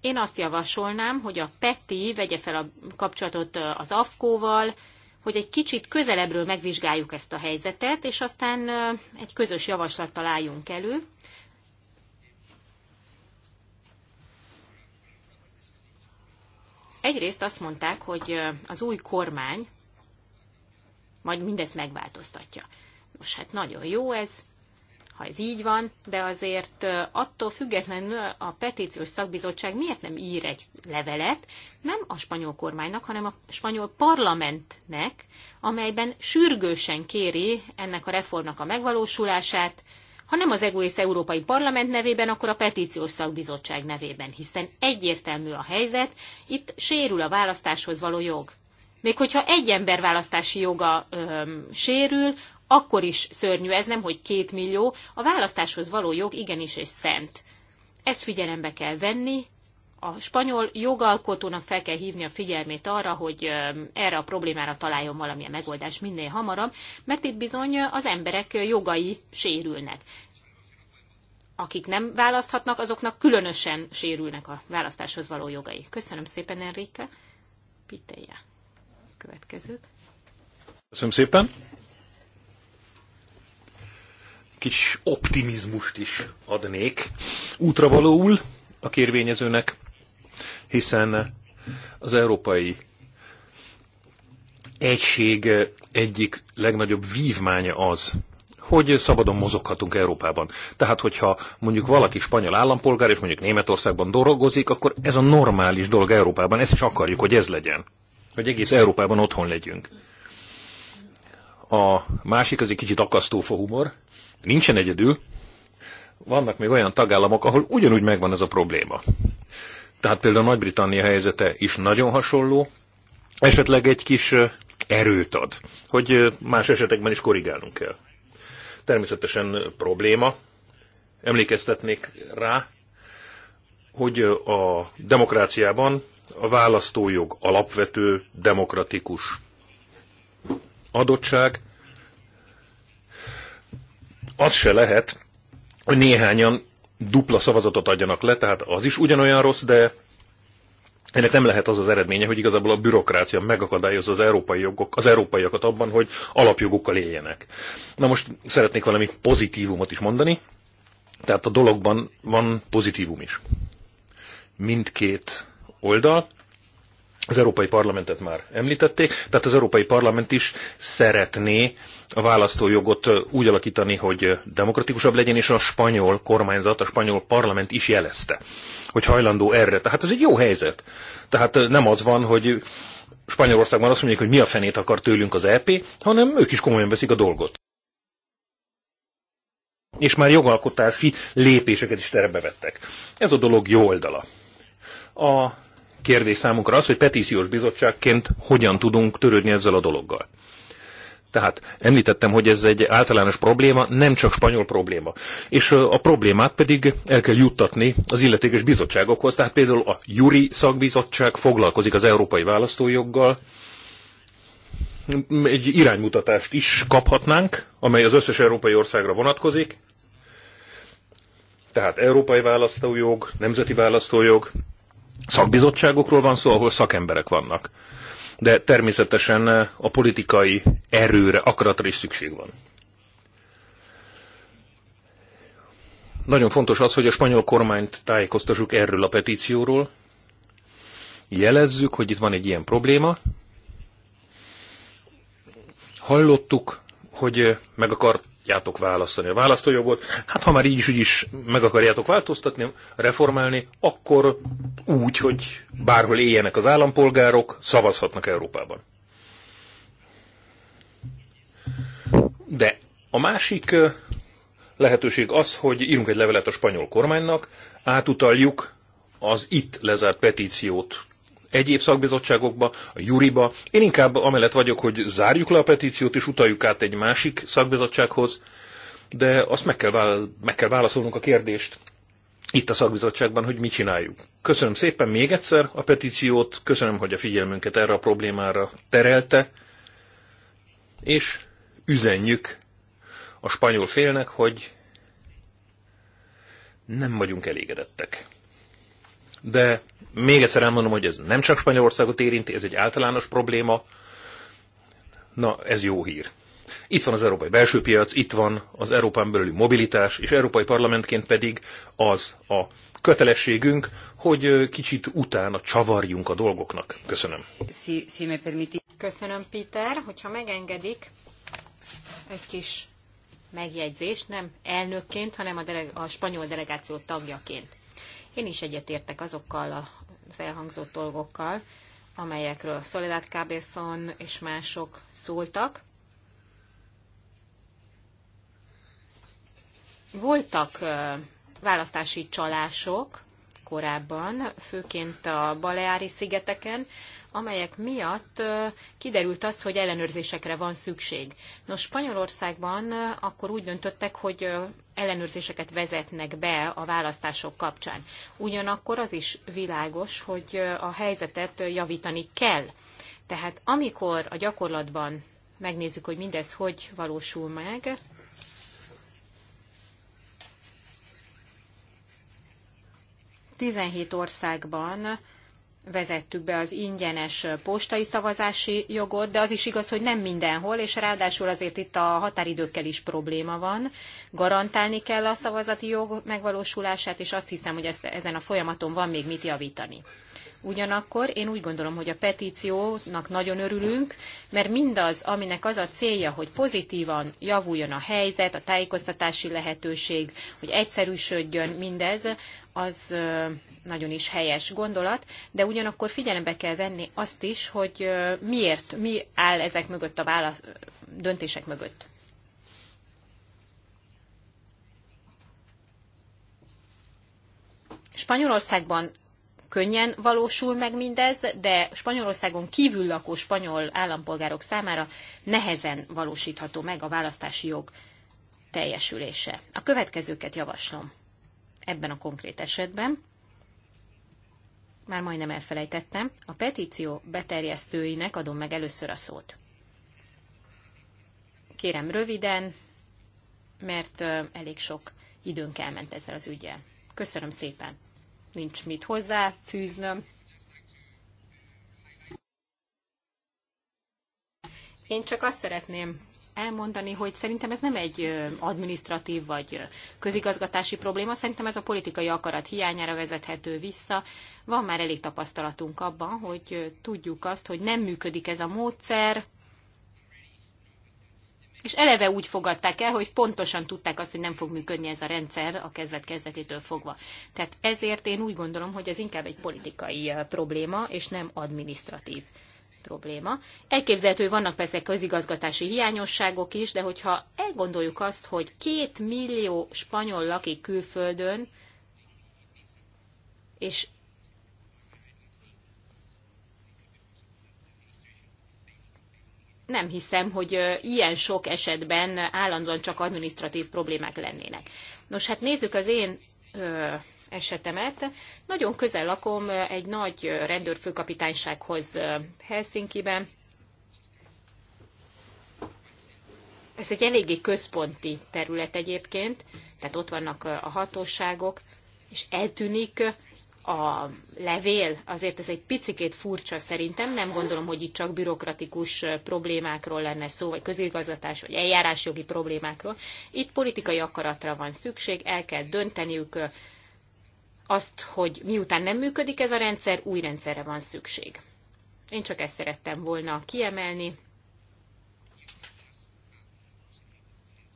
Én azt javasolnám, hogy a PETI vegye fel a kapcsolatot az Afkóval, val hogy egy kicsit közelebbről megvizsgáljuk ezt a helyzetet, és aztán egy közös javaslat találjunk elő. Egyrészt azt mondták, hogy az új kormány majd mindezt megváltoztatja. Nos, hát nagyon jó ez, ha ez így van, de azért attól függetlenül a petíciós szakbizottság miért nem ír egy levelet, nem a spanyol kormánynak, hanem a spanyol parlamentnek, amelyben sürgősen kéri ennek a reformnak a megvalósulását, ha nem az egész Európai Parlament nevében, akkor a Petíciós Szakbizottság nevében, hiszen egyértelmű a helyzet, itt sérül a választáshoz való jog. Még hogyha egy ember választási joga öm, sérül, akkor is szörnyű ez, nem hogy két millió, a választáshoz való jog igenis és szent. Ezt figyelembe kell venni, a spanyol jogalkotónak fel kell hívni a figyelmét arra, hogy erre a problémára találjon valamilyen megoldás minél hamarabb, mert itt bizony az emberek jogai sérülnek. Akik nem választhatnak, azoknak különösen sérülnek a választáshoz való jogai. Köszönöm szépen, Enrique. Piteje. Következők. Köszönöm szépen. Kis optimizmust is adnék útravalóul a kérvényezőnek hiszen az európai egység egyik legnagyobb vívmánya az, hogy szabadon mozoghatunk Európában. Tehát, hogyha mondjuk valaki spanyol állampolgár, és mondjuk Németországban dolgozik, akkor ez a normális dolog Európában, ezt is akarjuk, hogy ez legyen. Hogy egész Európában otthon legyünk. A másik az egy kicsit akasztófa humor. Nincsen egyedül. Vannak még olyan tagállamok, ahol ugyanúgy megvan ez a probléma. Tehát például Nagy-Britannia helyzete is nagyon hasonló, esetleg egy kis erőt ad, hogy más esetekben is korrigálnunk kell. Természetesen probléma. Emlékeztetnék rá, hogy a demokráciában a választójog alapvető demokratikus adottság. Az se lehet, hogy néhányan dupla szavazatot adjanak le, tehát az is ugyanolyan rossz, de ennek nem lehet az az eredménye, hogy igazából a bürokrácia megakadályozza az, európai jogok, az európaiakat abban, hogy alapjogokkal éljenek. Na most szeretnék valami pozitívumot is mondani, tehát a dologban van pozitívum is. Mindkét oldal az Európai Parlamentet már említették, tehát az Európai Parlament is szeretné a választójogot úgy alakítani, hogy demokratikusabb legyen, és a spanyol kormányzat, a spanyol parlament is jelezte, hogy hajlandó erre. Tehát ez egy jó helyzet. Tehát nem az van, hogy Spanyolországban azt mondják, hogy mi a fenét akar tőlünk az EP, hanem ők is komolyan veszik a dolgot. És már jogalkotási lépéseket is terebe vettek. Ez a dolog jó oldala. A kérdés számunkra az, hogy petíciós bizottságként hogyan tudunk törődni ezzel a dologgal. Tehát említettem, hogy ez egy általános probléma, nem csak spanyol probléma. És a problémát pedig el kell juttatni az illetékes bizottságokhoz. Tehát például a Juri szakbizottság foglalkozik az európai választójoggal. Egy iránymutatást is kaphatnánk, amely az összes európai országra vonatkozik. Tehát európai választójog, nemzeti választójog, szakbizottságokról van szó, ahol szakemberek vannak. De természetesen a politikai erőre, akaratra is szükség van. Nagyon fontos az, hogy a spanyol kormányt tájékoztassuk erről a petícióról. Jelezzük, hogy itt van egy ilyen probléma. Hallottuk, hogy meg akart akarjátok választani a választójogot, hát ha már így is, úgy is meg akarjátok változtatni, reformálni, akkor úgy, hogy bárhol éljenek az állampolgárok, szavazhatnak Európában. De a másik lehetőség az, hogy írunk egy levelet a spanyol kormánynak, átutaljuk az itt lezárt petíciót egyéb szakbizottságokba, a Juriba. Én inkább amellett vagyok, hogy zárjuk le a petíciót és utaljuk át egy másik szakbizottsághoz, de azt meg kell, meg kell válaszolnunk a kérdést itt a szakbizottságban, hogy mit csináljuk. Köszönöm szépen még egyszer a petíciót, köszönöm, hogy a figyelmünket erre a problémára terelte, és üzenjük a spanyol félnek, hogy nem vagyunk elégedettek. De még egyszer elmondom, hogy ez nem csak Spanyolországot érinti, ez egy általános probléma. Na, ez jó hír. Itt van az európai belső piac, itt van az Európán belüli mobilitás, és európai parlamentként pedig az a kötelességünk, hogy kicsit utána csavarjunk a dolgoknak. Köszönöm. Köszönöm, Péter. Hogyha megengedik, egy kis megjegyzést, nem elnökként, hanem a, deleg- a spanyol delegáció tagjaként. Én is egyetértek azokkal az elhangzott dolgokkal, amelyekről Soledad Cabezon és mások szóltak. Voltak választási csalások korábban, főként a Baleári szigeteken, amelyek miatt kiderült az, hogy ellenőrzésekre van szükség. Nos, Spanyolországban akkor úgy döntöttek, hogy ellenőrzéseket vezetnek be a választások kapcsán. Ugyanakkor az is világos, hogy a helyzetet javítani kell. Tehát amikor a gyakorlatban megnézzük, hogy mindez hogy valósul meg, Tizenhét országban vezettük be az ingyenes postai szavazási jogot, de az is igaz, hogy nem mindenhol, és ráadásul azért itt a határidőkkel is probléma van. Garantálni kell a szavazati jog megvalósulását, és azt hiszem, hogy ezt, ezen a folyamaton van még mit javítani. Ugyanakkor én úgy gondolom, hogy a petíciónak nagyon örülünk, mert mindaz, aminek az a célja, hogy pozitívan javuljon a helyzet, a tájékoztatási lehetőség, hogy egyszerűsödjön mindez, az nagyon is helyes gondolat, de ugyanakkor figyelembe kell venni azt is, hogy miért, mi áll ezek mögött a válasz, döntések mögött. Spanyolországban könnyen valósul meg mindez, de Spanyolországon kívül lakó spanyol állampolgárok számára nehezen valósítható meg a választási jog teljesülése. A következőket javaslom ebben a konkrét esetben, már majdnem elfelejtettem, a petíció beterjesztőinek adom meg először a szót. Kérem röviden, mert elég sok időnk elment ezzel az ügyel. Köszönöm szépen. Nincs mit hozzá fűznöm. Én csak azt szeretném elmondani, hogy szerintem ez nem egy administratív vagy közigazgatási probléma, szerintem ez a politikai akarat hiányára vezethető vissza. Van már elég tapasztalatunk abban, hogy tudjuk azt, hogy nem működik ez a módszer, és eleve úgy fogadták el, hogy pontosan tudták azt, hogy nem fog működni ez a rendszer a kezdet kezdetétől fogva. Tehát ezért én úgy gondolom, hogy ez inkább egy politikai probléma, és nem administratív probléma. Elképzelhető, vannak persze közigazgatási hiányosságok is, de hogyha elgondoljuk azt, hogy két millió spanyol lakik külföldön, és nem hiszem, hogy ilyen sok esetben állandóan csak administratív problémák lennének. Nos, hát nézzük az én ö, esetemet. Nagyon közel lakom egy nagy rendőrfőkapitánysághoz Helsinki-be. Ez egy eléggé központi terület egyébként, tehát ott vannak a hatóságok, és eltűnik a levél, azért ez egy picikét furcsa szerintem, nem gondolom, hogy itt csak bürokratikus problémákról lenne szó, vagy közigazgatás, vagy eljárásjogi problémákról. Itt politikai akaratra van szükség, el kell dönteniük azt, hogy miután nem működik ez a rendszer, új rendszerre van szükség. Én csak ezt szerettem volna kiemelni.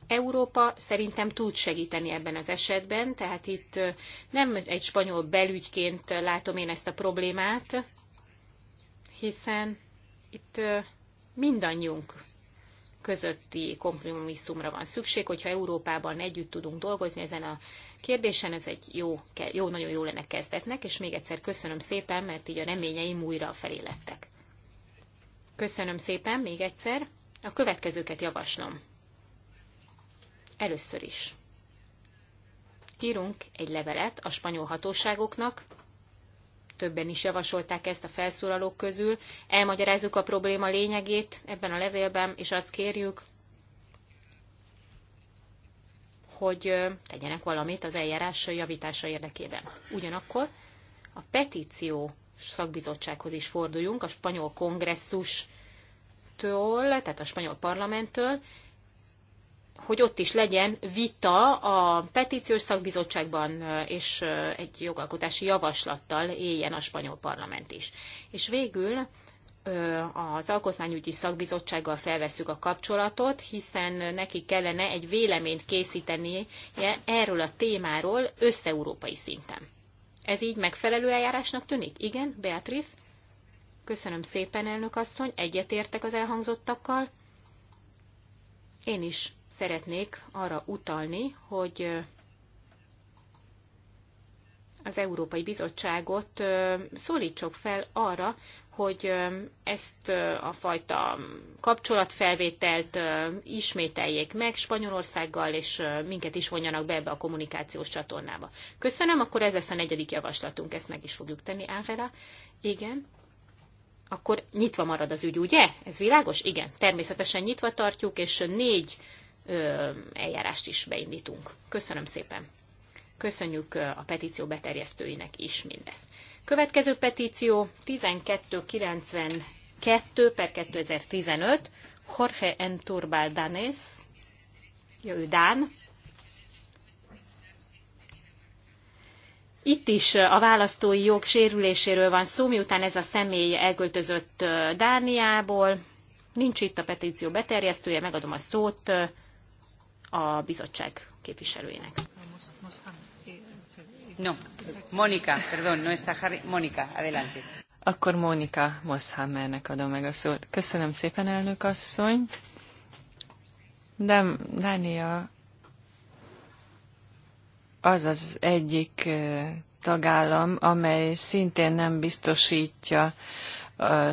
Európa szerintem tud segíteni ebben az esetben, tehát itt nem egy spanyol belügyként látom én ezt a problémát, hiszen itt mindannyiunk közötti kompromisszumra van szükség, hogyha Európában együtt tudunk dolgozni ezen a kérdésen, ez egy jó, jó nagyon jó lenne kezdetnek, és még egyszer köszönöm szépen, mert így a reményeim újra felé lettek. Köszönöm szépen még egyszer. A következőket javaslom. Először is. Írunk egy levelet a spanyol hatóságoknak, többen is javasolták ezt a felszólalók közül. Elmagyarázzuk a probléma lényegét ebben a levélben, és azt kérjük, hogy tegyenek valamit az eljárás javítása érdekében. Ugyanakkor a petíció szakbizottsághoz is forduljunk, a spanyol kongresszustól, tehát a spanyol parlamenttől, hogy ott is legyen vita a petíciós szakbizottságban, és egy jogalkotási javaslattal éljen a spanyol parlament is. És végül az alkotmányügyi szakbizottsággal felveszük a kapcsolatot, hiszen neki kellene egy véleményt készítenie erről a témáról összeurópai szinten. Ez így megfelelő eljárásnak tűnik? Igen, Beatriz? Köszönöm szépen, elnök asszony, egyetértek az elhangzottakkal. Én is szeretnék arra utalni, hogy az Európai Bizottságot szólítsok fel arra, hogy ezt a fajta kapcsolatfelvételt ismételjék meg Spanyolországgal, és minket is vonjanak be ebbe a kommunikációs csatornába. Köszönöm, akkor ez lesz a negyedik javaslatunk, ezt meg is fogjuk tenni, Ángela. Igen. Akkor nyitva marad az ügy, ugye? Ez világos? Igen, természetesen nyitva tartjuk, és négy eljárást is beindítunk. Köszönöm szépen! Köszönjük a petíció beterjesztőinek is mindezt. Következő petíció 1292 per 2015 Jorge Enturbal Danes, ő Dán. Itt is a választói jog sérüléséről van szó, miután ez a személy elköltözött Dániából. Nincs itt a petíció beterjesztője, megadom a szót a bizottság képviselőjének. No, Monika, perdón, no está Harry. Monika, adelante. Akkor Mónika Moszhammernek adom meg a szót. Köszönöm szépen, elnök asszony. De Dánia az az egyik tagállam, amely szintén nem biztosítja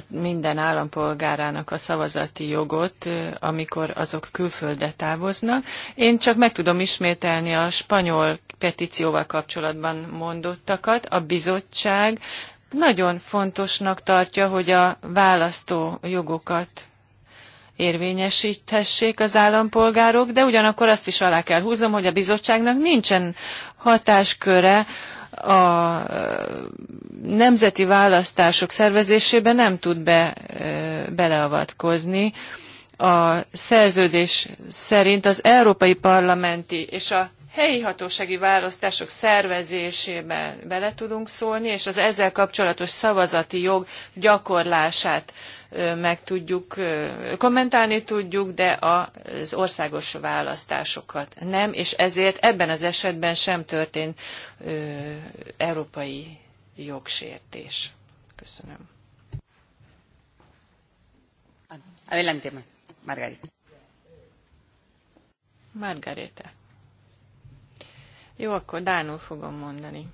minden állampolgárának a szavazati jogot, amikor azok külföldre távoznak. Én csak meg tudom ismételni a spanyol petícióval kapcsolatban mondottakat. A bizottság nagyon fontosnak tartja, hogy a választó jogokat érvényesíthessék az állampolgárok, de ugyanakkor azt is alá kell húznom, hogy a bizottságnak nincsen hatásköre a nemzeti választások szervezésébe nem tud be, beleavatkozni. A szerződés szerint az európai parlamenti és a helyi hatósági választások szervezésében bele tudunk szólni, és az ezzel kapcsolatos szavazati jog gyakorlását meg tudjuk, kommentálni tudjuk, de az országos választásokat nem, és ezért ebben az esetben sem történt európai jogsértés. Köszönöm. Adelante, Margarita. Margarita. Jó, akkor Dánul fogom mondani.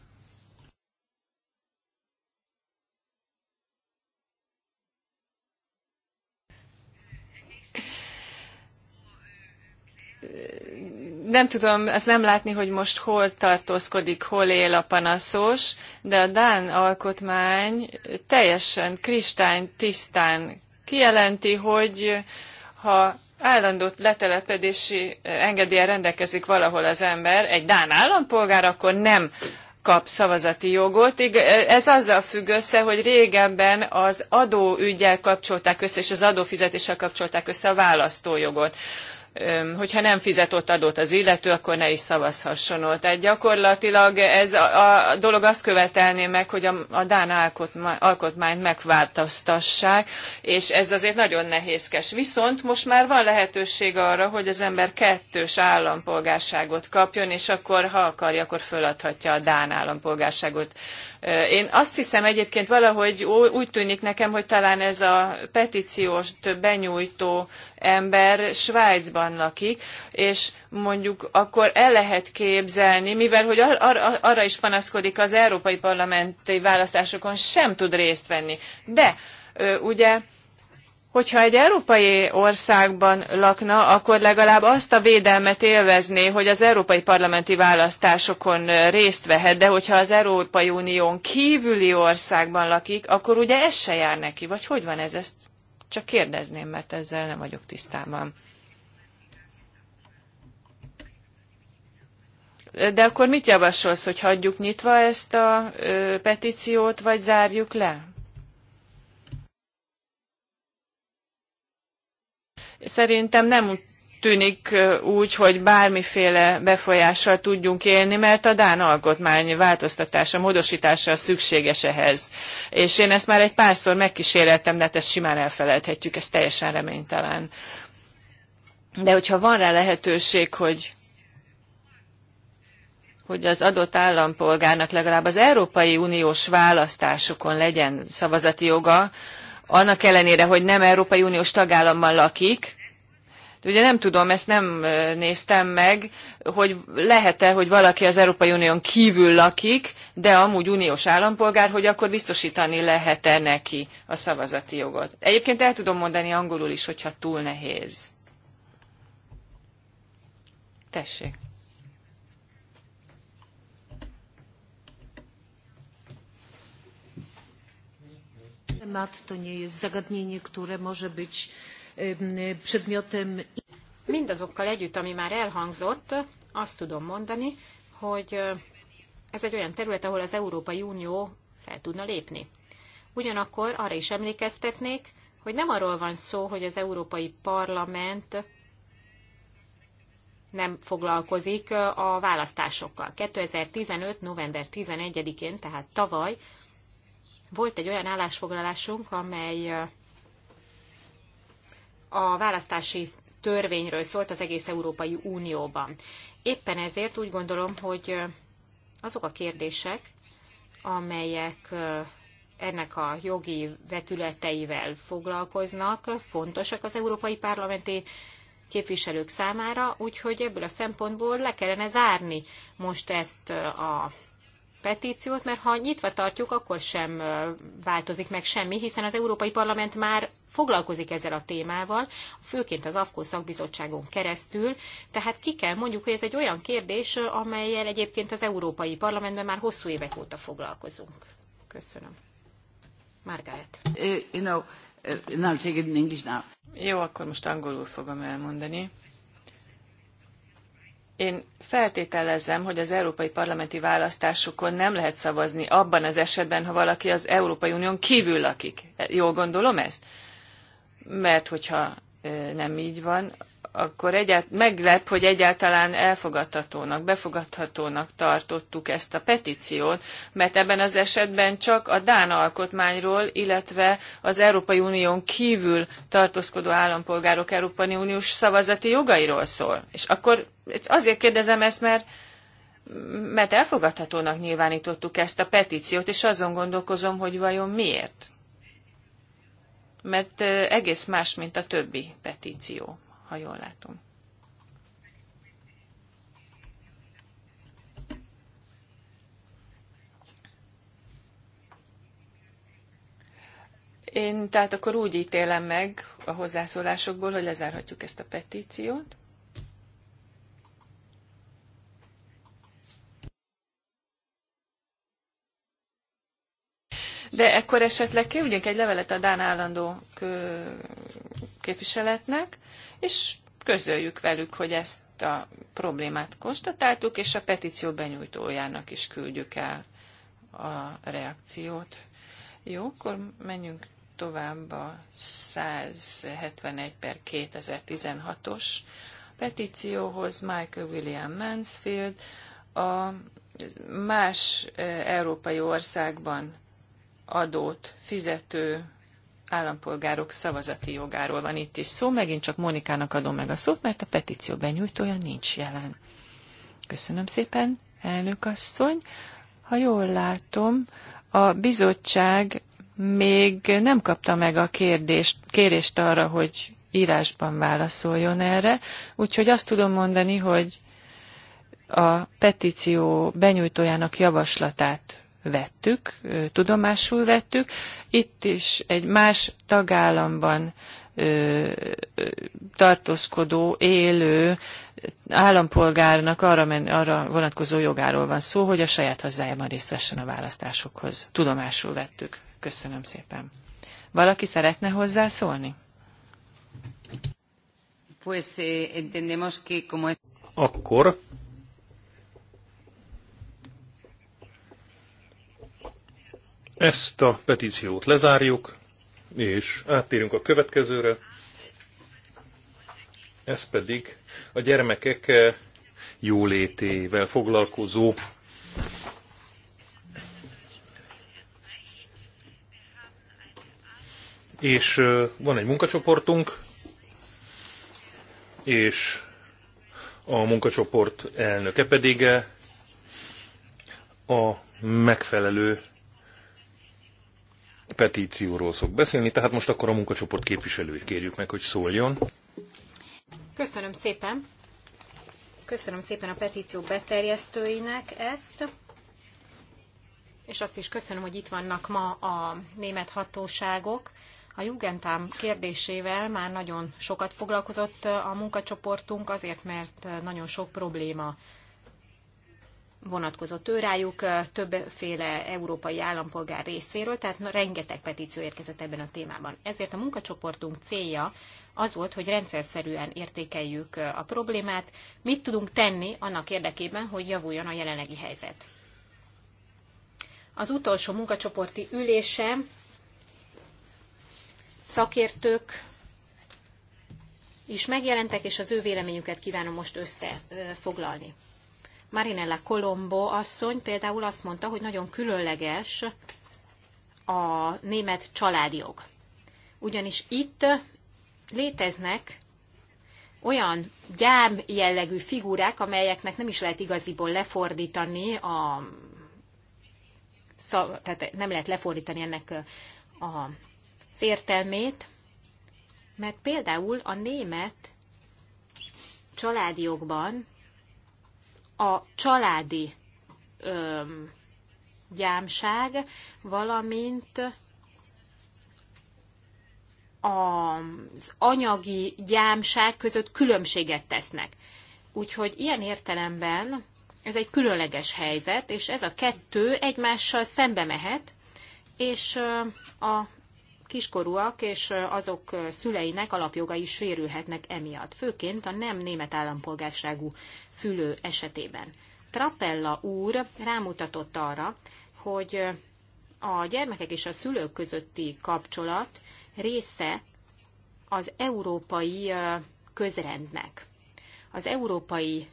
nem tudom, ezt nem látni, hogy most hol tartózkodik, hol él a panaszos, de a Dán alkotmány teljesen tisztán kijelenti, hogy ha állandó letelepedési eh, engedélye rendelkezik valahol az ember, egy Dán állampolgár, akkor nem kap szavazati jogot. Eh, ez azzal függ össze, hogy régebben az adóügyel kapcsolták össze, és az adófizetéssel kapcsolták össze a választójogot hogyha nem fizet ott adót az illető, akkor ne is szavazhasson ott. Tehát gyakorlatilag ez a, a dolog azt követelné meg, hogy a, a Dán alkotmány, alkotmányt megváltoztassák, és ez azért nagyon nehézkes. Viszont most már van lehetőség arra, hogy az ember kettős állampolgárságot kapjon, és akkor, ha akarja, akkor föladhatja a Dán állampolgárságot én azt hiszem egyébként valahogy úgy tűnik nekem, hogy talán ez a petíciós benyújtó ember Svájcban lakik, és mondjuk akkor el lehet képzelni, mivel hogy ar- ar- arra is panaszkodik az európai parlamenti választásokon, sem tud részt venni. De ugye hogyha egy európai országban lakna, akkor legalább azt a védelmet élvezné, hogy az európai parlamenti választásokon részt vehet, de hogyha az Európai Unión kívüli országban lakik, akkor ugye ez se jár neki, vagy hogy van ez? Ezt csak kérdezném, mert ezzel nem vagyok tisztában. De akkor mit javasolsz, hogy hagyjuk nyitva ezt a ö, petíciót, vagy zárjuk le? Szerintem nem tűnik úgy, hogy bármiféle befolyással tudjunk élni, mert a Dán alkotmány változtatása, módosítása szükséges ehhez. És én ezt már egy párszor megkíséreltem, de hát ezt simán elfelejthetjük, ez teljesen reménytelen. De hogyha van rá lehetőség, hogy hogy az adott állampolgárnak legalább az Európai Uniós választásokon legyen szavazati joga, annak ellenére, hogy nem Európai Uniós tagállamban lakik, ugye nem tudom, ezt nem néztem meg, hogy lehet-e, hogy valaki az Európai Unión kívül lakik, de amúgy uniós állampolgár, hogy akkor biztosítani lehet-e neki a szavazati jogot. Egyébként el tudom mondani angolul is, hogyha túl nehéz. Tessék. temat, to nie jest zagadnienie, które może być przedmiotem. Mindazokkal együtt, ami már elhangzott, azt tudom mondani, hogy ez egy olyan terület, ahol az Európai Unió fel tudna lépni. Ugyanakkor arra is emlékeztetnék, hogy nem arról van szó, hogy az Európai Parlament nem foglalkozik a választásokkal. 2015. november 11-én, tehát tavaly volt egy olyan állásfoglalásunk, amely a választási törvényről szólt az egész Európai Unióban. Éppen ezért úgy gondolom, hogy azok a kérdések, amelyek ennek a jogi vetületeivel foglalkoznak, fontosak az európai parlamenti képviselők számára, úgyhogy ebből a szempontból le kellene zárni most ezt a petíciót, mert ha nyitva tartjuk, akkor sem változik meg semmi, hiszen az Európai Parlament már foglalkozik ezzel a témával, főként az AFKO szakbizottságon keresztül, tehát ki kell mondjuk, hogy ez egy olyan kérdés, amelyel egyébként az Európai Parlamentben már hosszú évek óta foglalkozunk. Köszönöm. Margaret. Eh, you know, uh, take it in English now. Jó, akkor most angolul fogom elmondani. Én feltételezem, hogy az európai parlamenti választásokon nem lehet szavazni abban az esetben, ha valaki az Európai Unión kívül lakik. Jól gondolom ezt? Mert hogyha nem így van, akkor egyált, meglep, hogy egyáltalán elfogadhatónak, befogadhatónak tartottuk ezt a petíciót, mert ebben az esetben csak a Dán alkotmányról, illetve az Európai Unión kívül tartózkodó állampolgárok Európai Uniós szavazati jogairól szól. És akkor azért kérdezem ezt, mert mert elfogadhatónak nyilvánítottuk ezt a petíciót, és azon gondolkozom, hogy vajon miért. Mert egész más, mint a többi petíció ha jól látom. Én tehát akkor úgy ítélem meg a hozzászólásokból, hogy lezárhatjuk ezt a petíciót. de ekkor esetleg küldjünk egy levelet a Dán állandó képviseletnek, és közöljük velük, hogy ezt a problémát konstatáltuk, és a petíció benyújtójának is küldjük el a reakciót. Jó, akkor menjünk tovább a 171 per 2016-os petícióhoz Michael William Mansfield a más eh, európai országban adót fizető állampolgárok szavazati jogáról van itt is szó. Megint csak Monikának adom meg a szót, mert a petíció benyújtója nincs jelen. Köszönöm szépen, elnök asszony. Ha jól látom, a bizottság még nem kapta meg a kérdést, kérést arra, hogy írásban válaszoljon erre, úgyhogy azt tudom mondani, hogy a petíció benyújtójának javaslatát vettük, tudomásul vettük. Itt is egy más tagállamban tartózkodó, élő állampolgárnak arra, men, arra vonatkozó jogáról van szó, hogy a saját hazájában részt vessen a választásokhoz. Tudomásul vettük. Köszönöm szépen. Valaki szeretne hozzászólni? Eh, Akkor Ezt a petíciót lezárjuk, és áttérünk a következőre. Ez pedig a gyermekek jólétével foglalkozó és van egy munkacsoportunk, és a munkacsoport elnöke pedig a megfelelő petícióról szok beszélni, tehát most akkor a munkacsoport képviselőit kérjük meg, hogy szóljon. Köszönöm szépen. Köszönöm szépen a petíció beterjesztőinek ezt, és azt is köszönöm, hogy itt vannak ma a német hatóságok. A Jugendám kérdésével már nagyon sokat foglalkozott a munkacsoportunk, azért mert nagyon sok probléma vonatkozott ő rájuk többféle európai állampolgár részéről, tehát rengeteg petíció érkezett ebben a témában. Ezért a munkacsoportunk célja az volt, hogy rendszerszerűen értékeljük a problémát, mit tudunk tenni annak érdekében, hogy javuljon a jelenlegi helyzet. Az utolsó munkacsoporti ülése szakértők is megjelentek, és az ő véleményüket kívánom most összefoglalni. Marinella Colombo asszony például azt mondta, hogy nagyon különleges a német családjog. Ugyanis itt léteznek olyan gyám jellegű figurák, amelyeknek nem is lehet igaziból lefordítani a szav, tehát nem lehet lefordítani ennek a, az értelmét, mert például a német családjogban a családi öm, gyámság, valamint az anyagi gyámság között különbséget tesznek. Úgyhogy ilyen értelemben ez egy különleges helyzet, és ez a kettő egymással szembe mehet, és a kiskorúak és azok szüleinek alapjogai sérülhetnek emiatt, főként a nem német állampolgárságú szülő esetében. Trapella úr rámutatott arra, hogy a gyermekek és a szülők közötti kapcsolat része az európai közrendnek. Az európai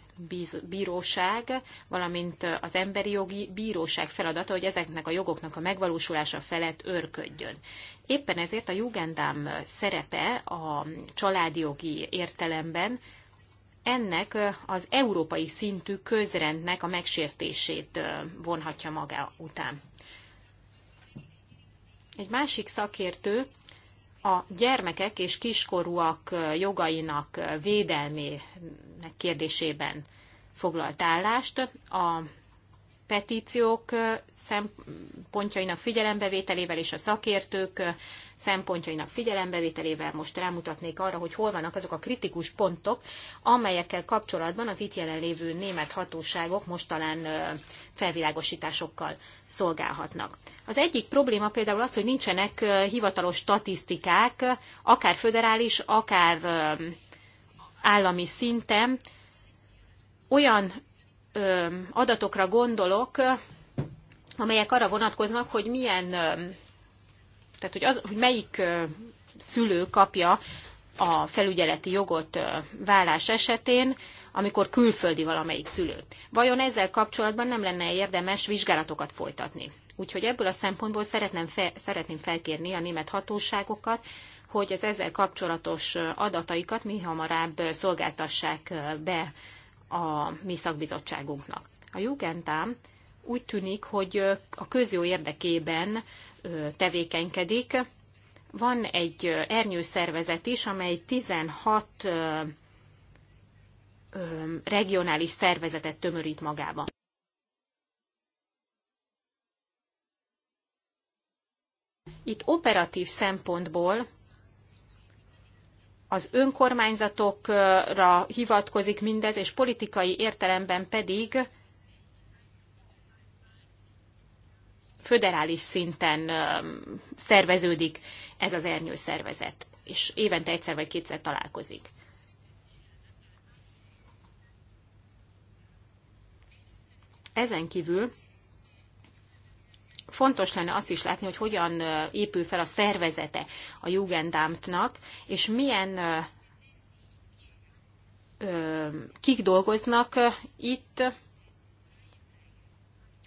bíróság, valamint az emberi jogi bíróság feladata, hogy ezeknek a jogoknak a megvalósulása felett örködjön. Éppen ezért a Jugendám szerepe a családi jogi értelemben ennek az európai szintű közrendnek a megsértését vonhatja maga után. Egy másik szakértő a gyermekek és kiskorúak jogainak védelmének kérdésében foglalt állást. A petíciók szempontjainak figyelembevételével és a szakértők szempontjainak figyelembevételével most rámutatnék arra, hogy hol vannak azok a kritikus pontok, amelyekkel kapcsolatban az itt jelenlévő német hatóságok most talán felvilágosításokkal szolgálhatnak. Az egyik probléma például az, hogy nincsenek hivatalos statisztikák, akár föderális, akár állami szinten, olyan adatokra gondolok, amelyek arra vonatkoznak, hogy milyen, tehát hogy, az, hogy melyik szülő kapja a felügyeleti jogot vállás esetén, amikor külföldi valamelyik szülő. Vajon ezzel kapcsolatban nem lenne érdemes vizsgálatokat folytatni? Úgyhogy ebből a szempontból szeretném, fe, szeretném felkérni a német hatóságokat, hogy az ezzel kapcsolatos adataikat mi hamarabb szolgáltassák be a mi szakbizottságunknak. A Jugendám úgy tűnik, hogy a közjó érdekében tevékenykedik. Van egy ernyőszervezet is, amely 16 regionális szervezetet tömörít magába. Itt operatív szempontból az önkormányzatokra hivatkozik mindez, és politikai értelemben pedig föderális szinten szerveződik ez az szervezet és évente egyszer vagy kétszer találkozik. Ezen kívül fontos lenne azt is látni, hogy hogyan épül fel a szervezete a Jugendamtnak, és milyen kik dolgoznak itt,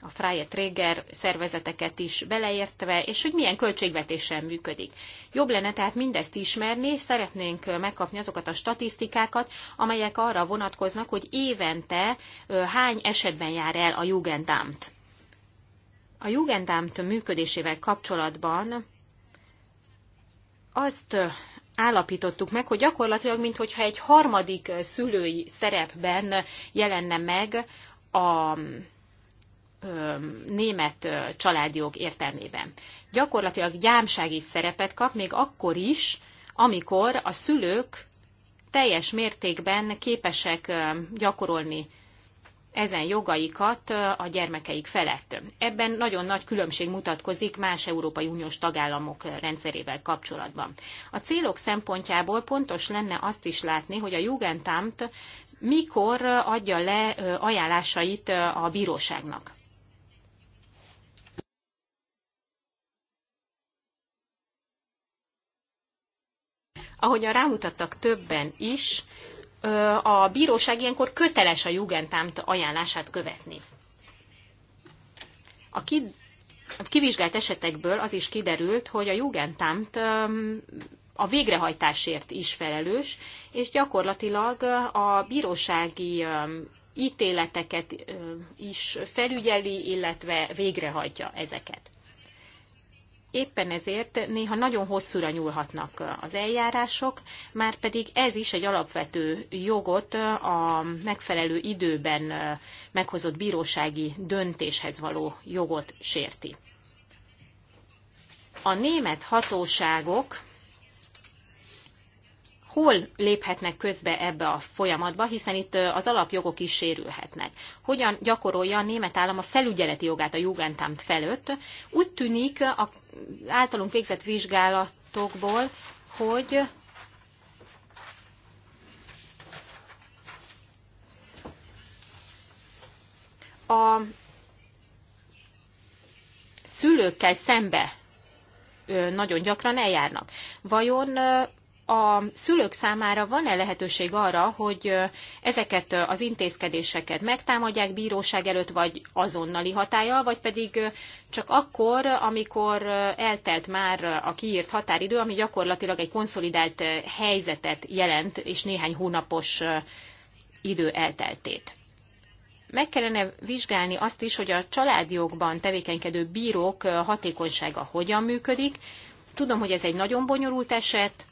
a Freie Träger szervezeteket is beleértve, és hogy milyen költségvetéssel működik. Jobb lenne tehát mindezt ismerni, és szeretnénk megkapni azokat a statisztikákat, amelyek arra vonatkoznak, hogy évente hány esetben jár el a Jugendamt a Jugendamt működésével kapcsolatban azt állapítottuk meg, hogy gyakorlatilag, mintha egy harmadik szülői szerepben jelenne meg a német családjog értelmében. Gyakorlatilag gyámsági szerepet kap, még akkor is, amikor a szülők teljes mértékben képesek gyakorolni ezen jogaikat a gyermekeik felett. Ebben nagyon nagy különbség mutatkozik más Európai Uniós tagállamok rendszerével kapcsolatban. A célok szempontjából pontos lenne azt is látni, hogy a Jugendamt mikor adja le ajánlásait a bíróságnak. Ahogyan rámutattak többen is, a bíróság ilyenkor köteles a Jugendamt ajánlását követni. A ki, a kivizsgált esetekből az is kiderült, hogy a Jugendamt a végrehajtásért is felelős, és gyakorlatilag a bírósági ítéleteket is felügyeli, illetve végrehajtja ezeket. Éppen ezért néha nagyon hosszúra nyúlhatnak az eljárások, már pedig ez is egy alapvető jogot a megfelelő időben meghozott bírósági döntéshez való jogot sérti. A német hatóságok hol léphetnek közbe ebbe a folyamatba, hiszen itt az alapjogok is sérülhetnek. Hogyan gyakorolja a német állam a felügyeleti jogát a Jugendamt felőtt? Úgy tűnik a általunk végzett vizsgálatokból, hogy a szülőkkel szembe nagyon gyakran eljárnak. Vajon a szülők számára van-e lehetőség arra, hogy ezeket az intézkedéseket megtámadják bíróság előtt, vagy azonnali hatája, vagy pedig csak akkor, amikor eltelt már a kiírt határidő, ami gyakorlatilag egy konszolidált helyzetet jelent, és néhány hónapos idő elteltét. Meg kellene vizsgálni azt is, hogy a családjogban tevékenykedő bírók hatékonysága hogyan működik. Tudom, hogy ez egy nagyon bonyolult eset,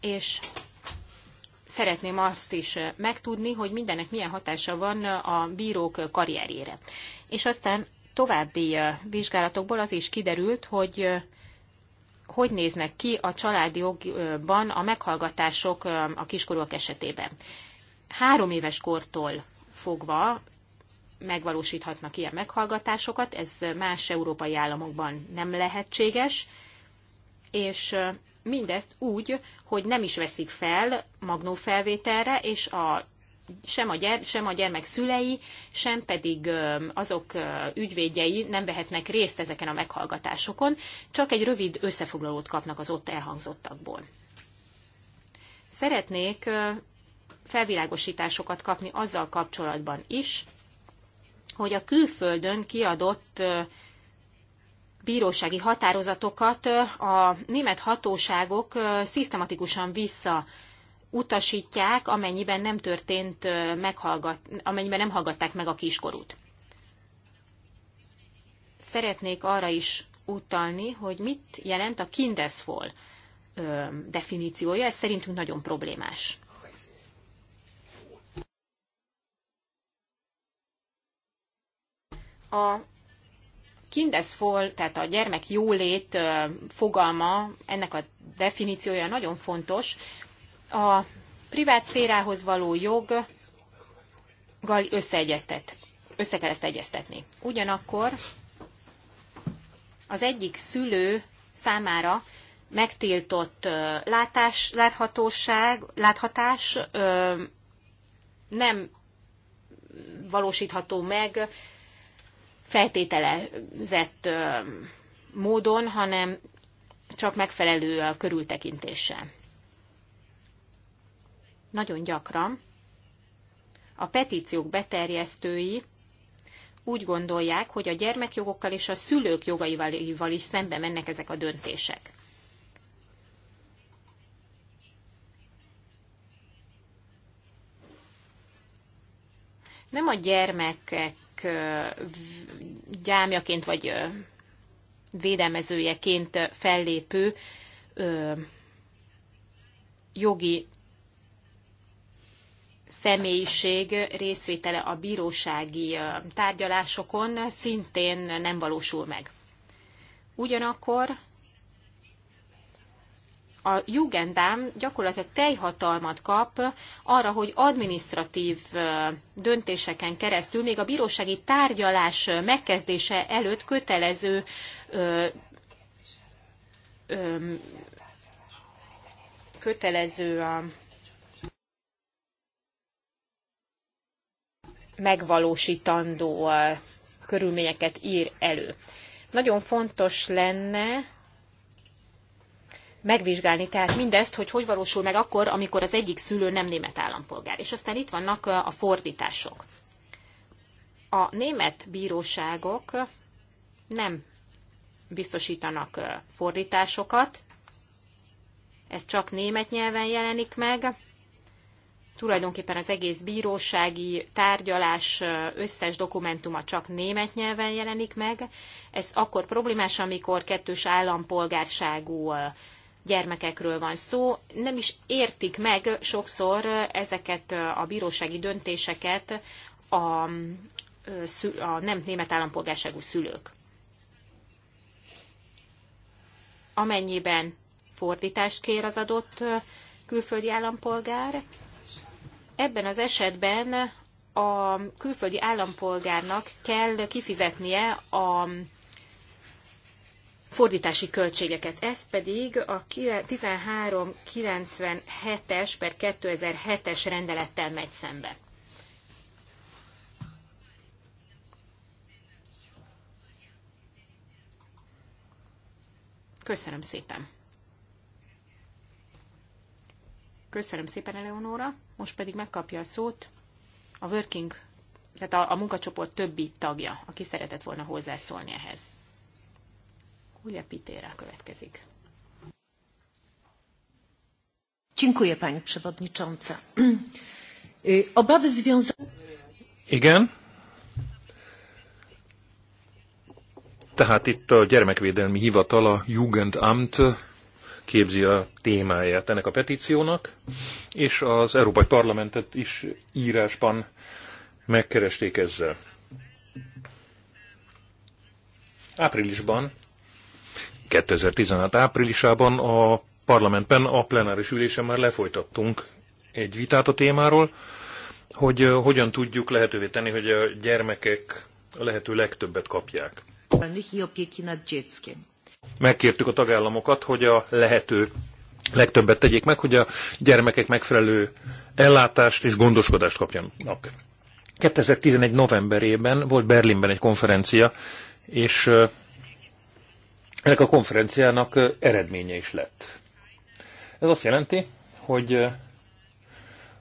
és szeretném azt is eh, megtudni, hogy mindennek milyen hatása van eh, a bírók karrierjére. És aztán további eh, vizsgálatokból az is kiderült, hogy hogy néznek ki a családi jogban a meghallgatások a kiskorúak esetében. Három éves kortól fogva megvalósíthatnak ilyen meghallgatásokat, ez más európai államokban nem lehetséges, és mindezt úgy, hogy nem is veszik fel magnófelvételre, és a sem a, gyere, sem a gyermek szülei, sem pedig azok ügyvédjei nem vehetnek részt ezeken a meghallgatásokon, csak egy rövid összefoglalót kapnak az ott elhangzottakból. Szeretnék felvilágosításokat kapni azzal kapcsolatban is, hogy a külföldön kiadott bírósági határozatokat a német hatóságok szisztematikusan vissza utasítják, amennyiben nem történt meghallgat, amennyiben nem hallgatták meg a kiskorút. Szeretnék arra is utalni, hogy mit jelent a kindeszfol definíciója, ez szerintünk nagyon problémás. A kindeszfol, tehát a gyermek jólét fogalma, ennek a definíciója nagyon fontos. A privát szférához való joggal összeegyeztet, össze kell ezt egyeztetni. Ugyanakkor az egyik szülő számára megtiltott látás, láthatóság, láthatás nem valósítható meg feltételezett módon, hanem csak megfelelő körültekintéssel. Nagyon gyakran a petíciók beterjesztői úgy gondolják, hogy a gyermekjogokkal és a szülők jogaival is szembe mennek ezek a döntések. Nem a gyermekek ennek gyámjaként vagy védelmezőjeként fellépő jogi személyiség részvétele a bírósági tárgyalásokon szintén nem valósul meg. Ugyanakkor a Jugendám gyakorlatilag teljhatalmat kap arra, hogy administratív döntéseken keresztül még a bírósági tárgyalás megkezdése előtt kötelező kötelező a megvalósítandó körülményeket ír elő. Nagyon fontos lenne megvizsgálni tehát mindezt, hogy hogy valósul meg akkor, amikor az egyik szülő nem német állampolgár. És aztán itt vannak a fordítások. A német bíróságok nem biztosítanak fordításokat, ez csak német nyelven jelenik meg. Tulajdonképpen az egész bírósági tárgyalás összes dokumentuma csak német nyelven jelenik meg. Ez akkor problémás, amikor kettős állampolgárságú gyermekekről van szó, nem is értik meg sokszor ezeket a bírósági döntéseket a, a nem német állampolgárságú szülők. Amennyiben fordítást kér az adott külföldi állampolgár, ebben az esetben a külföldi állampolgárnak kell kifizetnie a fordítási költségeket. Ez pedig a 1397-es per 2007-es rendelettel megy szembe. Köszönöm szépen. Köszönöm szépen, Eleonora. Most pedig megkapja a szót a working, tehát a, a munkacsoport többi tagja, aki szeretett volna hozzászólni ehhez. Julia Pitéra következik. Dziękuję Pani Przewodnicząca. Obawy związane... Igen. Tehát itt a gyermekvédelmi hivatal, a Jugendamt képzi a témáját ennek a petíciónak, és az Európai Parlamentet is írásban megkeresték ezzel. Áprilisban 2016 áprilisában a parlamentben a plenáris ülésen már lefolytattunk egy vitát a témáról, hogy hogyan tudjuk lehetővé tenni, hogy a gyermekek a lehető legtöbbet kapják. Megkértük a tagállamokat, hogy a lehető legtöbbet tegyék meg, hogy a gyermekek megfelelő ellátást és gondoskodást kapjanak. 2011. novemberében volt Berlinben egy konferencia, és ennek a konferenciának eredménye is lett. Ez azt jelenti, hogy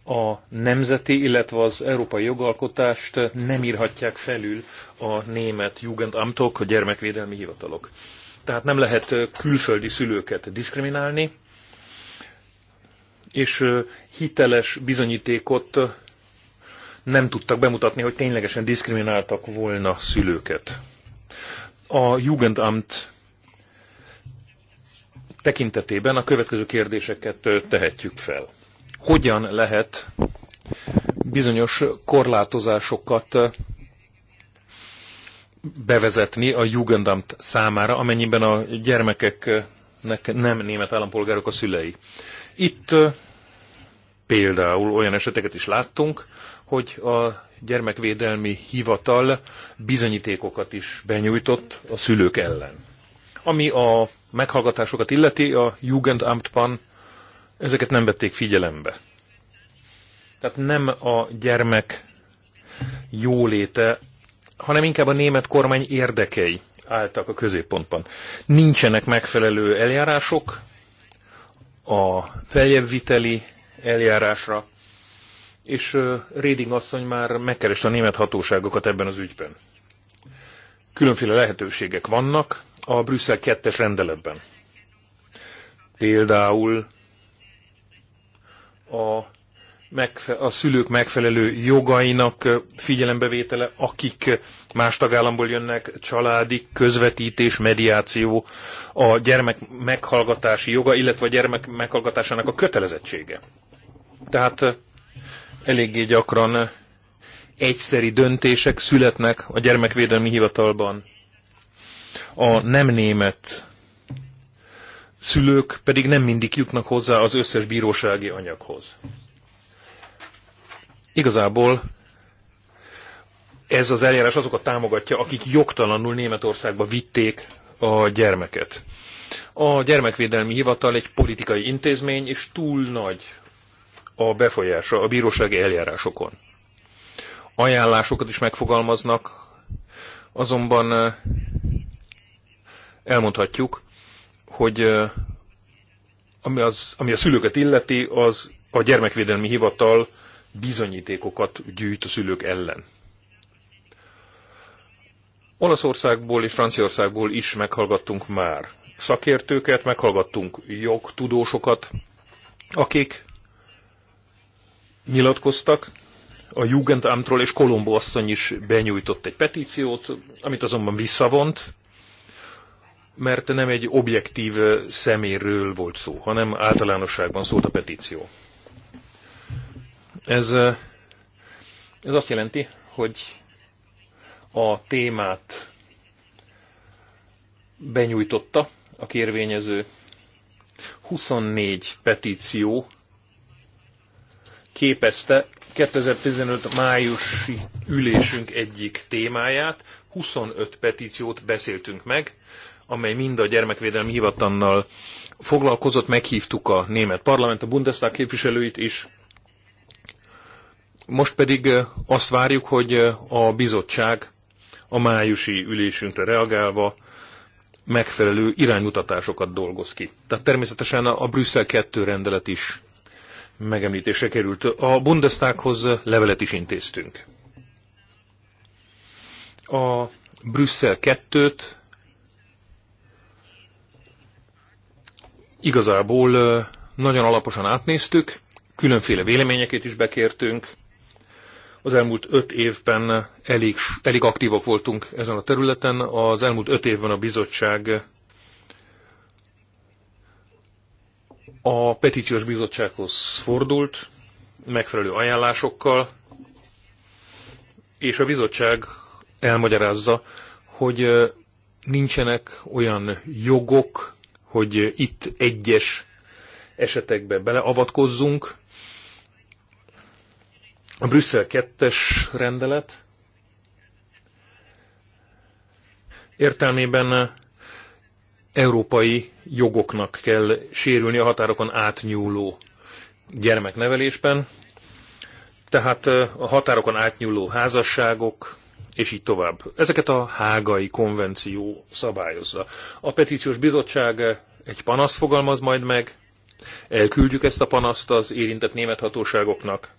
a nemzeti, illetve az európai jogalkotást nem írhatják felül a német Jugendamtok, a gyermekvédelmi hivatalok. Tehát nem lehet külföldi szülőket diszkriminálni, és hiteles bizonyítékot nem tudtak bemutatni, hogy ténylegesen diszkrimináltak volna szülőket. A Jugendamt tekintetében a következő kérdéseket tehetjük fel. Hogyan lehet bizonyos korlátozásokat bevezetni a Jugendamt számára, amennyiben a gyermekeknek nem német állampolgárok a szülei. Itt például olyan eseteket is láttunk, hogy a gyermekvédelmi hivatal bizonyítékokat is benyújtott a szülők ellen, ami a meghallgatásokat illeti a Jugendamtban, ezeket nem vették figyelembe. Tehát nem a gyermek jóléte, hanem inkább a német kormány érdekei álltak a középpontban. Nincsenek megfelelő eljárások a feljebbviteli eljárásra, és Réding asszony már megkereste a német hatóságokat ebben az ügyben. Különféle lehetőségek vannak, a Brüsszel 2-es rendeletben. Például a, megfe- a szülők megfelelő jogainak figyelembevétele, akik más tagállamból jönnek, családi közvetítés, mediáció, a gyermek meghallgatási joga, illetve a gyermek meghallgatásának a kötelezettsége. Tehát eléggé gyakran egyszeri döntések születnek a gyermekvédelmi hivatalban, a nem német szülők pedig nem mindig jutnak hozzá az összes bírósági anyaghoz. Igazából ez az eljárás azokat támogatja, akik jogtalanul Németországba vitték a gyermeket. A gyermekvédelmi hivatal egy politikai intézmény, és túl nagy a befolyása a bírósági eljárásokon. Ajánlásokat is megfogalmaznak, azonban elmondhatjuk, hogy ami, az, ami a szülőket illeti, az a gyermekvédelmi hivatal bizonyítékokat gyűjt a szülők ellen. Olaszországból és Franciaországból is meghallgattunk már szakértőket, meghallgattunk jogtudósokat, akik nyilatkoztak, a Jugendamtról és Kolombo asszony is benyújtott egy petíciót, amit azonban visszavont, mert nem egy objektív szeméről volt szó, hanem általánosságban szólt a petíció. Ez, ez azt jelenti, hogy a témát benyújtotta a kérvényező. 24 petíció képezte 2015 májusi ülésünk egyik témáját, 25 petíciót beszéltünk meg, amely mind a gyermekvédelmi hivatannal foglalkozott, meghívtuk a német parlament, a Bundestag képviselőit is. Most pedig azt várjuk, hogy a bizottság a májusi ülésünkre reagálva megfelelő iránymutatásokat dolgoz ki. Tehát természetesen a Brüsszel 2 rendelet is megemlítésre került. A Bundestaghoz levelet is intéztünk. A Brüsszel 2-t Igazából nagyon alaposan átnéztük, különféle véleményeket is bekértünk. Az elmúlt öt évben elég, elég aktívak voltunk ezen a területen. Az elmúlt öt évben a bizottság a petíciós bizottsághoz fordult, megfelelő ajánlásokkal, és a bizottság elmagyarázza, hogy nincsenek olyan jogok, hogy itt egyes esetekben beleavatkozzunk. A Brüsszel 2-es rendelet értelmében európai jogoknak kell sérülni a határokon átnyúló gyermeknevelésben, tehát eh, a határokon átnyúló házasságok, és így tovább. Ezeket a hágai konvenció szabályozza. A petíciós bizottság egy panaszt fogalmaz majd meg, elküldjük ezt a panaszt az érintett német hatóságoknak.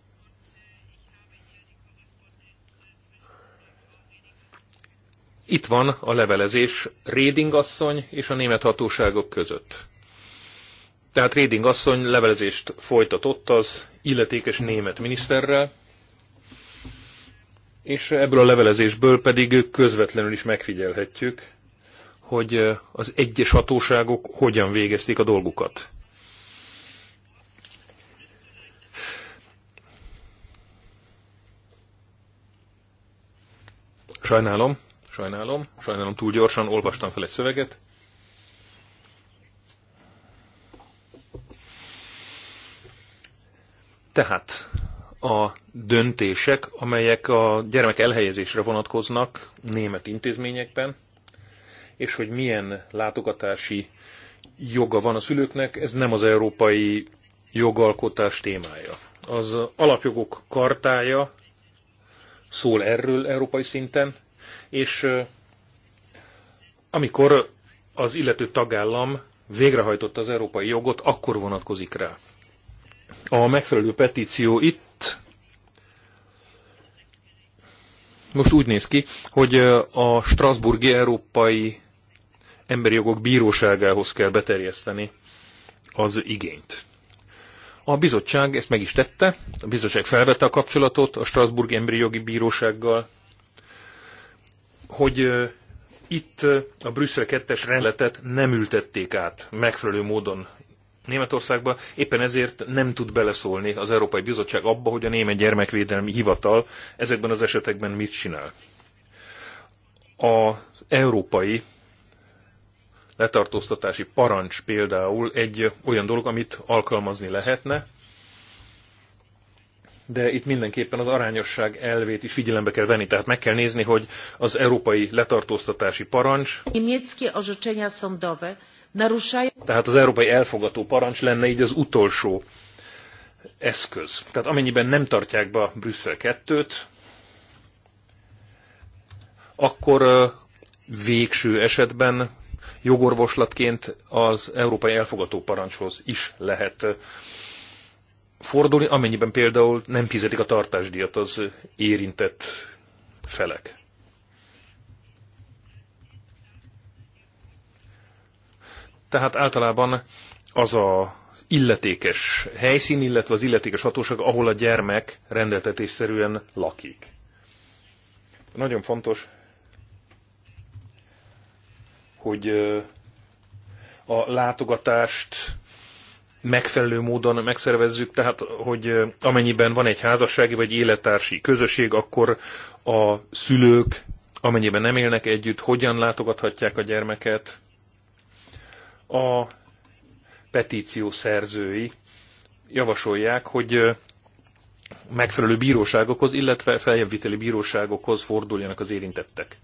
Itt van a levelezés Réding asszony és a német hatóságok között. Tehát Réding asszony levelezést folytatott az illetékes német miniszterrel, és ebből a levelezésből pedig közvetlenül is megfigyelhetjük, hogy az egyes hatóságok hogyan végezték a dolgukat. Sajnálom, sajnálom, sajnálom túl gyorsan, olvastam fel egy szöveget. Tehát a döntések, amelyek a gyermek elhelyezésre vonatkoznak német intézményekben, és hogy milyen látogatási joga van a szülőknek, ez nem az európai jogalkotás témája. Az alapjogok kartája szól erről európai szinten, és amikor az illető tagállam végrehajtotta az európai jogot, akkor vonatkozik rá. A megfelelő petíció itt most úgy néz ki, hogy a Strasburgi Európai Emberi Jogok Bíróságához kell beterjeszteni az igényt. A bizottság ezt meg is tette, a bizottság felvette a kapcsolatot a Strasburgi Emberi Jogi Bírósággal, hogy itt a Brüsszel 2-es rendeletet nem ültették át megfelelő módon Németországban, éppen ezért nem tud beleszólni az Európai Bizottság abba, hogy a Német Gyermekvédelmi Hivatal ezekben az esetekben mit csinál. Az európai letartóztatási parancs például egy olyan dolog, amit alkalmazni lehetne, de itt mindenképpen az arányosság elvét is figyelembe kell venni, tehát meg kell nézni, hogy az európai letartóztatási parancs tehát az európai elfogató parancs lenne így az utolsó eszköz. Tehát amennyiben nem tartják be Brüsszel 2 akkor végső esetben jogorvoslatként az európai elfogató parancshoz is lehet fordulni, amennyiben például nem fizetik a tartásdíjat az érintett felek. Tehát általában az a illetékes helyszín, illetve az illetékes hatóság, ahol a gyermek rendeltetésszerűen lakik. Nagyon fontos, hogy a látogatást megfelelő módon megszervezzük, tehát hogy amennyiben van egy házassági vagy élettársi közösség, akkor a szülők, amennyiben nem élnek együtt, hogyan látogathatják a gyermeket, a petíció szerzői javasolják, hogy megfelelő bíróságokhoz, illetve feljebbviteli bíróságokhoz forduljanak az érintettek.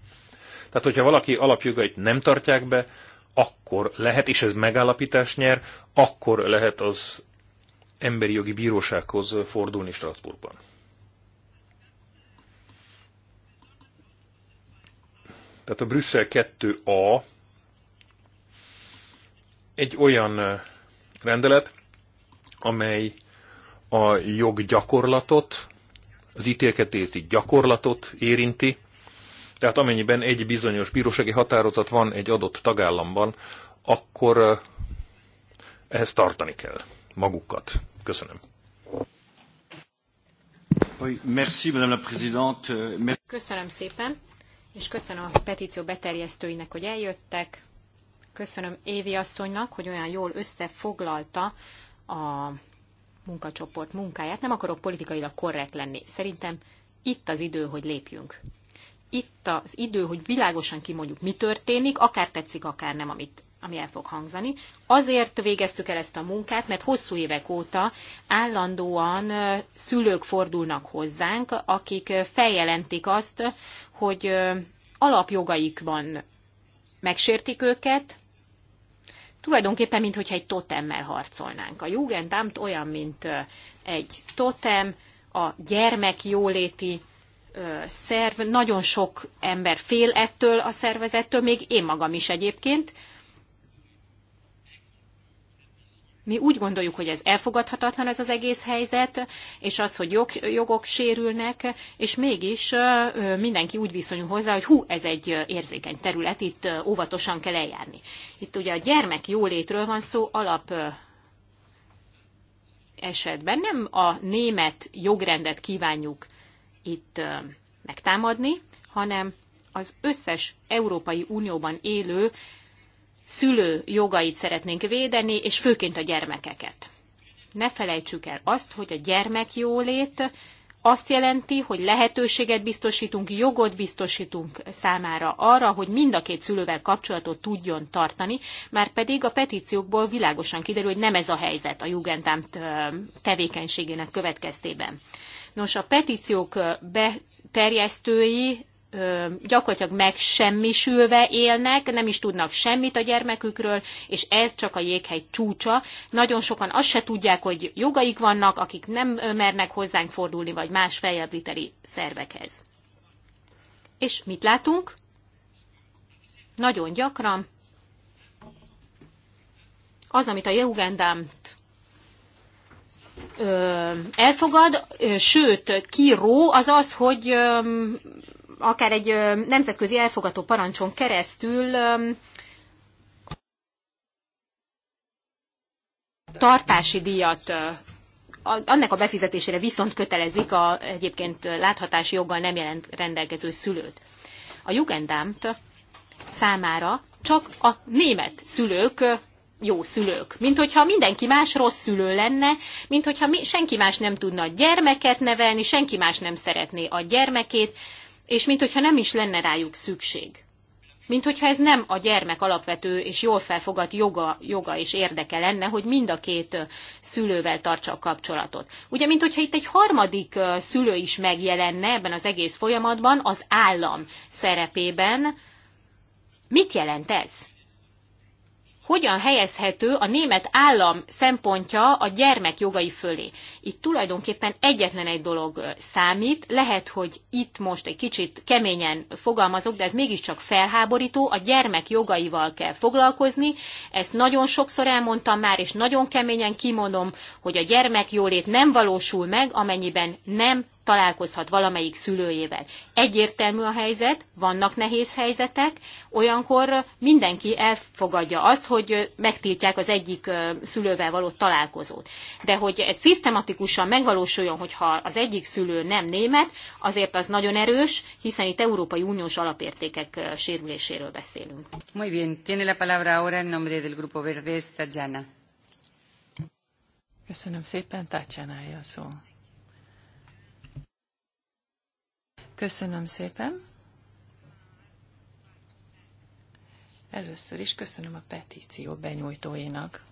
Tehát, hogyha valaki alapjogait nem tartják be, akkor lehet, és ez megállapítás nyer, akkor lehet az emberi jogi bírósághoz fordulni Strasbourgban. Tehát a Brüsszel 2A egy olyan rendelet, amely a joggyakorlatot, az ítélkedési gyakorlatot érinti, tehát amennyiben egy bizonyos bírósági határozat van egy adott tagállamban, akkor ehhez tartani kell magukat. Köszönöm. Euh, köszönöm szépen, és köszönöm a petíció beterjesztőinek, hogy eljöttek. Köszönöm Évi asszonynak, hogy olyan jól összefoglalta a munkacsoport munkáját. Nem akarok politikailag korrekt lenni. Szerintem itt az idő, hogy lépjünk. Itt az idő, hogy világosan kimondjuk, mi történik, akár tetszik, akár nem, amit ami el fog hangzani. Azért végeztük el ezt a munkát, mert hosszú évek óta állandóan szülők fordulnak hozzánk, akik feljelentik azt, hogy alapjogaikban megsértik őket, tulajdonképpen, mintha egy totemmel harcolnánk. A Jugendamt olyan, mint egy totem, a gyermek jóléti szerv, nagyon sok ember fél ettől a szervezettől, még én magam is egyébként, Mi úgy gondoljuk, hogy ez elfogadhatatlan ez az egész helyzet, és az, hogy jog, jogok sérülnek, és mégis mindenki úgy viszonyul hozzá, hogy hú, ez egy érzékeny terület, itt óvatosan kell eljárni. Itt ugye a gyermek jólétről van szó alap esetben. Nem a német jogrendet kívánjuk itt megtámadni, hanem az összes Európai Unióban élő szülő jogait szeretnénk védeni, és főként a gyermekeket. Ne felejtsük el azt, hogy a gyermek jólét azt jelenti, hogy lehetőséget biztosítunk, jogot biztosítunk számára arra, hogy mind a két szülővel kapcsolatot tudjon tartani, már pedig a petíciókból világosan kiderül, hogy nem ez a helyzet a Jugendám tevékenységének következtében. Nos, a petíciók beterjesztői gyakorlatilag megsemmisülve élnek, nem is tudnak semmit a gyermekükről, és ez csak a jéghegy csúcsa. Nagyon sokan azt se tudják, hogy jogaik vannak, akik nem mernek hozzánk fordulni, vagy más feljelviteli szervekhez. És mit látunk? Nagyon gyakran az, amit a Jugendamt elfogad, sőt, kiró, az az, hogy akár egy nemzetközi elfogató parancson keresztül tartási díjat annak a befizetésére viszont kötelezik a egyébként láthatási joggal nem jelent rendelkező szülőt. A Jugendamt számára csak a német szülők jó szülők. Mint hogyha mindenki más rossz szülő lenne, mint hogyha mi, senki más nem tudna a gyermeket nevelni, senki más nem szeretné a gyermekét, és mintha nem is lenne rájuk szükség. mint hogyha ez nem a gyermek alapvető és jól felfogadt joga, joga és érdeke lenne, hogy mind a két szülővel tartsa a kapcsolatot. Ugye, mint hogyha itt egy harmadik szülő is megjelenne ebben az egész folyamatban, az állam szerepében. Mit jelent ez? hogyan helyezhető a német állam szempontja a gyermek jogai fölé. Itt tulajdonképpen egyetlen egy dolog számít, lehet, hogy itt most egy kicsit keményen fogalmazok, de ez mégiscsak felháborító, a gyermek jogaival kell foglalkozni, ezt nagyon sokszor elmondtam már, és nagyon keményen kimondom, hogy a gyermek jólét nem valósul meg, amennyiben nem találkozhat valamelyik szülőjével. Egyértelmű a helyzet, vannak nehéz helyzetek, olyankor mindenki elfogadja azt, hogy megtiltják az egyik szülővel való találkozót. De hogy ez szisztematikusan megvalósuljon, hogyha az egyik szülő nem német, azért az nagyon erős, hiszen itt Európai Uniós alapértékek sérüléséről beszélünk. Muy bien, tiene la palabra ahora en nombre del Grupo Verdes, Tatjana. Köszönöm szépen, Tatjana, a szó. Köszönöm szépen. Először is köszönöm a petíció benyújtóinak,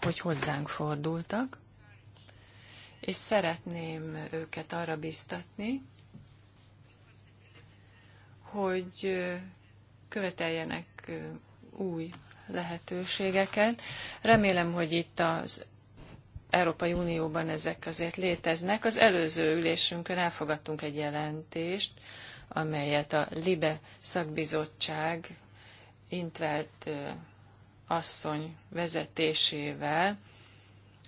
hogy hozzánk fordultak, és szeretném őket arra biztatni, hogy követeljenek új lehetőségeket. Remélem, hogy itt az Európai Unióban ezek azért léteznek. Az előző ülésünkön elfogadtunk egy jelentést, amelyet a LIBE szakbizottság Intvelt asszony vezetésével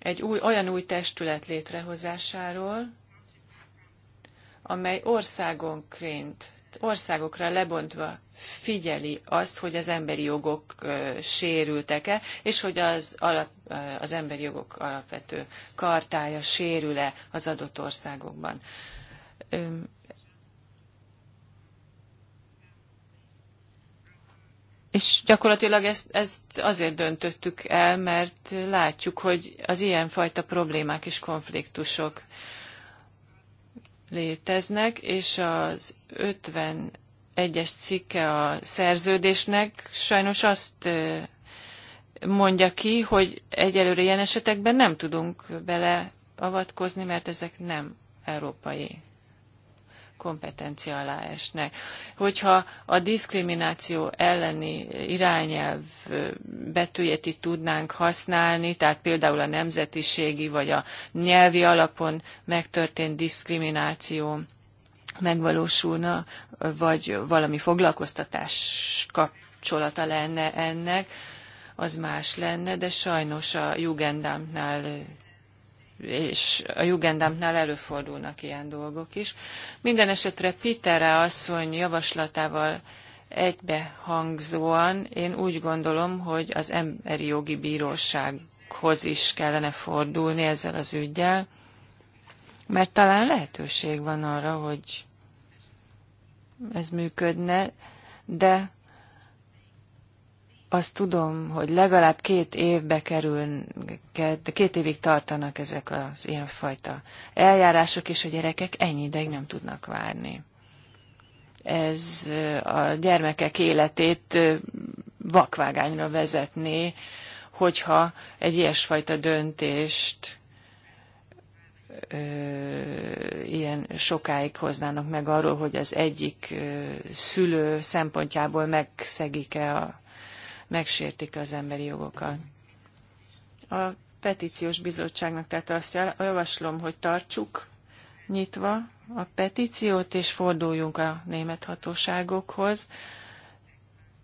egy új, olyan új testület létrehozásáról, amely országonként országokra lebontva figyeli azt, hogy az emberi jogok sérültek-e, és hogy az, alap, az emberi jogok alapvető kartája sérül-e az adott országokban. És gyakorlatilag ezt, ezt azért döntöttük el, mert látjuk, hogy az ilyenfajta problémák és konfliktusok léteznek, és az 51-es cikke a szerződésnek sajnos azt mondja ki, hogy egyelőre ilyen esetekben nem tudunk beleavatkozni, mert ezek nem európai kompetencia alá esnek. Hogyha a diszkrimináció elleni irányelv betűjét itt tudnánk használni, tehát például a nemzetiségi vagy a nyelvi alapon megtörtént diszkrimináció megvalósulna, vagy valami foglalkoztatás kapcsolata lenne ennek, az más lenne, de sajnos a Jugendamtnál és a Jugendamtnál előfordulnak ilyen dolgok is. Minden esetre Pitere asszony javaslatával egybehangzóan én úgy gondolom, hogy az Emberi Jogi Bírósághoz is kellene fordulni ezzel az ügyel, mert talán lehetőség van arra, hogy ez működne, de azt tudom, hogy legalább két évbe kerül, két évig tartanak ezek az ilyenfajta eljárások, és a gyerekek ennyi ideig nem tudnak várni. Ez a gyermekek életét vakvágányra vezetné, hogyha egy ilyesfajta döntést ilyen sokáig hoznának meg arról, hogy az egyik szülő szempontjából megszegik-e a megsértik az emberi jogokat. A petíciós bizottságnak, tehát azt javaslom, hogy tartsuk nyitva a petíciót, és forduljunk a német hatóságokhoz.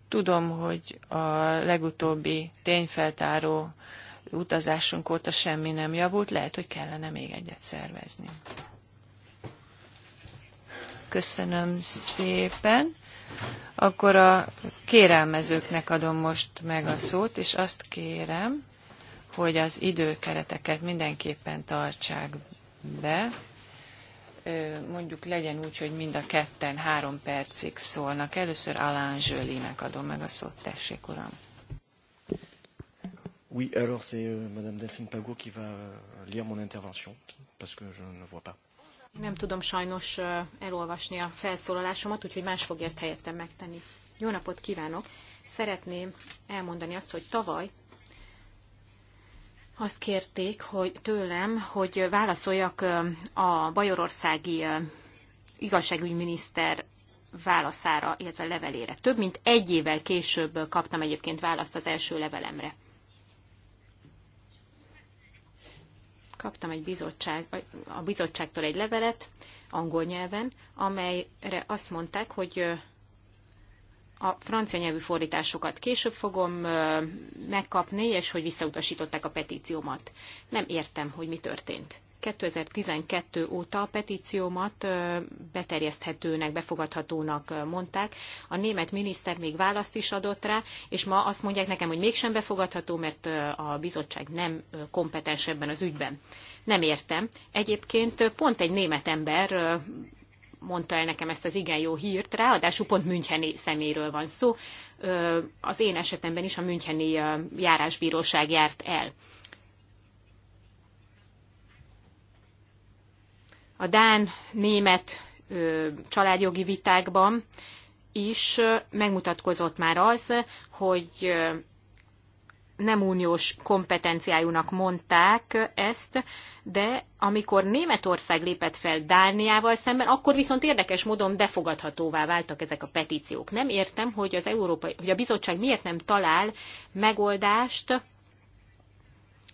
Tudom, hogy a legutóbbi tényfeltáró utazásunk óta semmi nem javult, lehet, hogy kellene még egyet szervezni. Köszönöm szépen. Akkor a kérelmezőknek adom most meg a szót, és azt kérem, hogy az időkereteket mindenképpen tartsák be. Mondjuk legyen úgy, hogy mind a ketten három percig szólnak. Először Alain Zsölinek adom meg a szót. Tessék, uram. Oui, alors c'est euh, Madame Delphine Pagot qui va euh, lire mon intervention, parce que je ne vois pas. Nem tudom sajnos elolvasni a felszólalásomat, úgyhogy más fogja ezt helyettem megtenni. Jó napot kívánok! Szeretném elmondani azt, hogy tavaly azt kérték hogy tőlem, hogy válaszoljak a bajorországi igazságügyminiszter válaszára, illetve levelére. Több mint egy évvel később kaptam egyébként választ az első levelemre. kaptam egy bizottság, a bizottságtól egy levelet angol nyelven, amelyre azt mondták, hogy a francia nyelvű fordításokat később fogom megkapni, és hogy visszautasították a petíciómat. Nem értem, hogy mi történt. 2012 óta a petíciómat beterjeszthetőnek, befogadhatónak mondták. A német miniszter még választ is adott rá, és ma azt mondják nekem, hogy mégsem befogadható, mert a bizottság nem kompetens ebben az ügyben. Nem értem. Egyébként pont egy német ember mondta el nekem ezt az igen jó hírt, ráadásul pont Müncheni szeméről van szó. Az én esetemben is a Müncheni járásbíróság járt el. a Dán-német családjogi vitákban is megmutatkozott már az, hogy nem uniós kompetenciájúnak mondták ezt, de amikor Németország lépett fel Dániával szemben, akkor viszont érdekes módon befogadhatóvá váltak ezek a petíciók. Nem értem, hogy, az Európai, hogy a bizottság miért nem talál megoldást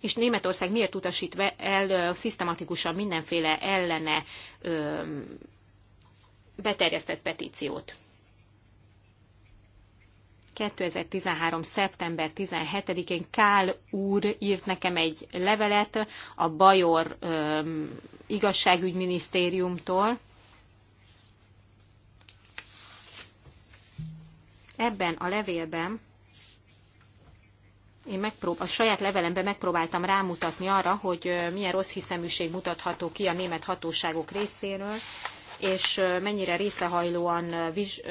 és Németország miért utasít el szisztematikusan mindenféle ellene beterjesztett petíciót. 2013. szeptember 17-én Kál úr írt nekem egy levelet a Bajor öm, igazságügyminisztériumtól. Ebben a levélben én megprób- a saját levelemben megpróbáltam rámutatni arra, hogy milyen rossz hiszeműség mutatható ki a német hatóságok részéről, és mennyire részehajlóan, viz-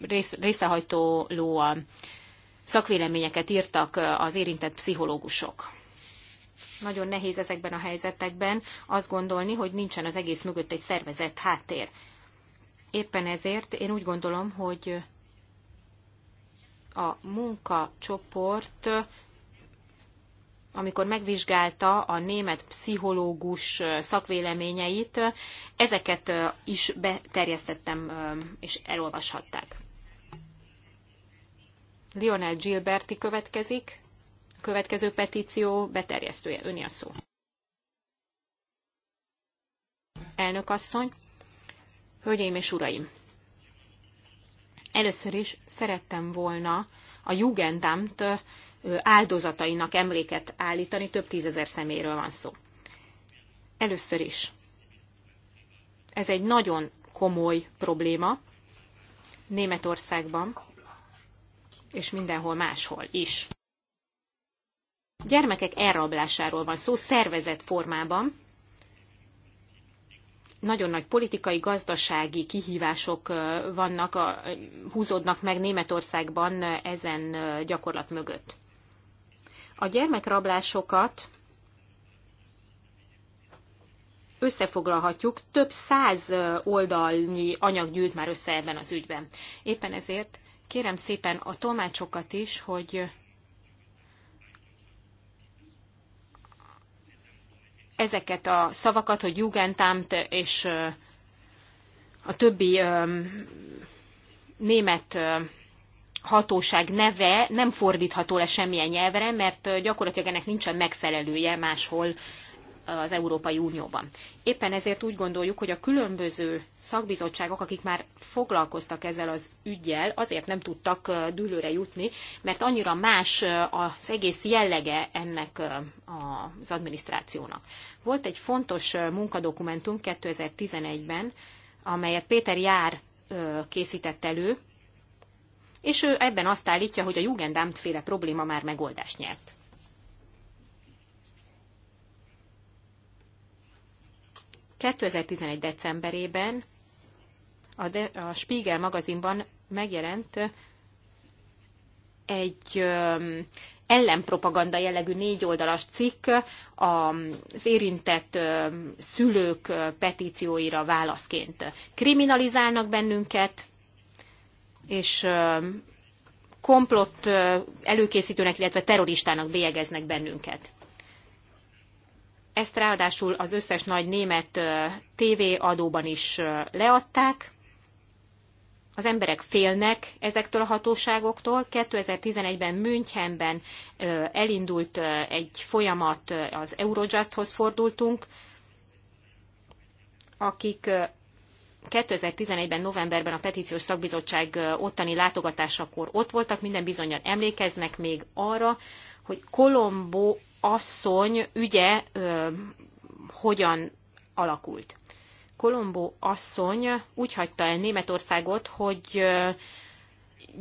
rész- részehajtóló szakvéleményeket írtak az érintett pszichológusok. Nagyon nehéz ezekben a helyzetekben azt gondolni, hogy nincsen az egész mögött egy szervezett háttér. Éppen ezért én úgy gondolom, hogy a munkacsoport amikor megvizsgálta a német pszichológus szakvéleményeit, ezeket is beterjesztettem, és elolvashatták. Lionel Gilberti következik, a következő petíció beterjesztője, öni a szó. Elnök asszony, hölgyeim és uraim! Először is szerettem volna a Jugendamt áldozatainak emléket állítani, több tízezer személyről van szó. Először is, ez egy nagyon komoly probléma Németországban, és mindenhol máshol is. Gyermekek elrablásáról van szó, szervezett formában, nagyon nagy politikai, gazdasági kihívások vannak, húzódnak meg Németországban ezen gyakorlat mögött a gyermekrablásokat összefoglalhatjuk, több száz oldalnyi anyag gyűlt már össze ebben az ügyben. Éppen ezért kérem szépen a tolmácsokat is, hogy ezeket a szavakat, hogy Jugendamt és a többi német hatóság neve nem fordítható le semmilyen nyelvre, mert gyakorlatilag ennek nincsen megfelelője máshol az Európai Unióban. Éppen ezért úgy gondoljuk, hogy a különböző szakbizottságok, akik már foglalkoztak ezzel az ügyjel, azért nem tudtak dűlőre jutni, mert annyira más az egész jellege ennek az adminisztrációnak. Volt egy fontos munkadokumentum 2011-ben, amelyet Péter Jár készített elő, és ő ebben azt állítja, hogy a Jugendamt féle probléma már megoldást nyert. ...2011. decemberében a, De- a Spiegel magazinban megjelent egy ellenpropaganda jellegű négyoldalas cikk az érintett szülők petícióira válaszként. Kriminalizálnak bennünket, és komplott előkészítőnek, illetve terroristának bélyegeznek bennünket. Ezt ráadásul az összes nagy német tévéadóban is leadták. Az emberek félnek ezektől a hatóságoktól. 2011-ben Münchenben elindult egy folyamat, az Eurojusthoz fordultunk, akik 2011-ben novemberben a petíciós szakbizottság ottani látogatásakor ott voltak, minden bizonyan emlékeznek még arra, hogy Kolombó asszony ügye ö, hogyan alakult. Kolombó asszony úgy hagyta el Németországot, hogy ö,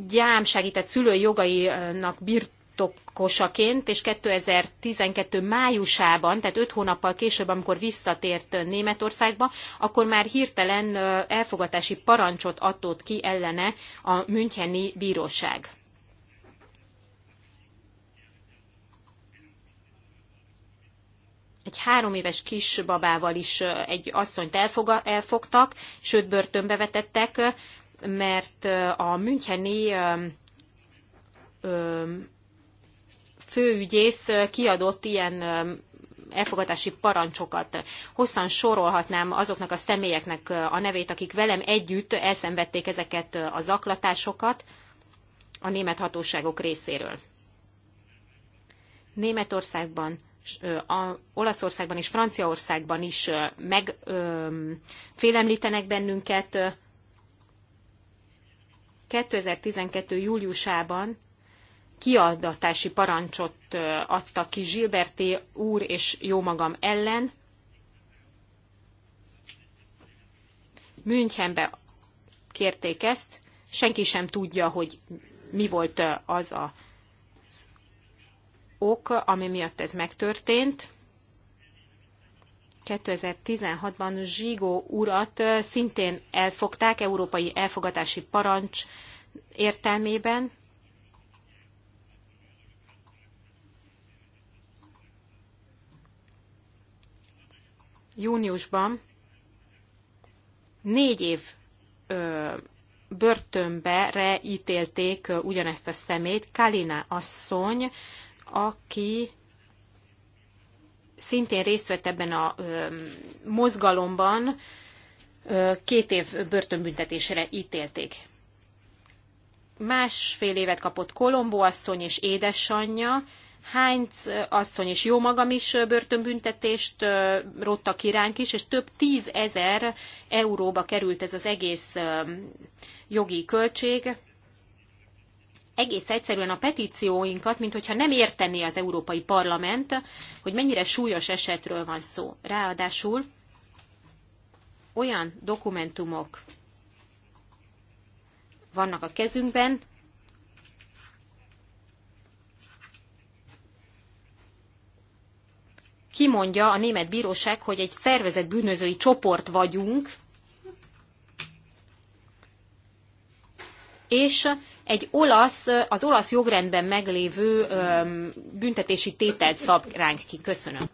gyám segített szülői jogainak bírt birtokosaként, és 2012 májusában, tehát öt hónappal később, amikor visszatért Németországba, akkor már hirtelen elfogatási parancsot adott ki ellene a Müncheni Bíróság. egy három éves kisbabával is egy asszonyt elfoga, elfogtak, sőt börtönbe vetettek, mert a Müncheni főügyész kiadott ilyen elfogadási parancsokat. Hosszan sorolhatnám azoknak a személyeknek a nevét, akik velem együtt elszenvedték ezeket a zaklatásokat a német hatóságok részéről. Németországban, Olaszországban és Franciaországban is megfélemlítenek bennünket. 2012. júliusában kiadatási parancsot adta ki Gilberté úr és jómagam ellen. Münchenbe kérték ezt, senki sem tudja, hogy mi volt az a ok, ami miatt ez megtörtént. 2016-ban Zsigó urat szintén elfogták európai elfogatási parancs értelmében, júniusban négy év ö, börtönbe ítélték ugyanezt a szemét, Kalina asszony, aki szintén részt vett ebben a ö, mozgalomban, ö, két év börtönbüntetésre ítélték. Másfél évet kapott Colombo asszony és édesanyja, Heinz asszony és jó magam is börtönbüntetést rottak iránk is, és több tízezer euróba került ez az egész jogi költség. Egész egyszerűen a petícióinkat, mint hogyha nem értené az Európai Parlament, hogy mennyire súlyos esetről van szó. Ráadásul olyan dokumentumok vannak a kezünkben, kimondja a német bíróság, hogy egy szervezett bűnözői csoport vagyunk, és egy olasz, az olasz jogrendben meglévő büntetési tételt szab ránk ki. Köszönöm.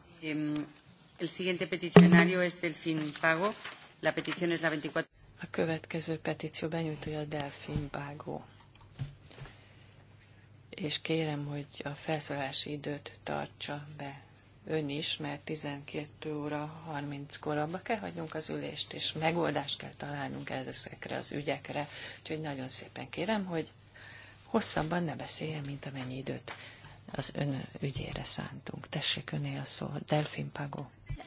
El siguiente peticionario es Delfín Pago. La petición es la 24. A következő petíció benyújtója Delfin Pago, És kérem, hogy a felszólási időt tartsa be ön is, mert 12 óra 30 korabba kell hagynunk az ülést, és megoldást kell találnunk ezekre az ügyekre. Úgyhogy nagyon szépen kérem, hogy hosszabban ne beszéljen, mint amennyi időt az ön ügyére szántunk. Tessék öné a szó. Delfin Pago.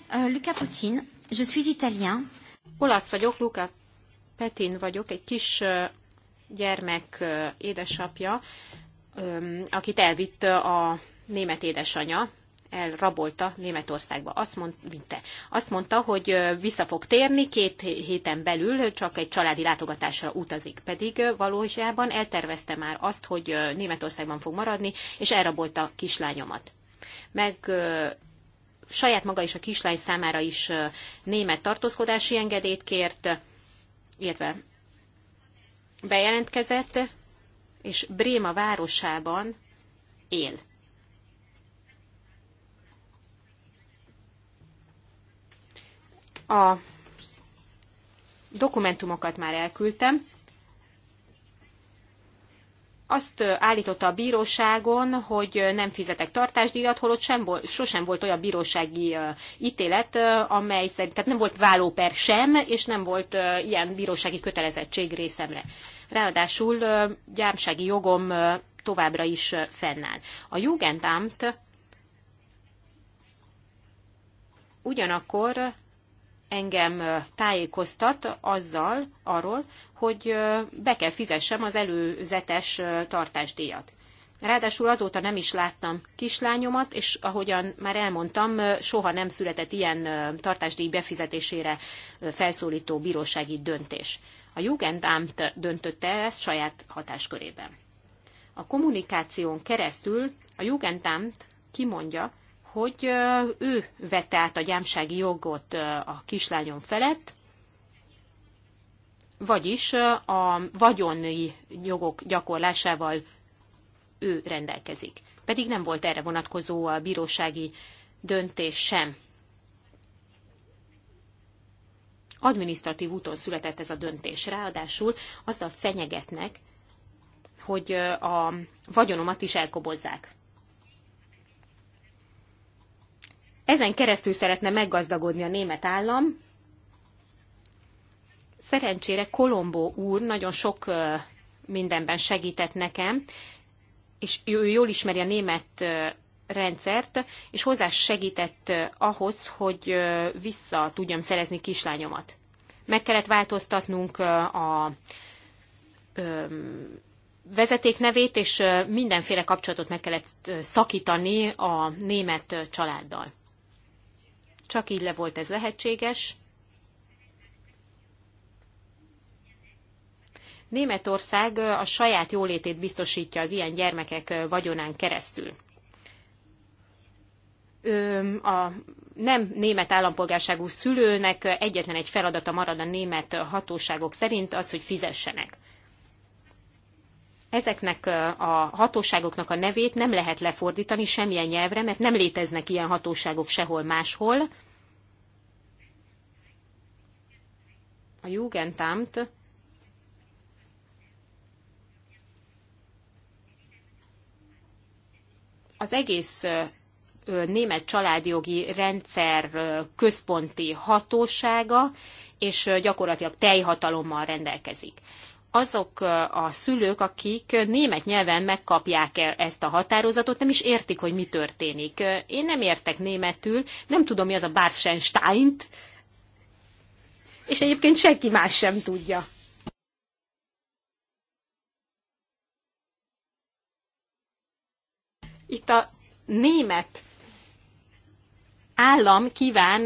Euh, Luca Putin, je suis italien. Olasz vagyok, Luca Petin vagyok, egy kis gyermek édesapja, akit elvitt a német édesanyja, elrabolta Németországba. Azt mondta, azt mondta, hogy vissza fog térni, két héten belül csak egy családi látogatásra utazik. Pedig valójában eltervezte már azt, hogy Németországban fog maradni, és elrabolta kislányomat. Meg saját maga is a kislány számára is német tartózkodási engedélyt kért, illetve bejelentkezett, és Bréma városában él. A dokumentumokat már elküldtem. Azt állította a bíróságon, hogy nem fizetek tartásdíjat, holott sem volt, sosem volt olyan bírósági ítélet, amely szerint, tehát nem volt vállóper sem, és nem volt ilyen bírósági kötelezettség részemre. Ráadásul gyámsági jogom továbbra is fennáll. A Jugendamt ugyanakkor engem tájékoztat azzal arról, hogy be kell fizessem az előzetes tartásdíjat. Ráadásul azóta nem is láttam kislányomat, és ahogyan már elmondtam, soha nem született ilyen tartásdíj befizetésére felszólító bírósági döntés. A Jugendamt döntötte el ezt saját hatáskörében. A kommunikáción keresztül a Jugendamt kimondja, hogy ő vette át a gyámsági jogot a kislányom felett, vagyis a vagyoni jogok gyakorlásával ő rendelkezik. Pedig nem volt erre vonatkozó a bírósági döntés sem. Adminisztratív úton született ez a döntés. Ráadásul azzal fenyegetnek, hogy a vagyonomat is elkobozzák. Ezen keresztül szeretne meggazdagodni a német állam. Szerencsére Kolombó úr nagyon sok mindenben segített nekem, és ő jól ismeri a német rendszert, és hozzá segített ahhoz, hogy vissza tudjam szerezni kislányomat. Meg kellett változtatnunk a vezetéknevét, és mindenféle kapcsolatot meg kellett szakítani a német családdal. Csak így le volt ez lehetséges. Németország a saját jólétét biztosítja az ilyen gyermekek vagyonán keresztül. A nem német állampolgárságú szülőnek egyetlen egy feladata marad a német hatóságok szerint az, hogy fizessenek ezeknek a hatóságoknak a nevét nem lehet lefordítani semmilyen nyelvre, mert nem léteznek ilyen hatóságok sehol máshol. A Jugendamt az egész német családjogi rendszer központi hatósága, és gyakorlatilag teljhatalommal rendelkezik azok a szülők, akik német nyelven megkapják e- ezt a határozatot, nem is értik, hogy mi történik. Én nem értek németül, nem tudom, mi az a barfenstein és egyébként senki más sem tudja. Itt a német állam kíván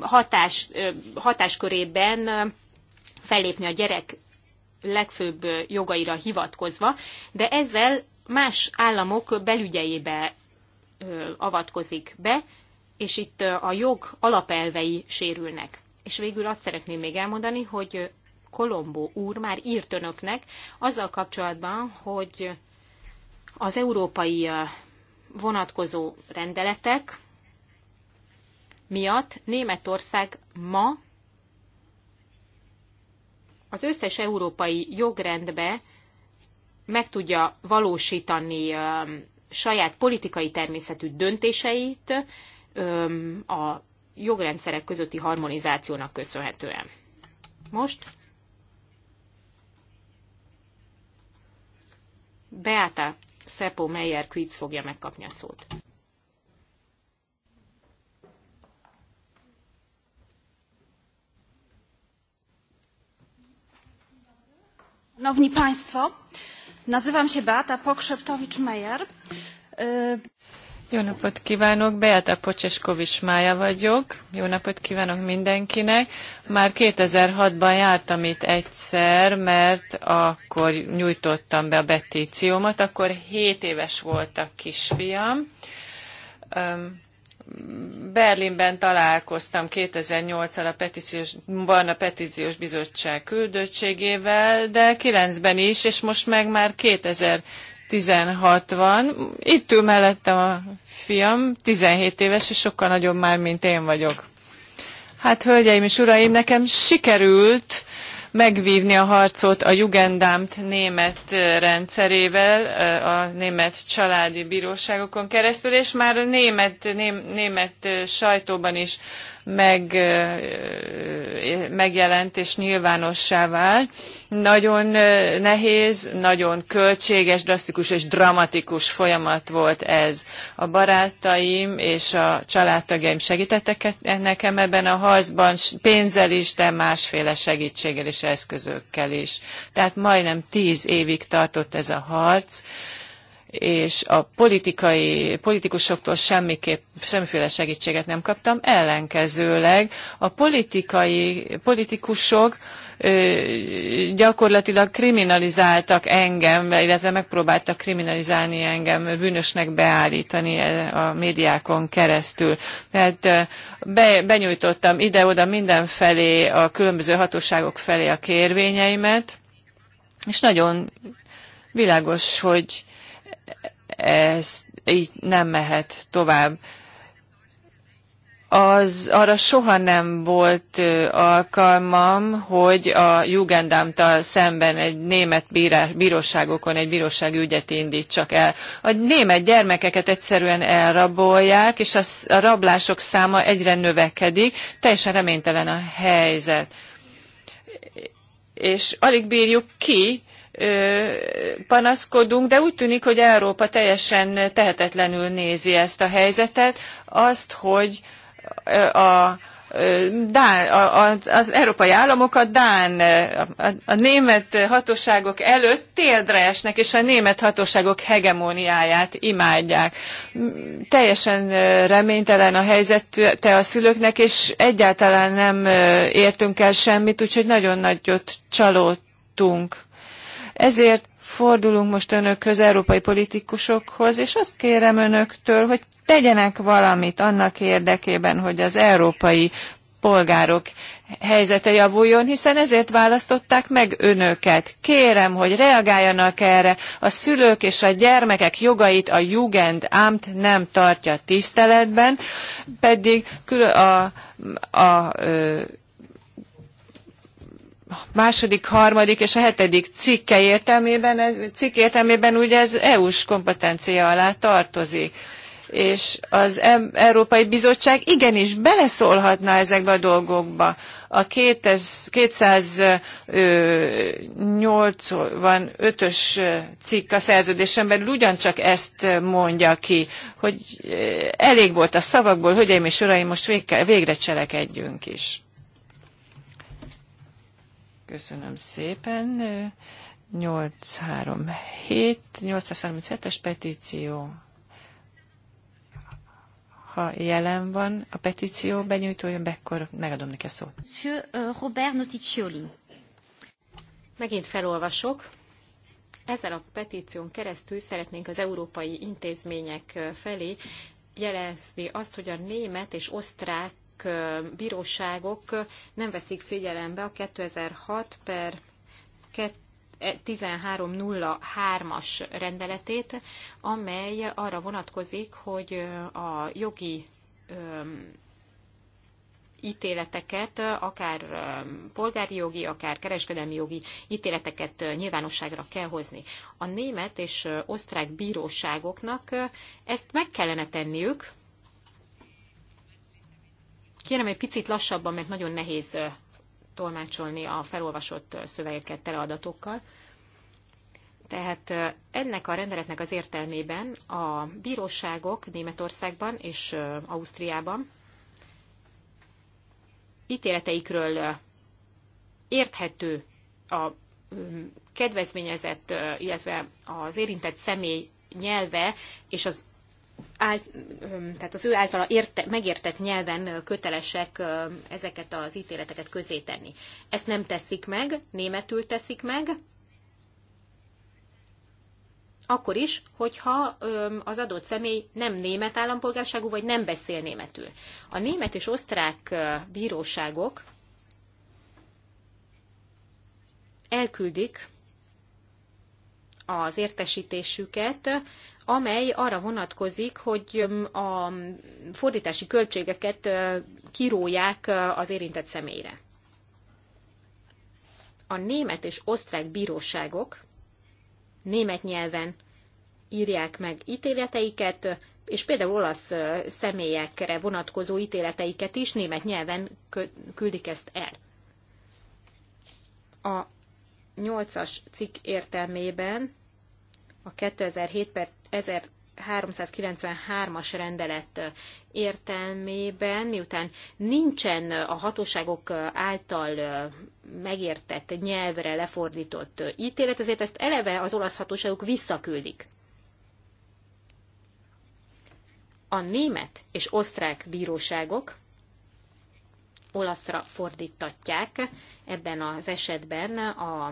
hatás, hatáskörében fellépni a gyerek legfőbb jogaira hivatkozva, de ezzel más államok belügyeibe avatkozik be, és itt a jog alapelvei sérülnek. És végül azt szeretném még elmondani, hogy Kolombó úr már írt önöknek azzal kapcsolatban, hogy az európai vonatkozó rendeletek miatt Németország ma az összes európai jogrendbe meg tudja valósítani saját politikai természetű döntéseit a jogrendszerek közötti harmonizációnak köszönhetően. Most Beata Szepó Meyer Quiz fogja megkapni a szót. Szanowni Państwo, nazywam się Beata Pokrzeptowicz-Meyer. Jó napot kívánok, Beata Pocseskovics Mája vagyok. Jó napot kívánok mindenkinek. Már 2006-ban jártam itt egyszer, mert akkor nyújtottam be a petíciómat, akkor 7 éves volt a kisfiam. Berlinben találkoztam 2008-al a petíciós, van a petíciós bizottság küldöttségével, de 9-ben is, és most meg már 2016 van. Itt ül mellettem a fiam, 17 éves, és sokkal nagyobb már, mint én vagyok. Hát, hölgyeim és uraim, nekem sikerült megvívni a harcot a Jugendamt német rendszerével, a német családi bíróságokon keresztül, és már a német, ném, német sajtóban is meg, megjelent és nyilvánossá vált. Nagyon nehéz, nagyon költséges, drasztikus és dramatikus folyamat volt ez. A barátaim és a családtagjaim segítettek nekem ebben a harcban, pénzzel is, de másféle segítséggel és eszközökkel is. Tehát majdnem tíz évig tartott ez a harc és a politikai, politikusoktól semmiképp, semmiféle segítséget nem kaptam, ellenkezőleg a politikai, politikusok ö, gyakorlatilag kriminalizáltak engem, illetve megpróbáltak kriminalizálni engem, bűnösnek beállítani a médiákon keresztül. Tehát be, benyújtottam ide-oda mindenfelé, a különböző hatóságok felé a kérvényeimet, és nagyon világos, hogy ez így nem mehet tovább. Az, arra soha nem volt alkalmam, hogy a Jugendamtal szemben egy német bíróságokon egy bírósági ügyet indítsak el. A német gyermekeket egyszerűen elrabolják, és a rablások száma egyre növekedik, teljesen reménytelen a helyzet. És alig bírjuk ki, panaszkodunk, de úgy tűnik, hogy Európa teljesen tehetetlenül nézi ezt a helyzetet, azt, hogy a Dán, a, a, az európai államok a Dán, a, a német hatóságok előtt téldre esnek, és a német hatóságok hegemóniáját imádják. Teljesen reménytelen a helyzete a szülőknek, és egyáltalán nem értünk el semmit, úgyhogy nagyon nagyot csalódtunk. Ezért fordulunk most önökhöz, európai politikusokhoz, és azt kérem önöktől, hogy tegyenek valamit annak érdekében, hogy az európai polgárok helyzete javuljon, hiszen ezért választották meg önöket. Kérem, hogy reagáljanak erre. A szülők és a gyermekek jogait a Jugendamt nem tartja tiszteletben, pedig a, a, a második, harmadik és a hetedik cikke értelmében, ez, cikk értelmében ugye ez EU-s kompetencia alá tartozik és az Európai Bizottság igenis beleszólhatná ezekbe a dolgokba. A 285-ös cikk a szerződésen belül ugyancsak ezt mondja ki, hogy elég volt a szavakból, hölgyeim és uraim, most végre cselekedjünk is. Köszönöm szépen. 837, 837-es petíció. Ha jelen van a petíció benyújtója, akkor megadom neki a szót. Euh, Robert Noticcioli. Megint felolvasok. Ezzel a petíción keresztül szeretnénk az európai intézmények euh, felé jelezni azt, hogy a német és osztrák ezek bíróságok nem veszik figyelembe a 2006 per 1303-as e, rendeletét, amely arra vonatkozik, hogy a jogi ítéleteket, akár polgári jogi, akár kereskedelmi jogi ítéleteket nyilvánosságra kell hozni. A német és osztrák bíróságoknak ezt meg kellene tenniük, Kérem, egy picit lassabban, mert nagyon nehéz tolmácsolni a felolvasott szövegeket teleadatokkal. Tehát ennek a rendeletnek az értelmében a bíróságok Németországban és Ausztriában ítéleteikről érthető a kedvezményezett, illetve az érintett személy nyelve és az tehát az ő általa érte, megértett nyelven kötelesek ezeket az ítéleteket közé tenni. Ezt nem teszik meg, németül teszik meg, akkor is, hogyha az adott személy nem német állampolgárságú, vagy nem beszél németül. A német és osztrák bíróságok elküldik az értesítésüket, amely arra vonatkozik, hogy a fordítási költségeket kiróják az érintett személyre. A német és osztrák bíróságok német nyelven írják meg ítéleteiket, és például olasz személyekre vonatkozó ítéleteiket is német nyelven küldik ezt el. A nyolcas as cikk értelmében a 2007 per 1000 393-as rendelet értelmében, miután nincsen a hatóságok által megértett nyelvre lefordított ítélet, ezért ezt eleve az olasz hatóságok visszaküldik. A német és osztrák bíróságok olaszra fordítatják ebben az esetben a,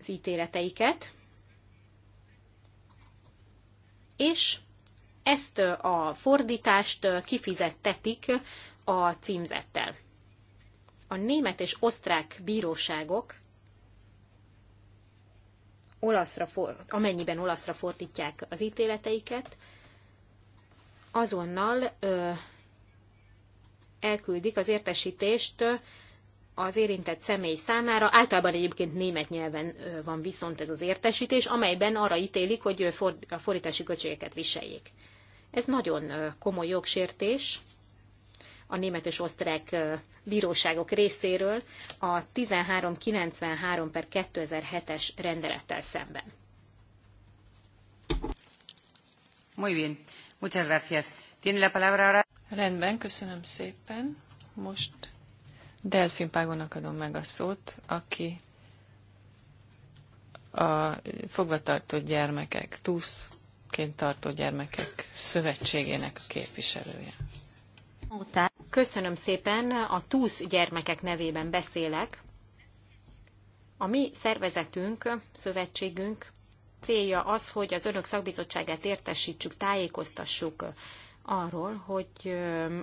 az ítéleteiket, és ezt a fordítást kifizettetik a címzettel. A német és osztrák bíróságok olaszra for, amennyiben olaszra fordítják az ítéleteiket, azonnal ö, elküldik az értesítést az érintett személy számára, általában egyébként német nyelven van viszont ez az értesítés, amelyben arra ítélik, hogy a fordítási költségeket viseljék. Ez nagyon komoly jogsértés a német és osztrák bíróságok részéről a 1393 per 2007-es rendelettel szemben. Muy bien. Muchas gracias. Tiene la palabra ahora. Rendben, köszönöm szépen. Most Delfin Págonak adom meg a szót, aki a fogvatartott gyermekek, túszként tartó gyermekek szövetségének a képviselője. Köszönöm szépen, a TUSZ gyermekek nevében beszélek. A mi szervezetünk, szövetségünk célja az, hogy az önök szakbizottságát értesítsük, tájékoztassuk arról, hogy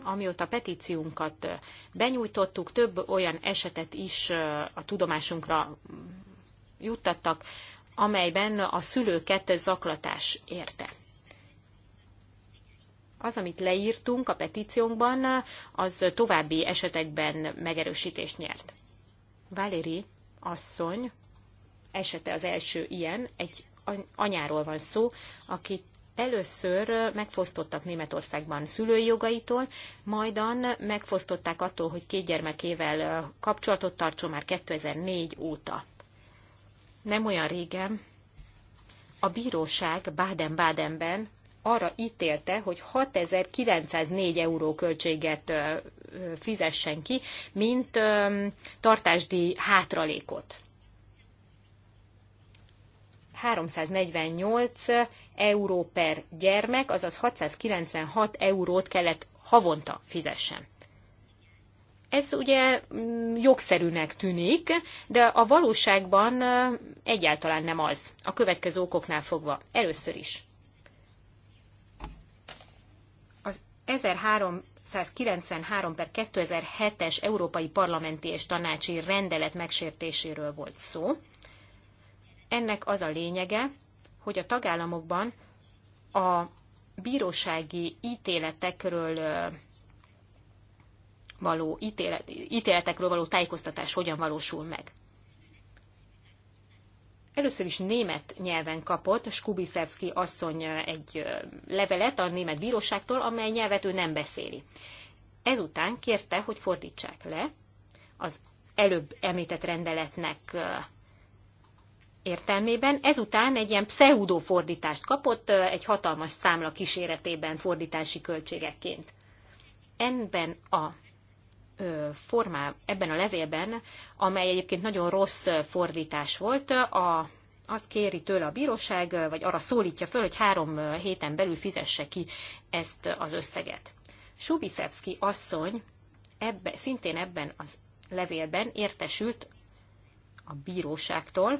amióta petíciunkat benyújtottuk, több olyan esetet is a tudomásunkra juttattak, amelyben a szülőket zaklatás érte. Az, amit leírtunk a petíciónkban, az további esetekben megerősítést nyert. Valéri asszony esete az első ilyen, egy anyáról van szó, akit először megfosztottak Németországban szülői jogaitól, majdan megfosztották attól, hogy két gyermekével kapcsolatot tartson már 2004 óta. Nem olyan régen a bíróság Baden-Badenben arra ítélte, hogy 6904 euró költséget fizessen ki, mint tartásdíj hátralékot. 348 euró per gyermek, azaz 696 eurót kellett havonta fizessen. Ez ugye mm, jogszerűnek tűnik, de a valóságban egyáltalán nem az, a következő okoknál fogva. Először is. Az 1393 per 2007-es Európai Parlamenti és Tanácsi Rendelet megsértéséről volt szó. Ennek az a lényege, hogy a tagállamokban a bírósági ítéletekről való ítélet, ítéletekről való tájékoztatás hogyan valósul meg. Először is német nyelven kapott Skubiszewski asszony egy levelet a német bíróságtól, amely nyelvet ő nem beszéli. Ezután kérte, hogy fordítsák le az előbb említett rendeletnek értelmében, ezután egy ilyen pseudofordítást kapott egy hatalmas számla kíséretében fordítási költségekként. Ebben a formá, ebben a levélben, amely egyébként nagyon rossz fordítás volt, a, azt kéri tőle a bíróság, vagy arra szólítja föl, hogy három héten belül fizesse ki ezt az összeget. Subiszewski asszony ebbe, szintén ebben az levélben értesült a bíróságtól,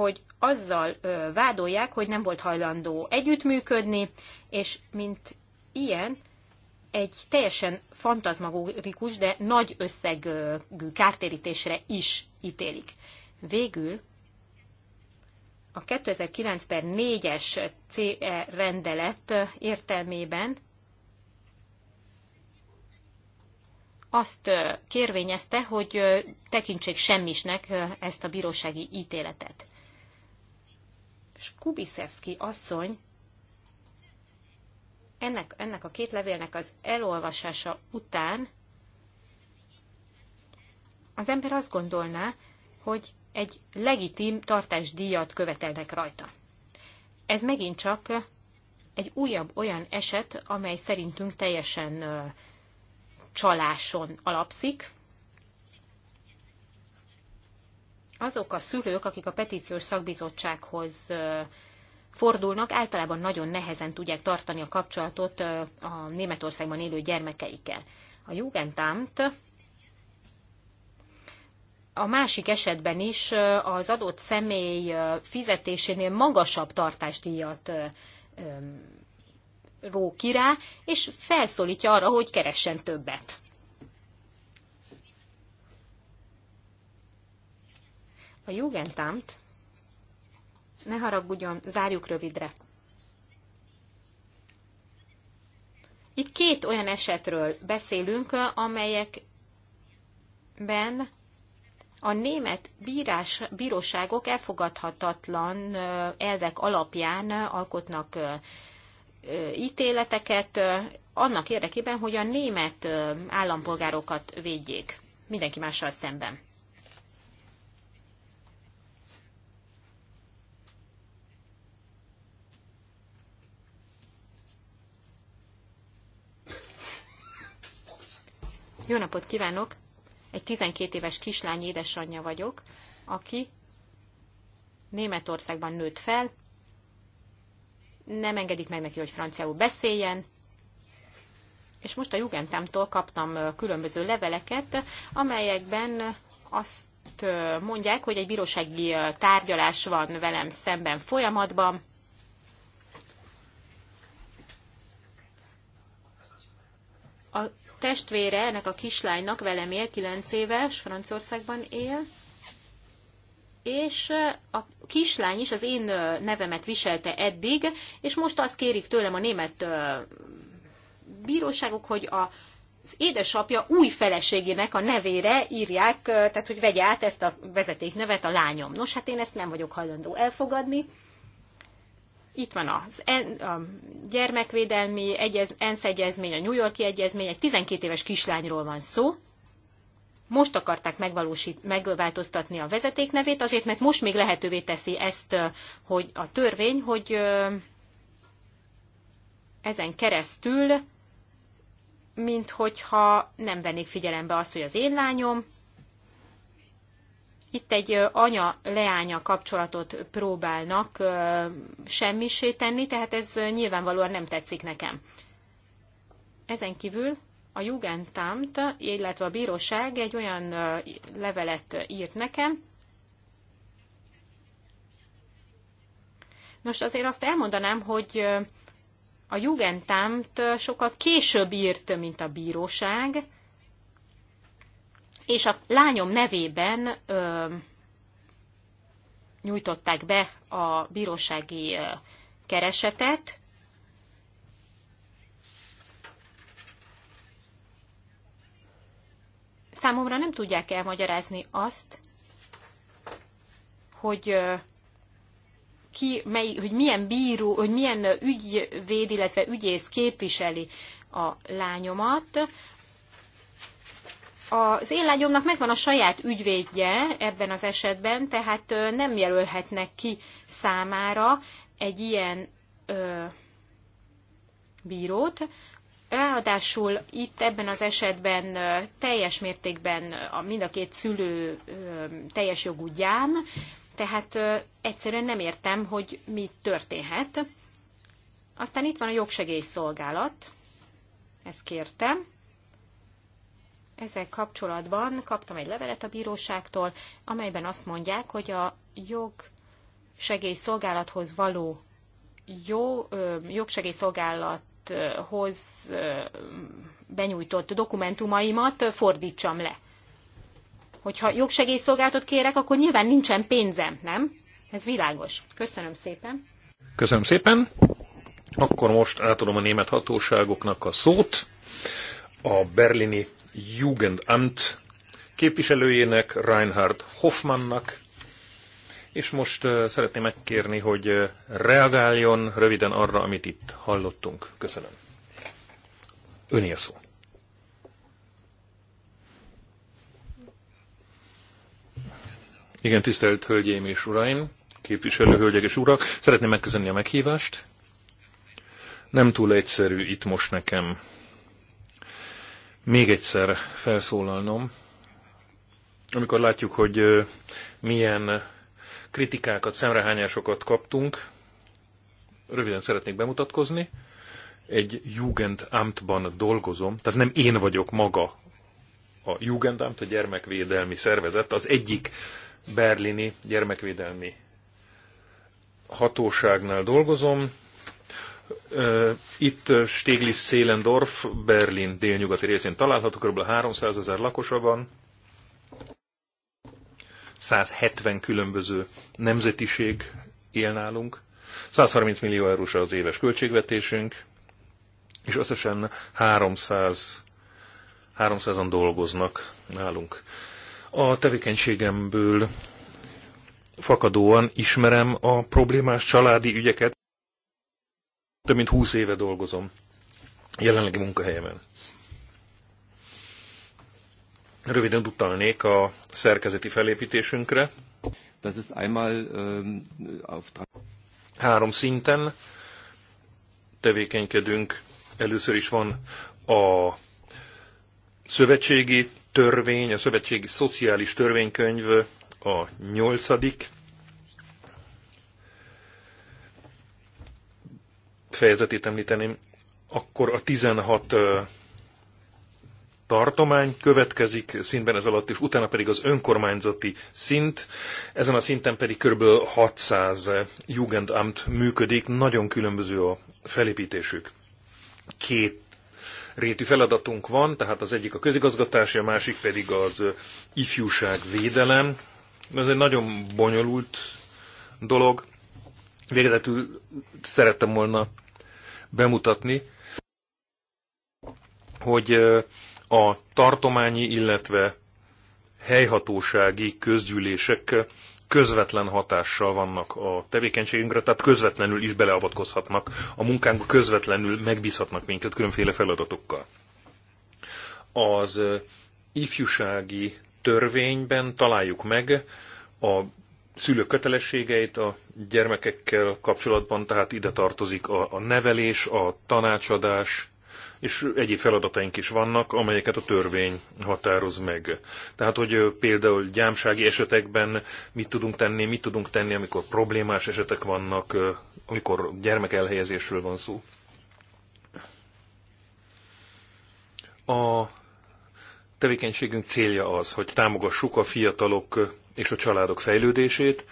hogy azzal vádolják, hogy nem volt hajlandó együttműködni, és mint ilyen egy teljesen fantazmagórikus, de nagy összegű kártérítésre is ítélik. Végül a 2009 per 4-es CE rendelet értelmében azt kérvényezte, hogy tekintsék semmisnek ezt a bírósági ítéletet. Skubiszewski asszony ennek, ennek a két levélnek az elolvasása után az ember azt gondolná, hogy egy legitim tartásdíjat követelnek rajta. Ez megint csak egy újabb olyan eset, amely szerintünk teljesen csaláson alapszik, azok a szülők, akik a petíciós szakbizottsághoz fordulnak, általában nagyon nehezen tudják tartani a kapcsolatot a Németországban élő gyermekeikkel. A Jugendamt a másik esetben is az adott személy fizetésénél magasabb tartásdíjat ró ki rá, és felszólítja arra, hogy keressen többet. A Jugendamt, ne haragudjon, zárjuk rövidre. Itt két olyan esetről beszélünk, amelyekben a német bírás, bíróságok elfogadhatatlan elvek alapján alkotnak ítéleteket annak érdekében, hogy a német állampolgárokat védjék mindenki mással szemben. Jó napot kívánok! Egy 12 éves kislány édesanyja vagyok, aki Németországban nőtt fel, nem engedik meg neki, hogy franciául beszéljen, és most a Jugendamtól kaptam különböző leveleket, amelyekben azt mondják, hogy egy bírósági tárgyalás van velem szemben folyamatban, a testvére ennek a kislánynak velem él, 9 éves, Franciaországban él, és eh, a kislány is az én eh, nevemet viselte eddig, és most azt kérik tőlem a német eh, bíróságok, hogy a az édesapja új feleségének a nevére írják, tehát hogy vegye át ezt a vezetéknevet a lányom. Nos, hát én ezt nem vagyok hajlandó elfogadni, itt van az en, a gyermekvédelmi egyez, ENSZ egyezmény, a New Yorki egyezmény, egy 12 éves kislányról van szó. Most akarták megvalósít, megváltoztatni a vezeték nevét, azért, mert most még lehetővé teszi ezt hogy a törvény, hogy ezen keresztül, mint hogyha nem vennék figyelembe azt, hogy az én lányom itt egy anya-leánya kapcsolatot próbálnak semmisé tenni, tehát ez nyilvánvalóan nem tetszik nekem. Ezen kívül a Jugendamt, illetve a bíróság egy olyan levelet írt nekem, Nos, azért azt elmondanám, hogy a Jugendamt sokkal később írt, mint a bíróság, és a lányom nevében ö, nyújtották be a bírósági ö, keresetet. Számomra nem tudják elmagyarázni azt, hogy ö, ki, mely, hogy milyen bíró, hogy milyen ügyvéd, illetve ügyész képviseli a lányomat az én lányomnak megvan a saját ügyvédje ebben az esetben, tehát nem jelölhetnek ki számára egy ilyen ö, bírót. Ráadásul itt ebben az esetben teljes mértékben a mind a két szülő ö, teljes jogú gyám, tehát ö, egyszerűen nem értem, hogy mi történhet. Aztán itt van a jogsegélyszolgálat, ezt kértem ezzel kapcsolatban kaptam egy levelet a bíróságtól, amelyben azt mondják, hogy a jogsegélyszolgálathoz való jó, jogsegélyszolgálathoz benyújtott dokumentumaimat fordítsam le. Hogyha jogsegélyszolgálatot kérek, akkor nyilván nincsen pénzem, nem? Ez világos. Köszönöm szépen. Köszönöm szépen. Akkor most átadom a német hatóságoknak a szót a berlini Jugendamt képviselőjének, Reinhard Hoffmannnak, és most szeretném megkérni, hogy reagáljon röviden arra, amit itt hallottunk. Köszönöm. Öné a szó. Igen, tisztelt Hölgyeim és Uraim, képviselő hölgyek és urak, szeretném megköszönni a meghívást. Nem túl egyszerű itt most nekem még egyszer felszólalnom, amikor látjuk, hogy milyen kritikákat, szemrehányásokat kaptunk, röviden szeretnék bemutatkozni. Egy Jugendamtban dolgozom, tehát nem én vagyok maga a Jugendamt, a gyermekvédelmi szervezet, az egyik berlini gyermekvédelmi hatóságnál dolgozom, itt Stiglitz Szélendorf, Berlin délnyugati részén található, kb. 300 ezer lakosa van, 170 különböző nemzetiség él nálunk, 130 millió eurós az éves költségvetésünk, és összesen 300, 300-an dolgoznak nálunk. A tevékenységemből fakadóan ismerem a problémás családi ügyeket, több mint 20 éve dolgozom jelenlegi munkahelyemen. Röviden utalnék a szerkezeti felépítésünkre. Das ist einmal, ähm, auf Három szinten tevékenykedünk. Először is van a szövetségi törvény, a szövetségi szociális törvénykönyv, a nyolcadik fejezetét említeném, akkor a 16 tartomány következik szintben ez alatt, és utána pedig az önkormányzati szint. Ezen a szinten pedig kb. 600 Jugendamt működik, nagyon különböző a felépítésük. Két rétű feladatunk van, tehát az egyik a közigazgatás, a másik pedig az ifjúság védelem. Ez egy nagyon bonyolult dolog. Végezetül szerettem volna bemutatni, hogy a tartományi, illetve helyhatósági közgyűlések közvetlen hatással vannak a tevékenységünkre, tehát közvetlenül is beleavatkozhatnak a munkánkba, közvetlenül megbízhatnak minket különféle feladatokkal. Az ifjúsági törvényben találjuk meg a szülők kötelességeit a gyermekekkel kapcsolatban, tehát ide tartozik a, a nevelés, a tanácsadás, és egyéb feladataink is vannak, amelyeket a törvény határoz meg. Tehát, hogy például gyámsági esetekben mit tudunk tenni, mit tudunk tenni, amikor problémás esetek vannak, amikor elhelyezésről van szó. A tevékenységünk célja az, hogy támogassuk a fiatalok és a családok fejlődését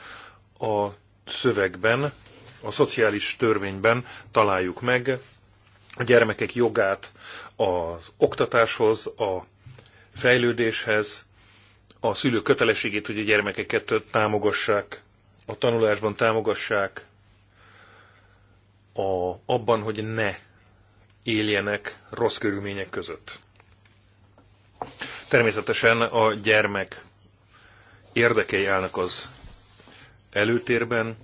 a szövegben, a szociális törvényben találjuk meg a gyermekek jogát az oktatáshoz, a fejlődéshez, a szülők kötelességét, hogy a gyermekeket támogassák, a tanulásban támogassák, a, abban, hogy ne éljenek rossz körülmények között. Természetesen a gyermek érdekei állnak az előtérben.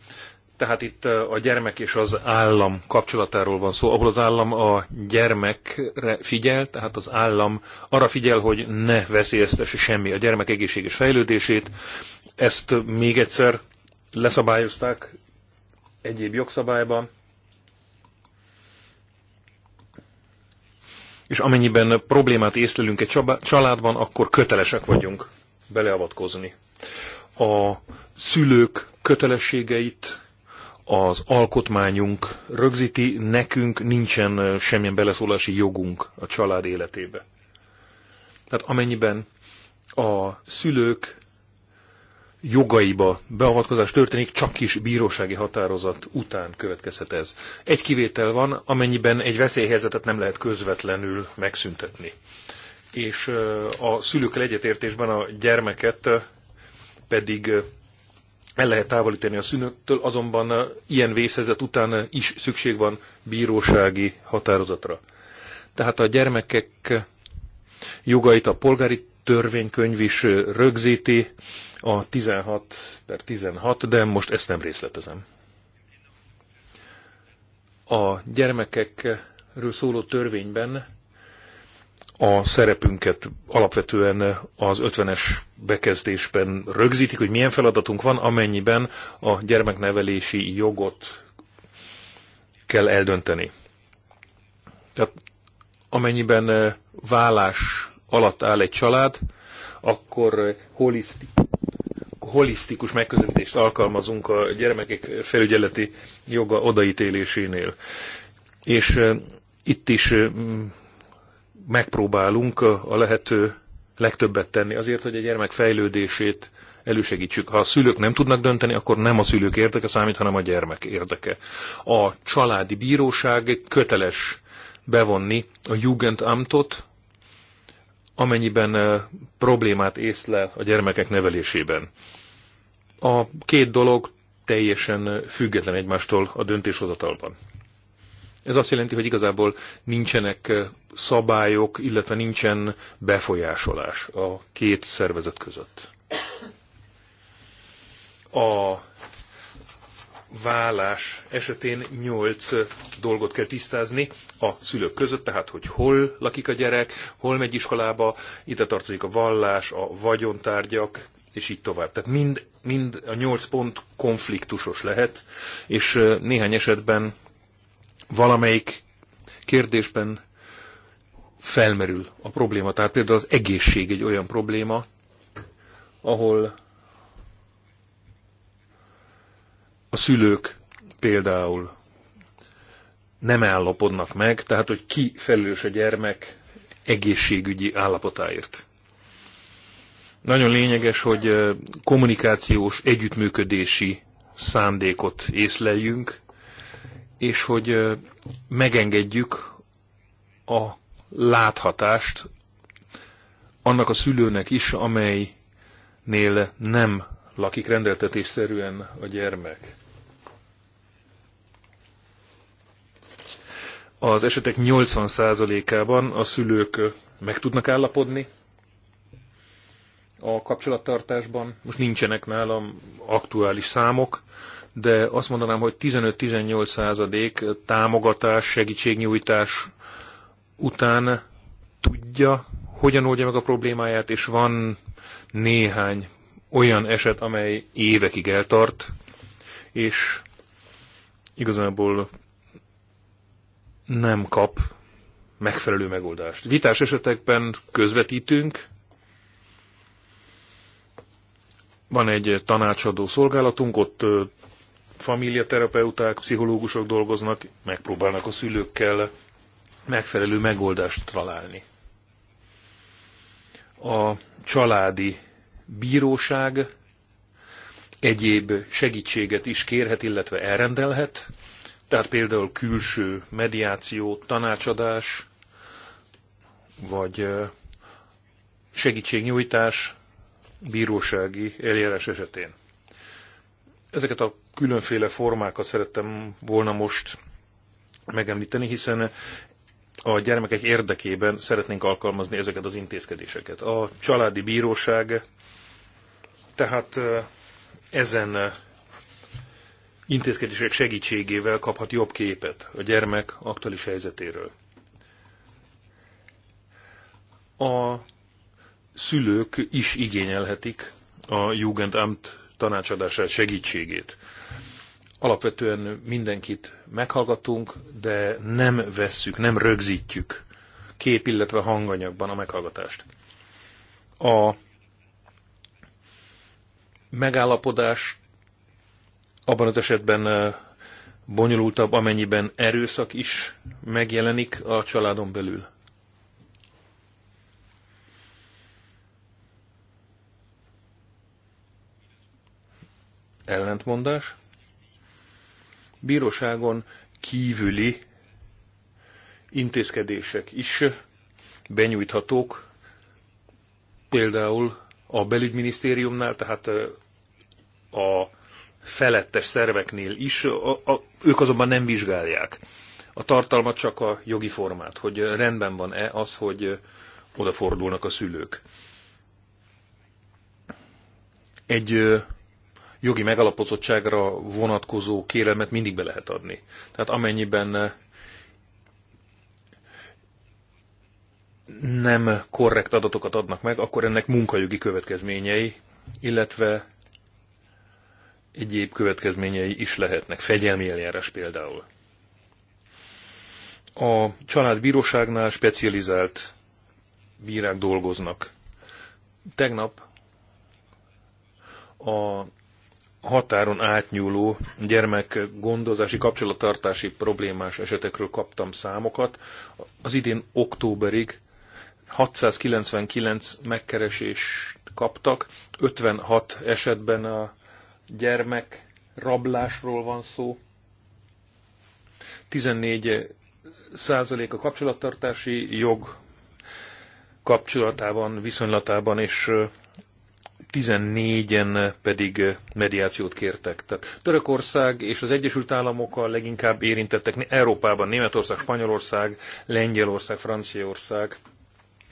Tehát itt a gyermek és az állam kapcsolatáról van szó, ahol az állam a gyermekre figyel, tehát az állam arra figyel, hogy ne veszélyeztesse semmi a gyermek egészséges fejlődését. Ezt még egyszer leszabályozták egyéb jogszabályban. És amennyiben problémát észlelünk egy családban, akkor kötelesek vagyunk beleavatkozni a szülők kötelességeit az alkotmányunk rögzíti, nekünk nincsen semmilyen beleszólási jogunk a család életébe. Tehát amennyiben a szülők jogaiba beavatkozás történik, csak is bírósági határozat után következhet ez. Egy kivétel van, amennyiben egy veszélyhelyzetet nem lehet közvetlenül megszüntetni. És a szülőkkel egyetértésben a gyermeket pedig el lehet távolítani a szünöttől, azonban ilyen vészhelyzet után is szükség van bírósági határozatra. Tehát a gyermekek jogait a polgári törvénykönyv is rögzíti, a 16 per 16, de most ezt nem részletezem. A gyermekekről szóló törvényben a szerepünket alapvetően az 50-es bekezdésben rögzítik, hogy milyen feladatunk van, amennyiben a gyermeknevelési jogot kell eldönteni. Tehát amennyiben eh, vállás alatt áll egy család, akkor eh, holisztikus megközelítést alkalmazunk a gyermekek felügyeleti joga odaítélésénél. És eh, itt is megpróbálunk a lehető legtöbbet tenni azért, hogy a gyermek fejlődését elősegítsük. Ha a szülők nem tudnak dönteni, akkor nem a szülők érdeke számít, hanem a gyermek érdeke. A családi bíróság köteles bevonni a Jugendamtot, amennyiben problémát észlel a gyermekek nevelésében. A két dolog teljesen független egymástól a döntéshozatalban. Ez azt jelenti, hogy igazából nincsenek szabályok, illetve nincsen befolyásolás a két szervezet között. A vállás esetén nyolc dolgot kell tisztázni a szülők között, tehát hogy hol lakik a gyerek, hol megy iskolába, ide tartozik a vallás, a vagyontárgyak, és így tovább. Tehát mind, mind a nyolc pont konfliktusos lehet, és néhány esetben valamelyik kérdésben felmerül a probléma. Tehát például az egészség egy olyan probléma, ahol a szülők például nem állapodnak meg, tehát hogy ki felelős a gyermek egészségügyi állapotáért. Nagyon lényeges, hogy eh, kommunikációs, együttműködési szándékot észleljünk, és hogy megengedjük a láthatást annak a szülőnek is, amelynél nem lakik rendeltetésszerűen a gyermek. Az esetek 80%-ában a szülők meg tudnak állapodni a kapcsolattartásban. Most nincsenek nálam aktuális számok, de azt mondanám, hogy 15-18 századék támogatás, segítségnyújtás után tudja, hogyan oldja meg a problémáját, és van néhány olyan eset, amely évekig eltart, és igazából nem kap megfelelő megoldást. Vitás esetekben közvetítünk, van egy tanácsadó szolgálatunk, ott familiaterapeuták, pszichológusok dolgoznak, megpróbálnak a szülőkkel megfelelő megoldást találni. A családi bíróság egyéb segítséget is kérhet, illetve elrendelhet, tehát például külső mediáció, tanácsadás, vagy segítségnyújtás bírósági eljárás esetén. Ezeket a különféle formákat szerettem volna most megemlíteni, hiszen a gyermekek érdekében szeretnénk alkalmazni ezeket az intézkedéseket. A családi bíróság tehát ezen intézkedések segítségével kaphat jobb képet a gyermek aktuális helyzetéről. A szülők is igényelhetik a Jugendamt tanácsadását, segítségét. Alapvetően mindenkit meghallgatunk, de nem vesszük, nem rögzítjük kép, illetve hanganyagban a meghallgatást. A megállapodás abban az esetben bonyolultabb, amennyiben erőszak is megjelenik a családon belül. ellentmondás. Bíróságon kívüli intézkedések is benyújthatók, például a belügyminisztériumnál, tehát a felettes szerveknél is, a, a, ők azonban nem vizsgálják. A tartalma csak a jogi formát, hogy rendben van-e az, hogy odafordulnak a szülők. Egy jogi megalapozottságra vonatkozó kérelmet mindig be lehet adni. Tehát amennyiben eh, nem korrekt adatokat adnak meg, akkor ennek munkajogi következményei, illetve egyéb következményei is lehetnek, fegyelmi eljárás például. A családbíróságnál specializált bírák dolgoznak. Tegnap a határon átnyúló gyermekgondozási kapcsolattartási problémás esetekről kaptam számokat. Az idén októberig 699 megkeresést kaptak, 56 esetben a gyermek rablásról van szó, 14 százalék a kapcsolattartási jog kapcsolatában, viszonylatában, és 14-en pedig eh, mediációt kértek. Tehát Törökország és az Egyesült Államok a leginkább érintettek Európában, Németország, Spanyolország, Lengyelország, Franciaország,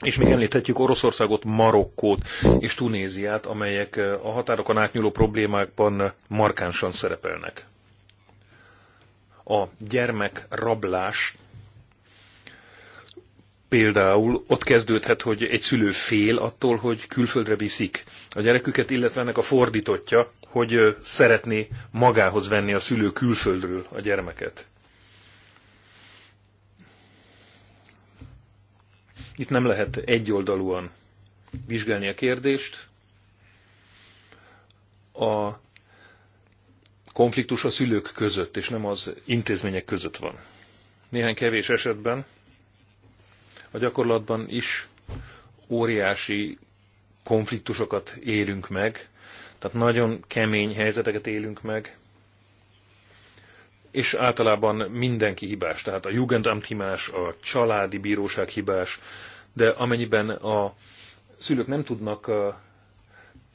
és még említhetjük Oroszországot, Marokkót és Tunéziát, amelyek eh, a határokon átnyúló problémákban markánsan szerepelnek. A gyermek rablás például ott kezdődhet, hogy egy szülő fél attól, hogy külföldre viszik a gyereküket, illetve ennek a fordítotja, hogy szeretné magához venni a szülő külföldről a gyermeket. Itt nem lehet egyoldalúan vizsgálni a kérdést. A konfliktus a szülők között, és nem az intézmények között van. Néhány kevés esetben a gyakorlatban is óriási konfliktusokat érünk meg, tehát nagyon kemény helyzeteket élünk meg, és általában mindenki hibás, tehát a Jugendamt hibás, a családi bíróság hibás, de amennyiben a szülők nem tudnak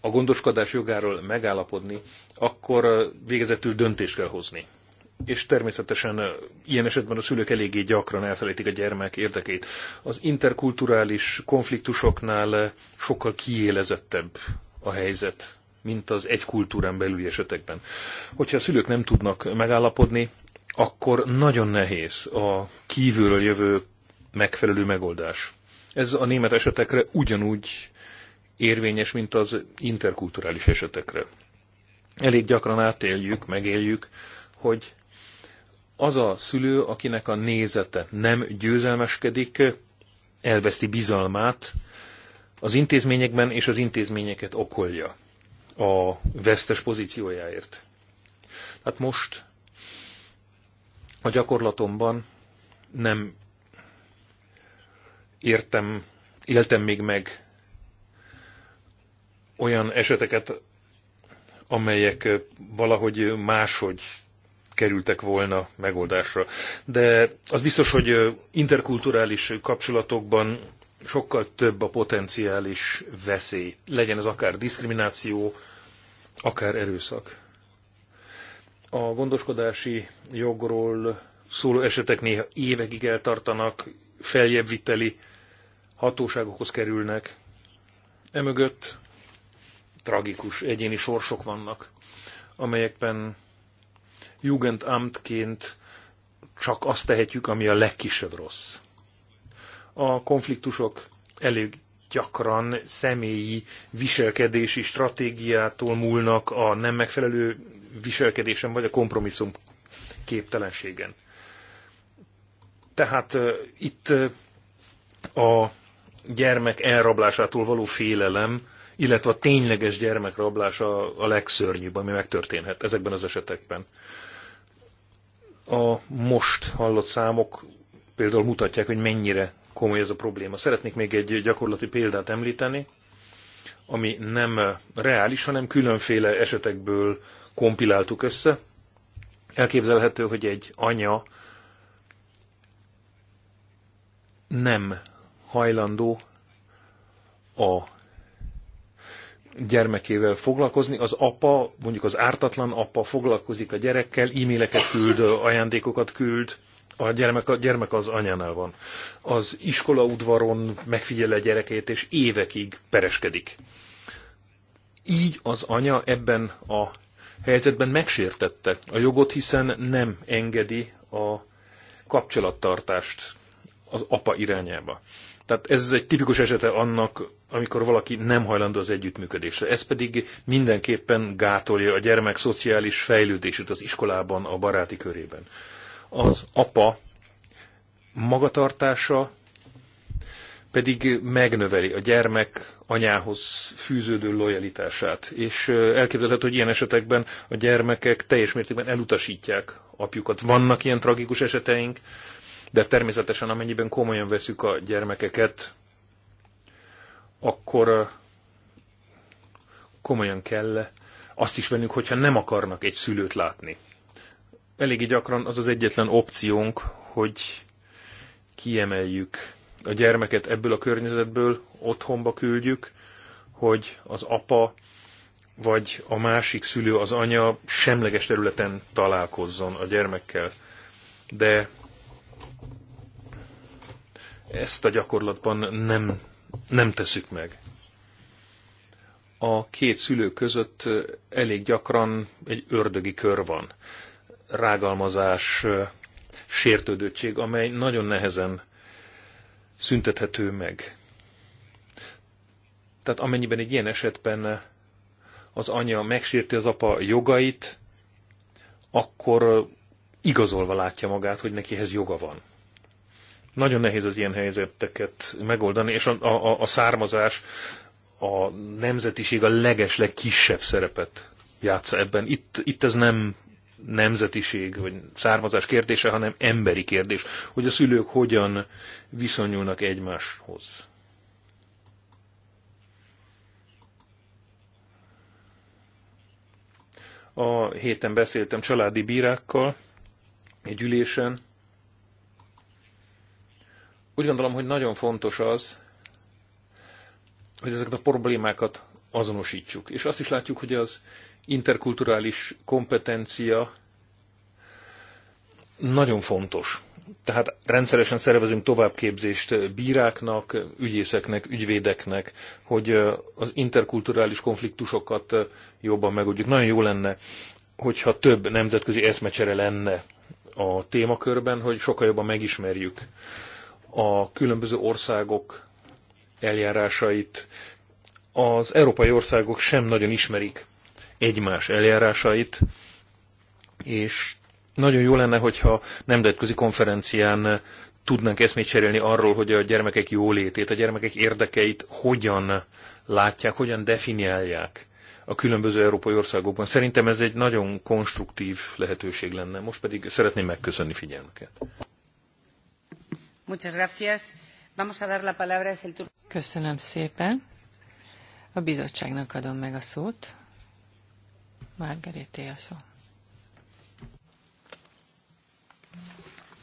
a gondoskodás jogáról megállapodni, akkor végezetül döntést kell hozni és természetesen ilyen esetben a szülők eléggé gyakran elfelejtik a gyermek érdekét. Az interkulturális konfliktusoknál sokkal kiélezettebb a helyzet, mint az egy kultúrán belüli esetekben. Hogyha a szülők nem tudnak megállapodni, akkor nagyon nehéz a kívülről jövő megfelelő megoldás. Ez a német esetekre ugyanúgy érvényes, mint az interkulturális esetekre. Elég gyakran átéljük, megéljük, hogy az a szülő, akinek a nézete nem győzelmeskedik, elveszti bizalmát az intézményekben, és az intézményeket okolja a vesztes pozíciójáért. Tehát most a gyakorlatomban nem értem, éltem még meg olyan eseteket, amelyek valahogy máshogy kerültek volna megoldásra. De az biztos, hogy interkulturális kapcsolatokban sokkal több a potenciális veszély. Legyen ez akár diszkrimináció, akár erőszak. A gondoskodási jogról szóló esetek néha évekig eltartanak, feljebbviteli hatóságokhoz kerülnek. Emögött tragikus egyéni sorsok vannak, amelyekben Jugendamtként csak azt tehetjük, ami a legkisebb rossz. A konfliktusok elég gyakran személyi viselkedési stratégiától múlnak a nem megfelelő viselkedésen vagy a kompromisszum képtelenségen. Tehát uh, itt uh, a gyermek elrablásától való félelem, illetve a tényleges gyermekrablás a, a legszörnyűbb, ami megtörténhet ezekben az esetekben a most hallott számok például mutatják, hogy mennyire komoly ez a probléma. Szeretnék még egy gyakorlati példát említeni, ami nem reális, hanem különféle esetekből kompiláltuk össze. Elképzelhető, hogy egy anya nem hajlandó a gyermekével foglalkozni, az apa, mondjuk az ártatlan apa foglalkozik a gyerekkel, e-maileket küld, ajándékokat küld, a gyermek, a gyermek az anyánál van. Az iskola udvaron megfigyel a gyerekét, és évekig pereskedik. Így az anya ebben a helyzetben megsértette a jogot, hiszen nem engedi a kapcsolattartást az apa irányába. Tehát ez egy tipikus esete annak, amikor valaki nem hajlandó az együttműködésre. Ez pedig mindenképpen gátolja a gyermek szociális fejlődését az iskolában, a baráti körében. Az apa magatartása pedig megnöveli a gyermek anyához fűződő lojalitását. És elképzelhető, hogy ilyen esetekben a gyermekek teljes mértékben elutasítják apjukat. Vannak ilyen tragikus eseteink, de természetesen amennyiben komolyan veszük a gyermekeket, akkor komolyan kell azt is vennünk, hogyha nem akarnak egy szülőt látni. Eléggé gyakran az az egyetlen opciónk, hogy kiemeljük a gyermeket ebből a környezetből, otthonba küldjük, hogy az apa vagy a másik szülő, az anya semleges területen találkozzon a gyermekkel. De ezt a gyakorlatban nem, nem teszük meg. A két szülő között elég gyakran egy ördögi kör van. Rágalmazás, sértődöttség, amely nagyon nehezen szüntethető meg. Tehát amennyiben egy ilyen esetben az anya megsérti az apa jogait, akkor igazolva látja magát, hogy neki ehhez joga van. Nagyon nehéz az ilyen helyzeteket megoldani, és a, a, a származás, a nemzetiség a legesleg kisebb szerepet játsza ebben. Itt, itt ez nem nemzetiség vagy származás kérdése, hanem emberi kérdés, hogy a szülők hogyan viszonyulnak egymáshoz. A héten beszéltem családi bírákkal egy ülésen, úgy gondolom, hogy nagyon fontos az, hogy ezeket a problémákat azonosítsuk. És azt is látjuk, hogy az interkulturális kompetencia nagyon fontos. Tehát rendszeresen szervezünk továbbképzést bíráknak, ügyészeknek, ügyvédeknek, hogy az interkulturális konfliktusokat jobban megoldjuk. Nagyon jó lenne, hogyha több nemzetközi eszmecsere lenne a témakörben, hogy sokkal jobban megismerjük a különböző országok eljárásait. Az európai országok sem nagyon ismerik egymás eljárásait, és nagyon jó lenne, hogyha nemzetközi konferencián tudnánk eszmét cserélni arról, hogy a gyermekek jólétét, a gyermekek érdekeit hogyan látják, hogyan definiálják a különböző európai országokban. Szerintem ez egy nagyon konstruktív lehetőség lenne. Most pedig szeretném megköszönni figyelmüket. Köszönöm szépen. A bizottságnak adom meg a szót. Margareté a szó.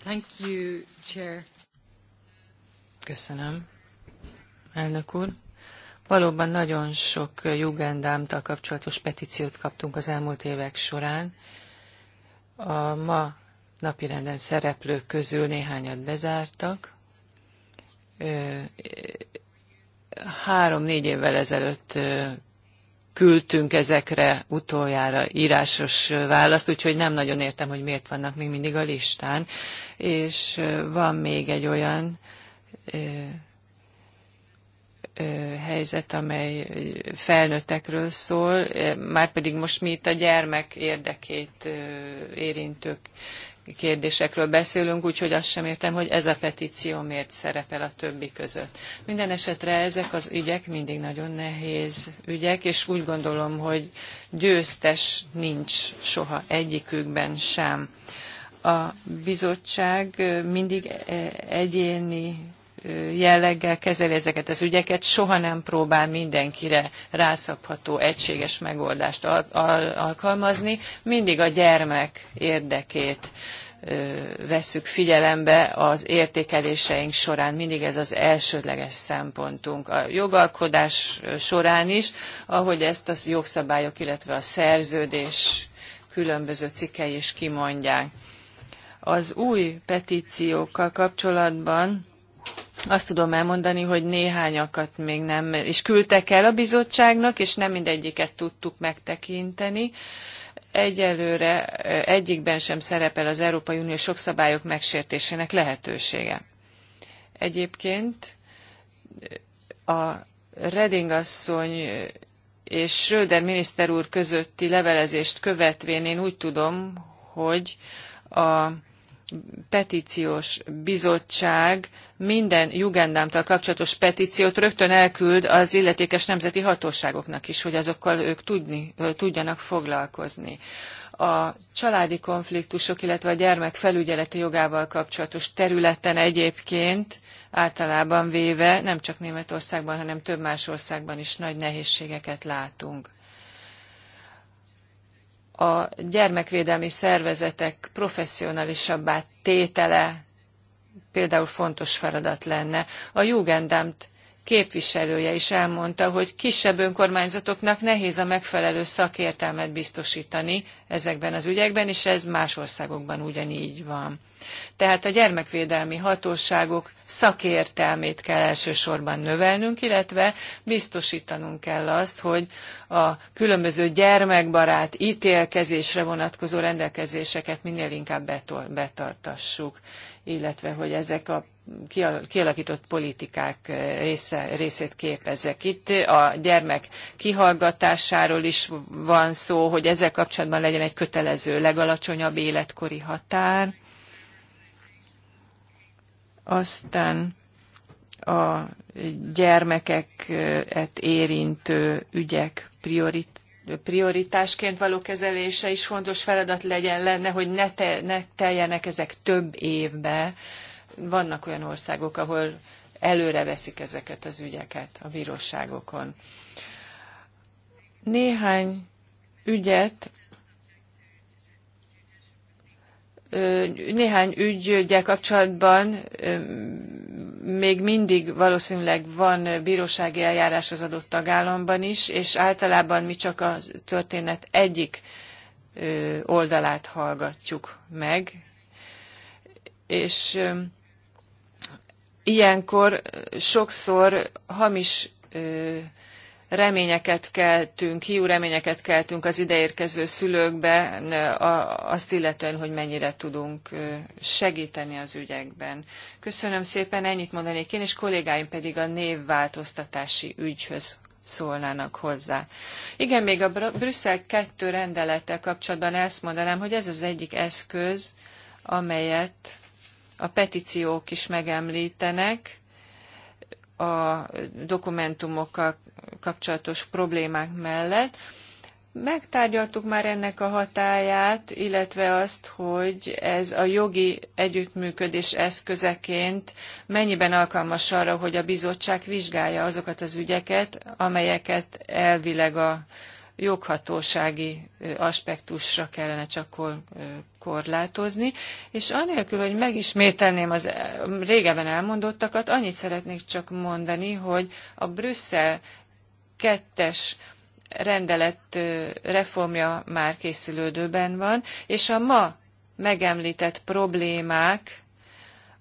Thank you, Chair. Köszönöm, elnök úr. Valóban nagyon sok Jugendámtal kapcsolatos petíciót kaptunk az elmúlt évek során. A ma napirenden szereplők közül néhányat bezártak. Három-négy évvel ezelőtt küldtünk ezekre utoljára írásos választ, úgyhogy nem nagyon értem, hogy miért vannak még mindig a listán. És van még egy olyan helyzet, amely felnőttekről szól, már pedig most mi itt a gyermek érdekét érintők kérdésekről beszélünk, úgyhogy azt sem értem, hogy ez a petíció miért szerepel a többi között. Minden esetre ezek az ügyek mindig nagyon nehéz ügyek, és úgy gondolom, hogy győztes nincs soha egyikükben sem. A bizottság mindig e- egyéni jelleggel kezeli ezeket az ügyeket, soha nem próbál mindenkire rászabható egységes megoldást al- al- alkalmazni, mindig a gyermek érdekét vesszük figyelembe az értékeléseink során. Mindig ez az elsődleges szempontunk. A jogalkodás során is, ahogy ezt a jogszabályok, illetve a szerződés különböző cikkei is kimondják. Az új petíciókkal kapcsolatban azt tudom elmondani, hogy néhányakat még nem is küldtek el a bizottságnak, és nem mindegyiket tudtuk megtekinteni. Egyelőre egyikben sem szerepel az Európai Unió sokszabályok megsértésének lehetősége. Egyébként a Reding asszony és Schröder miniszter úr közötti levelezést követvén én úgy tudom, hogy a petíciós bizottság minden Jugendámtal kapcsolatos petíciót rögtön elküld az illetékes nemzeti hatóságoknak is, hogy azokkal ők tudni, tudjanak foglalkozni. A családi konfliktusok, illetve a gyermek felügyeleti jogával kapcsolatos területen egyébként általában véve nem csak Németországban, hanem több más országban is nagy nehézségeket látunk a gyermekvédelmi szervezetek professzionálisabbá tétele például fontos feladat lenne. A Jugendamt képviselője is elmondta, hogy kisebb önkormányzatoknak nehéz a megfelelő szakértelmet biztosítani ezekben az ügyekben, és ez más országokban ugyanígy van. Tehát a gyermekvédelmi hatóságok szakértelmét kell elsősorban növelnünk, illetve biztosítanunk kell azt, hogy a különböző gyermekbarát ítélkezésre vonatkozó rendelkezéseket minél inkább betartassuk illetve hogy ezek a kialakított politikák eh, része, részét képezek. Itt eh, a gyermek kihallgatásáról is van szó, hogy ezzel kapcsolatban legyen egy kötelező legalacsonyabb életkori határ. Aztán a gyermekeket érintő ügyek priorit prioritásként való kezelése is fontos feladat legyen lenne, hogy ne, te, ne teljenek ezek több évbe. Vannak olyan országok, ahol előre veszik ezeket az ügyeket a bíróságokon. Néhány ügyet néhány ügygyel kapcsolatban még mindig valószínűleg van bírósági eljárás az adott tagállamban is, és általában mi csak a történet egyik oldalát hallgatjuk meg. És ilyenkor sokszor hamis reményeket keltünk, hiú reményeket keltünk az ideérkező szülőkben, azt illetően, hogy mennyire tudunk segíteni az ügyekben. Köszönöm szépen, ennyit mondanék én, és kollégáim pedig a névváltoztatási ügyhöz szólnának hozzá. Igen, még a Brüsszel 2 rendelettel kapcsolatban ezt mondanám, hogy ez az egyik eszköz, amelyet a petíciók is megemlítenek, a dokumentumokkal kapcsolatos problémák mellett. Megtárgyaltuk már ennek a hatáját, illetve azt, hogy ez a jogi együttműködés eszközeként mennyiben alkalmas arra, hogy a bizottság vizsgálja azokat az ügyeket, amelyeket elvileg a joghatósági aspektusra kellene csak korlátozni, és anélkül, hogy megismételném az régebben elmondottakat, annyit szeretnék csak mondani, hogy a Brüsszel kettes rendelet reformja már készülődőben van, és a ma megemlített problémák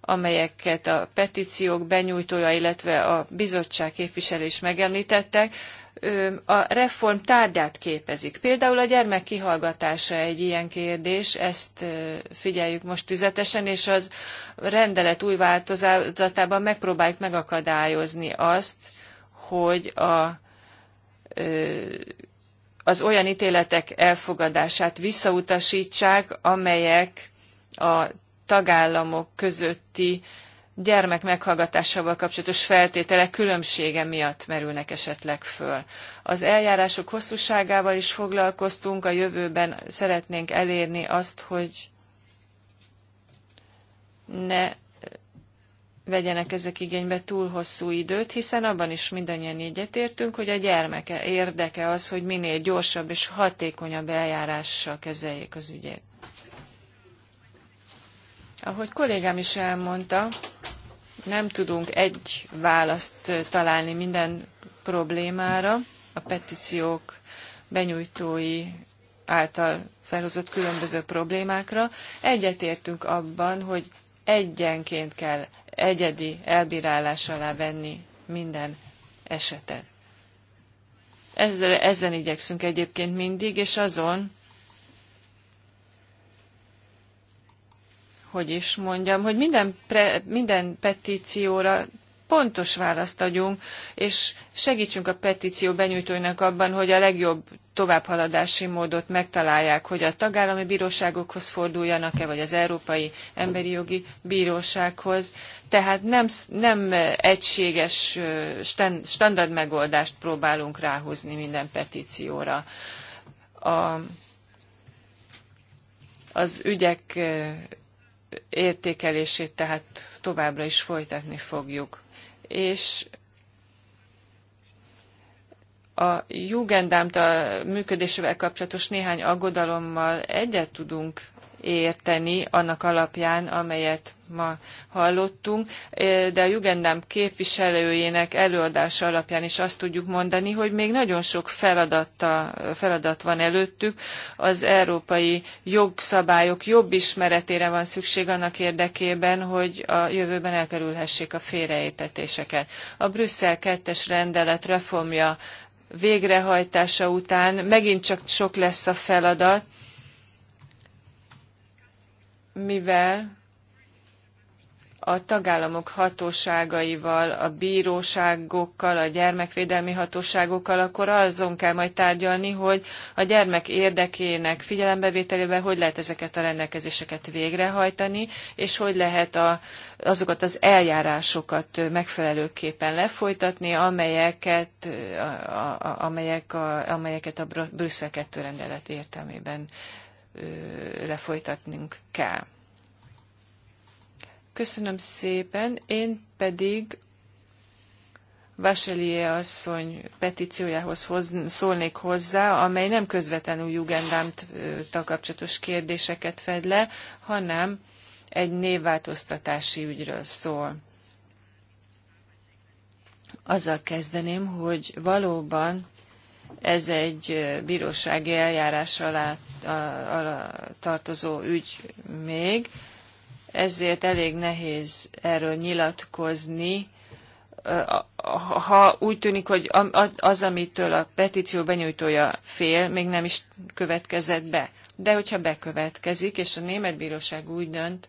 amelyeket a petíciók benyújtója, illetve a bizottság képviselés is megemlítettek, a reform tárgyát képezik. Például a gyermek kihallgatása egy ilyen kérdés, ezt figyeljük most tüzetesen, és az rendelet új változatában megpróbáljuk megakadályozni azt, hogy a, az olyan ítéletek elfogadását visszautasítsák, amelyek a tagállamok közötti gyermek meghallgatásával kapcsolatos feltételek különbsége miatt merülnek esetleg föl. Az eljárások hosszúságával is foglalkoztunk, a jövőben szeretnénk elérni azt, hogy ne vegyenek ezek igénybe túl hosszú időt, hiszen abban is mindannyian egyetértünk, hogy a gyermeke érdeke az, hogy minél gyorsabb és hatékonyabb eljárással kezeljék az ügyet. Ahogy kollégám is elmondta, nem tudunk egy választ találni minden problémára. A petíciók benyújtói által felhozott különböző problémákra. Egyetértünk abban, hogy egyenként kell egyedi elbírálás alá venni minden esetet. Ezzel, ezen igyekszünk egyébként mindig, és azon, hogy is mondjam, hogy minden, pre, minden petícióra pontos választ adjunk, és segítsünk a petíció benyújtóinak abban, hogy a legjobb továbbhaladási módot megtalálják, hogy a tagállami bíróságokhoz forduljanak-e, vagy az Európai Emberi Jogi Bírósághoz. Tehát nem, nem egységes standard megoldást próbálunk ráhozni minden petícióra. A, az ügyek értékelését tehát továbbra is folytatni fogjuk. És a Jugendamt a működésével kapcsolatos néhány aggodalommal egyet tudunk érteni annak alapján, amelyet ma hallottunk, eh, de a Jugendám képviselőjének előadása alapján is azt tudjuk mondani, hogy még nagyon sok feladata, feladat van előttük. Az európai jogszabályok jobb ismeretére van szükség annak érdekében, hogy a jövőben elkerülhessék a félreértetéseket. A Brüsszel 2-es rendelet reformja végrehajtása után megint csak sok lesz a feladat, mivel a tagállamok hatóságaival, a bíróságokkal, a gyermekvédelmi hatóságokkal, akkor azon kell majd tárgyalni, hogy a gyermek érdekének figyelembevételében hogy lehet ezeket a rendelkezéseket végrehajtani, és hogy lehet a, azokat az eljárásokat megfelelőképpen lefolytatni, amelyeket, a, a, amelyek a, amelyeket a Brüsszel 2 rendelet értelmében lefolytatnunk kell Köszönöm szépen, én pedig Vaselié asszony petíciójához hoz, szólnék hozzá, amely nem közvetlenül Jugendámtal kapcsolatos kérdéseket fed le, hanem egy névváltoztatási ügyről szól. Azzal kezdeném, hogy valóban ez egy bírósági eljárás alá, alá tartozó ügy még, ezért elég nehéz erről nyilatkozni. Ha úgy tűnik, hogy az, amitől a petíció benyújtója fél, még nem is következett be. De hogyha bekövetkezik, és a német bíróság úgy dönt,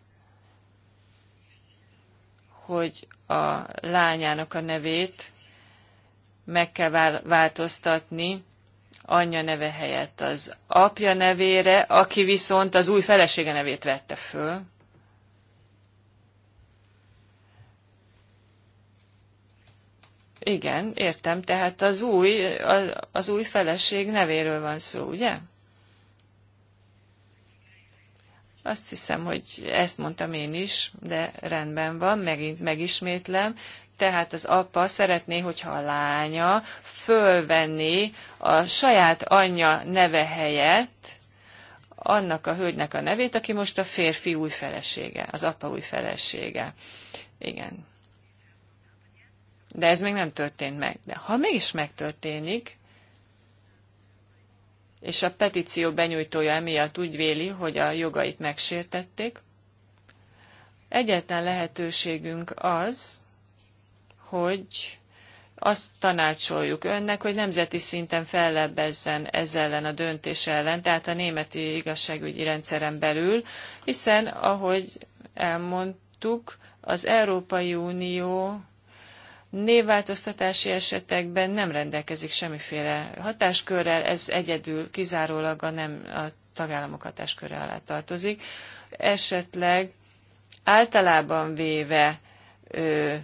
hogy a lányának a nevét meg kell változtatni anyja neve helyett az apja nevére, aki viszont az új felesége nevét vette föl, igen, értem, tehát az új, az új feleség nevéről van szó, ugye? Azt hiszem, hogy ezt mondtam én is, de rendben van, megint megismétlem. Tehát az apa szeretné, hogyha a lánya fölvenni a saját anyja neve helyett annak a hölgynek a nevét, aki most a férfi új felesége, az apa új felesége. Igen. De ez még nem történt meg. De ha mégis megtörténik, és a petíció benyújtója emiatt úgy véli, hogy a jogait megsértették, egyetlen lehetőségünk az, hogy azt tanácsoljuk önnek, hogy nemzeti szinten fellebbezzen ez ellen a döntés ellen, tehát a németi igazságügyi rendszeren belül, hiszen, ahogy elmondtuk, az Európai Unió névváltoztatási esetekben nem rendelkezik semmiféle hatáskörrel, ez egyedül kizárólag a, nem, a tagállamok hatásköre alá tartozik. Esetleg általában véve ö,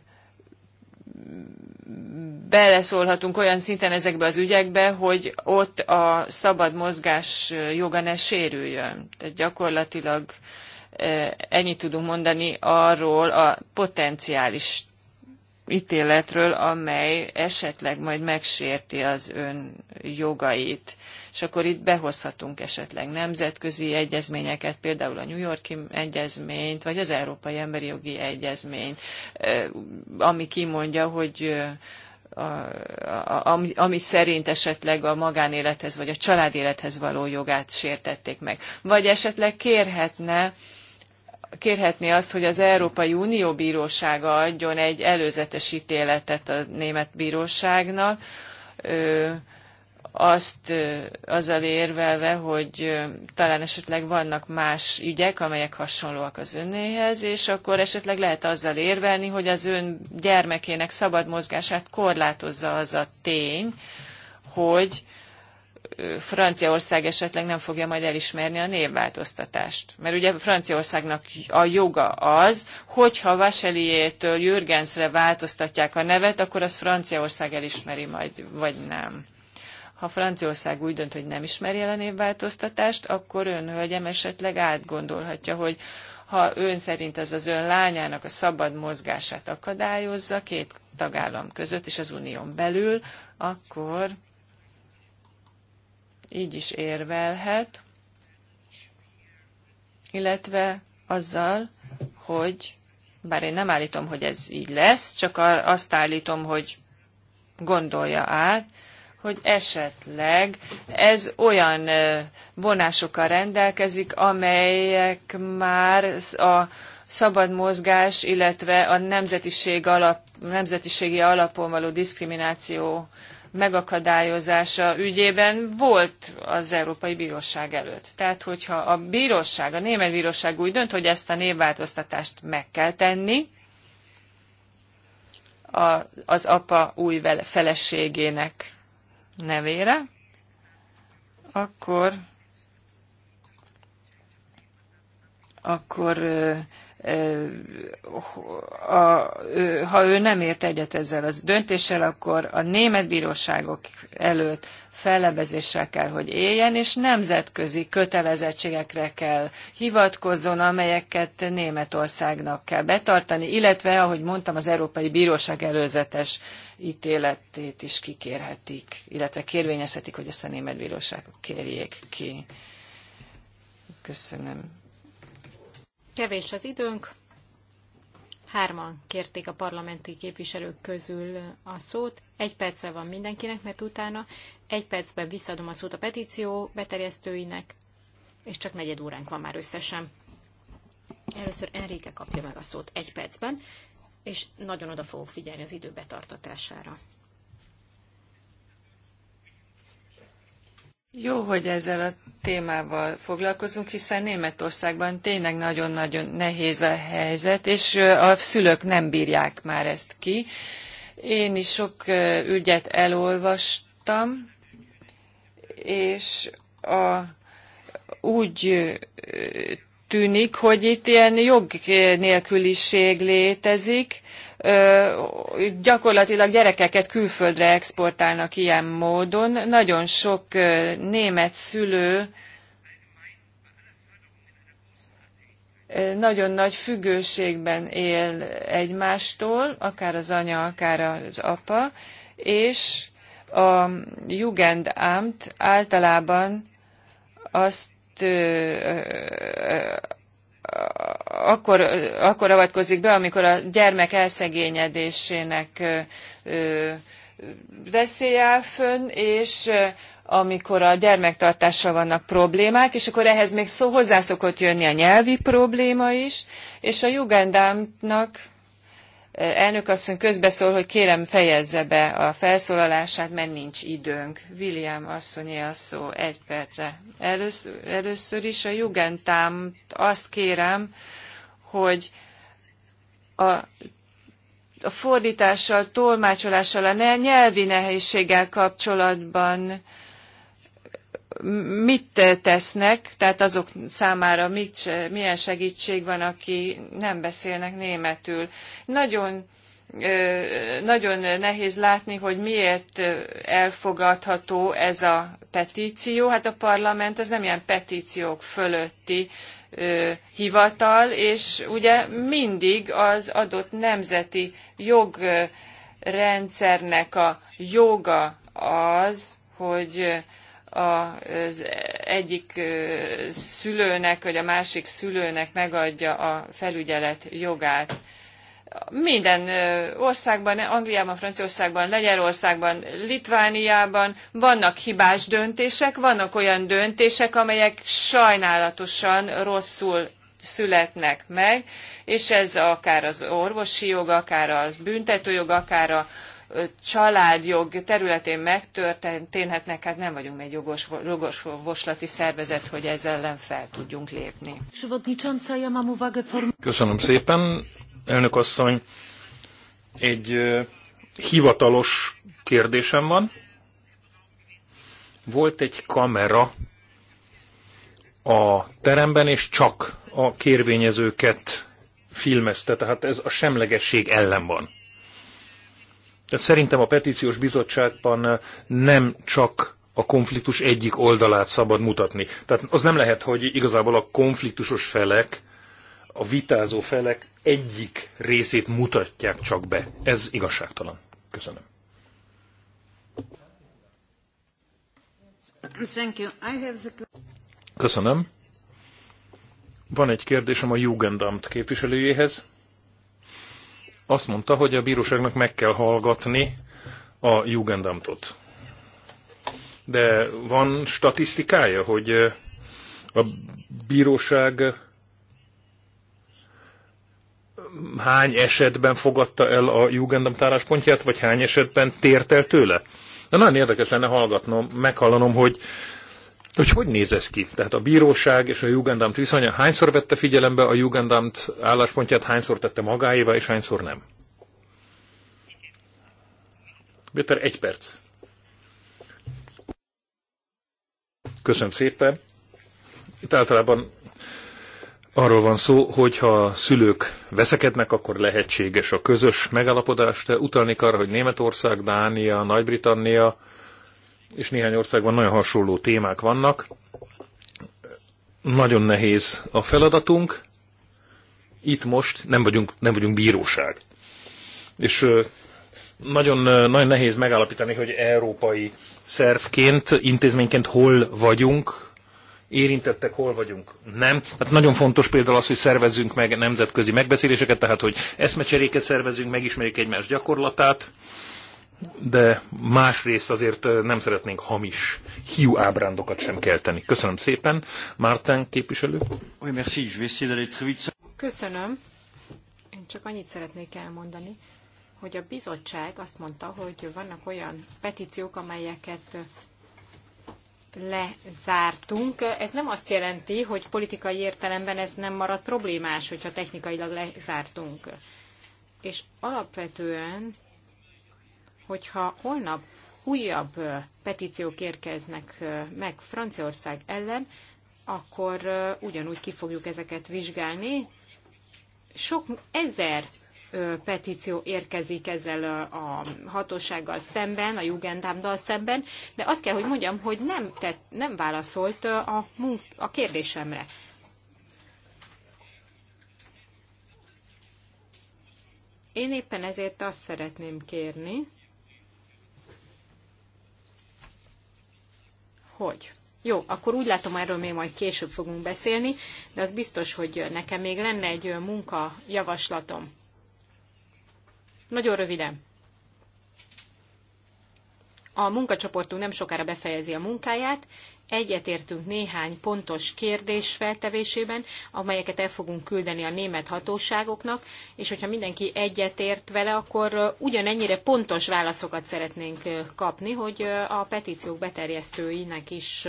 beleszólhatunk olyan szinten ezekbe az ügyekbe, hogy ott a szabad mozgás joga ne sérüljön. Tehát gyakorlatilag ennyit tudunk mondani arról a potenciális ítéletről, amely esetleg majd megsérti az ön jogait. És akkor itt behozhatunk esetleg nemzetközi egyezményeket, például a New Yorki egyezményt, vagy az Európai Emberi Jogi Egyezményt, ami kimondja, hogy ami, ami szerint esetleg a magánélethez vagy a családélethez való jogát sértették meg. Vagy esetleg kérhetne, kérhetné azt, hogy az Európai Unió bírósága adjon egy előzetes ítéletet a német bíróságnak, azt azzal érvelve, hogy talán esetleg vannak más ügyek, amelyek hasonlóak az önéhez, és akkor esetleg lehet azzal érvelni, hogy az ön gyermekének szabad mozgását korlátozza az a tény, hogy Franciaország esetleg nem fogja majd elismerni a névváltoztatást. Mert ugye Franciaországnak a joga az, hogyha Vaseliétől Jürgensre változtatják a nevet, akkor az Franciaország elismeri majd, vagy nem. Ha Franciaország úgy dönt, hogy nem ismeri el a névváltoztatást, akkor ön, hölgyem, esetleg átgondolhatja, hogy ha ön szerint az az ön lányának a szabad mozgását akadályozza két tagállam között és az unión belül, akkor így is érvelhet, illetve azzal, hogy bár én nem állítom, hogy ez így lesz, csak azt állítom, hogy gondolja át, hogy esetleg ez olyan vonásokkal rendelkezik, amelyek már a szabad mozgás, illetve a nemzetiség alap, nemzetiségi alapon való diszkrimináció megakadályozása ügyében volt az Európai Bíróság előtt. Tehát, hogyha a bíróság, a német bíróság úgy dönt, hogy ezt a névváltoztatást meg kell tenni, a, az apa új feleségének nevére, akkor akkor a, ha ő nem ért egyet ezzel a döntéssel, akkor a német bíróságok előtt fellebezéssel kell, hogy éljen, és nemzetközi kötelezettségekre kell hivatkozzon, amelyeket Németországnak kell betartani, illetve, ahogy mondtam, az Európai Bíróság előzetes ítéletét is kikérhetik, illetve kérvényezhetik, hogy ezt a német bíróságok kérjék ki. Köszönöm. Kevés az időnk. Hárman kérték a parlamenti képviselők közül a szót. Egy perce van mindenkinek, mert utána egy percben visszadom a szót a petíció beterjesztőinek, és csak negyed óránk van már összesen. Először Enrique kapja meg a szót egy percben, és nagyon oda fogok figyelni az idő betartatására. Jó, hogy ezzel a témával foglalkozunk, hiszen Németországban tényleg nagyon-nagyon nehéz a helyzet, és a szülők nem bírják már ezt ki. Én is sok ügyet elolvastam, és a, úgy tűnik, hogy itt ilyen jog nélküliség létezik, gyakorlatilag gyerekeket külföldre exportálnak ilyen módon. Nagyon sok német szülő nagyon nagy függőségben él egymástól, akár az anya, akár az apa, és a Jugendamt általában azt akkor, akkor avatkozik be, amikor a gyermek elszegényedésének veszélye áll fönn, és amikor a gyermektartással vannak problémák, és akkor ehhez még szó hozzá szokott jönni a nyelvi probléma is, és a Jugendámnak Elnök asszony közbeszól, hogy kérem fejezze be a felszólalását, mert nincs időnk. William asszonyé a szó egy percre. Először, először is a Jugendtám azt kérem, hogy a a fordítással, tolmácsolással, a nyelvi nehézséggel kapcsolatban mit tesznek, tehát azok számára mit, milyen segítség van, aki nem beszélnek németül. Nagyon nagyon nehéz látni, hogy miért elfogadható ez a petíció. Hát a parlament ez nem ilyen petíciók fölötti hivatal, és ugye mindig az adott nemzeti jogrendszernek a joga az, hogy az egyik szülőnek vagy a másik szülőnek megadja a felügyelet jogát. Minden országban, Angliában, Franciaországban, Lengyelországban, Litvániában vannak hibás döntések, vannak olyan döntések, amelyek sajnálatosan rosszul születnek meg, és ez akár az orvosi jog, akár a büntetőjog, akár a családjog területén megtörténhetnek, hát nem vagyunk egy jogos, jogos voslati szervezet, hogy ez ellen fel tudjunk lépni. Köszönöm szépen, elnök asszony. Egy hivatalos kérdésem van. Volt egy kamera a teremben, és csak a kérvényezőket filmezte, tehát ez a semlegesség ellen van. Tehát szerintem a petíciós bizottságban eh, nem csak a konfliktus egyik oldalát szabad mutatni. Tehát az nem lehet, hogy igazából a konfliktusos felek, a vitázó felek egyik részét mutatják csak be. Ez igazságtalan. Köszönöm. Köszönöm. Van egy kérdésem a Jugendamt képviselőjéhez azt mondta, hogy a bíróságnak meg kell hallgatni a Jugendamtot. De van statisztikája, hogy a bíróság hány esetben fogadta el a Jugendamt álláspontját, vagy hány esetben tért el tőle? De nagyon érdekes lenne hallgatnom, meghallanom, hogy hogy hogy néz ez ki? Tehát a bíróság és a Jugendamt viszonya hányszor vette figyelembe a Jugendamt álláspontját, hányszor tette magáéba és hányszor nem? Péter, egy perc. Köszönöm szépen. Itt általában arról van szó, hogy ha szülők veszekednek, akkor lehetséges a közös megalapodást. Utalni utalnék arra, hogy Németország, Dánia, Nagy-Britannia és néhány országban nagyon hasonló témák vannak. Nagyon nehéz a feladatunk. Itt most nem vagyunk, nem vagyunk bíróság. És nagyon, nagyon nehéz megállapítani, hogy európai szervként, intézményként hol vagyunk, érintettek hol vagyunk, nem. hát nagyon fontos például az, hogy szervezzünk meg nemzetközi megbeszéléseket, tehát hogy eszmecseréket szervezzünk, megismerjük egymás gyakorlatát, de másrészt azért nem szeretnénk hamis hiú ábrándokat sem kelteni. Köszönöm szépen. Márten képviselő. Köszönöm. Én csak annyit szeretnék elmondani, hogy a bizottság azt mondta, hogy vannak olyan petíciók, amelyeket lezártunk. Ez nem azt jelenti, hogy politikai értelemben ez nem marad problémás, hogyha technikailag lezártunk. És alapvetően hogyha holnap újabb petíciók érkeznek meg Franciaország ellen, akkor ugyanúgy ki fogjuk ezeket vizsgálni. Sok ezer petíció érkezik ezzel a hatósággal szemben, a Jugendamdal szemben, de azt kell, hogy mondjam, hogy nem, tett, nem válaszolt a, a kérdésemre. Én éppen ezért azt szeretném kérni, Hogy? Jó, akkor úgy látom, erről még majd később fogunk beszélni, de az biztos, hogy nekem még lenne egy munkajavaslatom. Nagyon röviden. A munkacsoportunk nem sokára befejezi a munkáját, egyetértünk néhány pontos kérdés feltevésében, amelyeket el fogunk küldeni a német hatóságoknak, és hogyha mindenki egyetért vele, akkor ugyanennyire pontos válaszokat szeretnénk kapni, hogy a petíciók beterjesztőinek is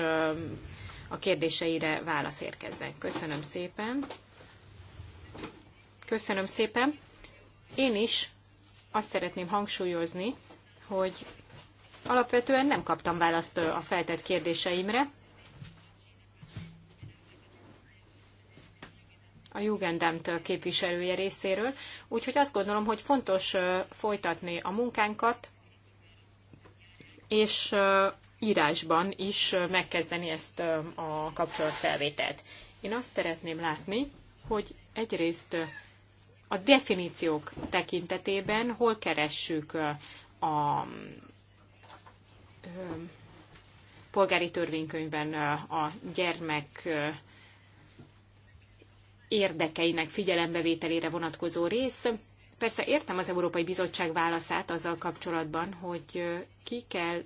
a kérdéseire válasz érkezzen. Köszönöm szépen. Köszönöm szépen. Én is azt szeretném hangsúlyozni, hogy Alapvetően nem kaptam választ a feltett kérdéseimre. a Jugendamt képviselője részéről, úgyhogy azt gondolom, hogy fontos folytatni a munkánkat, és írásban is megkezdeni ezt a kapcsolatfelvételt. Én azt szeretném látni, hogy egyrészt a definíciók tekintetében hol keressük a polgári törvénykönyvben a gyermek érdekeinek figyelembevételére vonatkozó rész. Persze értem az Európai Bizottság válaszát azzal kapcsolatban, hogy ki kell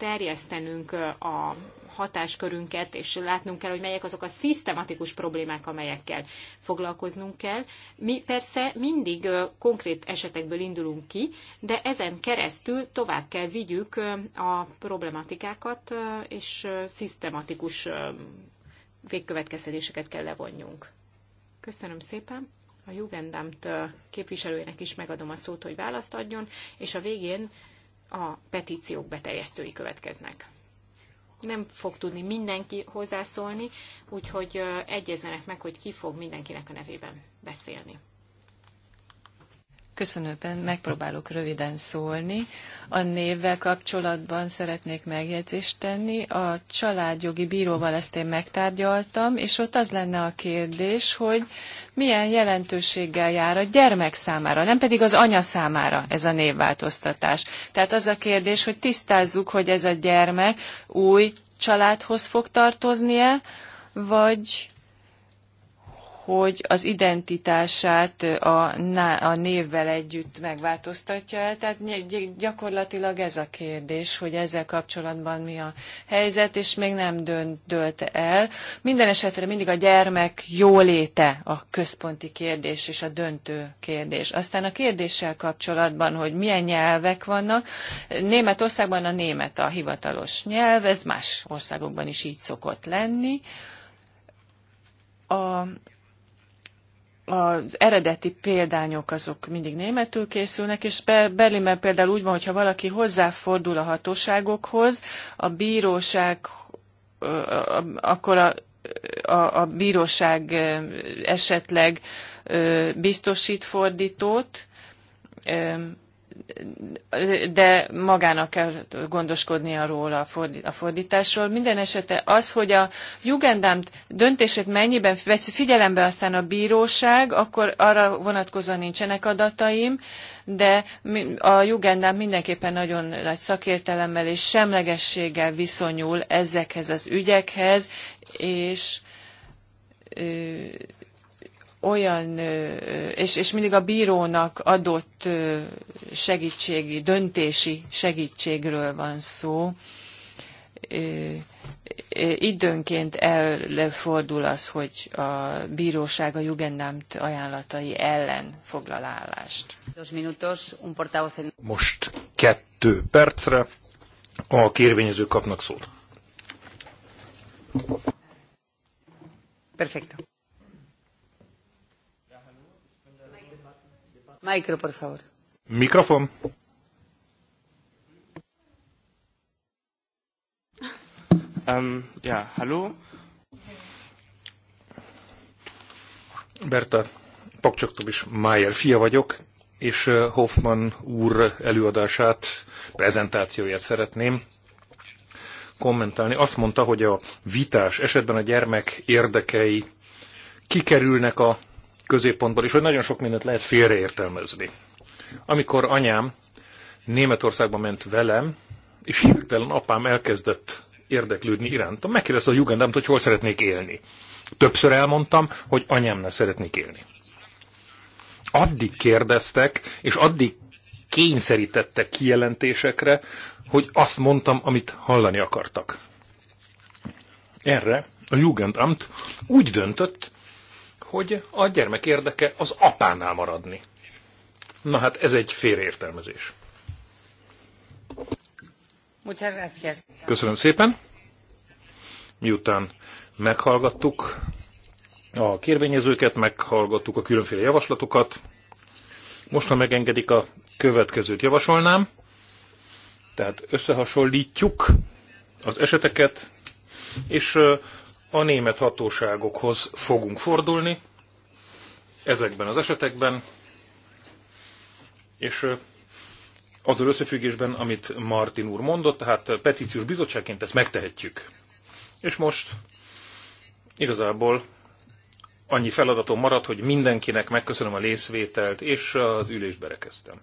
terjesztenünk a hatáskörünket, és látnunk kell, hogy melyek azok a szisztematikus problémák, amelyekkel foglalkoznunk kell. Mi persze mindig konkrét esetekből indulunk ki, de ezen keresztül tovább kell vigyük a problematikákat, és szisztematikus végkövetkeztetéseket kell levonjunk. Köszönöm szépen! A Jugendamt képviselőjének is megadom a szót, hogy választ adjon, és a végén a petíciók beterjesztői következnek. Nem fog tudni mindenki hozzászólni, úgyhogy egyezzenek meg, hogy ki fog mindenkinek a nevében beszélni. Köszönöm, megpróbálok röviden szólni. A névvel kapcsolatban szeretnék megjegyzést tenni. A családjogi bíróval ezt én megtárgyaltam, és ott az lenne a kérdés, hogy milyen jelentőséggel jár a gyermek számára, nem pedig az anya számára ez a névváltoztatás. Tehát az a kérdés, hogy tisztázzuk, hogy ez a gyermek új családhoz fog tartoznia, vagy hogy az identitását a, a névvel együtt megváltoztatja el. Tehát gyakorlatilag ez a kérdés, hogy ezzel kapcsolatban mi a helyzet, és még nem dönt, dölt el. Minden esetre mindig a gyermek jóléte a központi kérdés és a döntő kérdés. Aztán a kérdéssel kapcsolatban, hogy milyen nyelvek vannak. Németországban a német a hivatalos nyelv, ez más országokban is így szokott lenni a az eredeti példányok azok mindig németül készülnek, és Berlinben például úgy van, hogyha valaki hozzáfordul a hatóságokhoz, a bíróság, akkor a, a, a bíróság esetleg biztosít fordítót, de magának kell gondoskodnia róla a fordításról. Minden esete az, hogy a Jugendamt döntését mennyiben vesz figyelembe aztán a bíróság, akkor arra vonatkozóan nincsenek adataim, de a Jugendamt mindenképpen nagyon nagy szakértelemmel és semlegességgel viszonyul ezekhez az ügyekhez, és olyan, és, és mindig a bírónak adott segítségi, döntési segítségről van szó. Időnként elfordul az, hogy a bíróság a Jugendamt ajánlatai ellen foglal állást. Most kettő percre a kérvényezők kapnak szót. Perfecto. Micro, por favor. Mikrofon. Um, ja, Hello. Berta Pakcsoktól is Májer fia vagyok, és uh, Hoffman úr előadását, prezentációját szeretném kommentálni. Azt mondta, hogy a vitás esetben a gyermek érdekei kikerülnek a középpontból, és hogy nagyon sok mindent lehet félreértelmezni. Amikor anyám Németországba ment velem, és hirtelen apám elkezdett érdeklődni irántam, megkérdezte a jugendámt, hogy hol szeretnék élni. Többször elmondtam, hogy anyámnál szeretnék élni. Addig kérdeztek, és addig kényszerítettek kijelentésekre, hogy azt mondtam, amit hallani akartak. Erre a Jugendamt úgy döntött, hogy a gyermek érdeke az apánál maradni. Na hát ez egy félreértelmezés. Köszönöm szépen. Miután meghallgattuk a kérvényezőket, meghallgattuk a különféle javaslatokat, most, ha megengedik, a következőt javasolnám. Tehát összehasonlítjuk az eseteket, és a német hatóságokhoz fogunk fordulni ezekben az esetekben, és azzal összefüggésben, amit Martin úr mondott, tehát petíciós bizottságként ezt megtehetjük. És most igazából annyi feladatom maradt, hogy mindenkinek megköszönöm a részvételt, és az ülést berekeztem.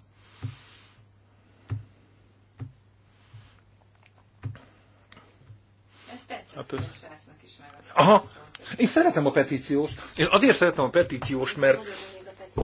Ez tetszett, hát, ez... Aha, én szeretem a petíciós. Én azért szeretem a petíciós, mert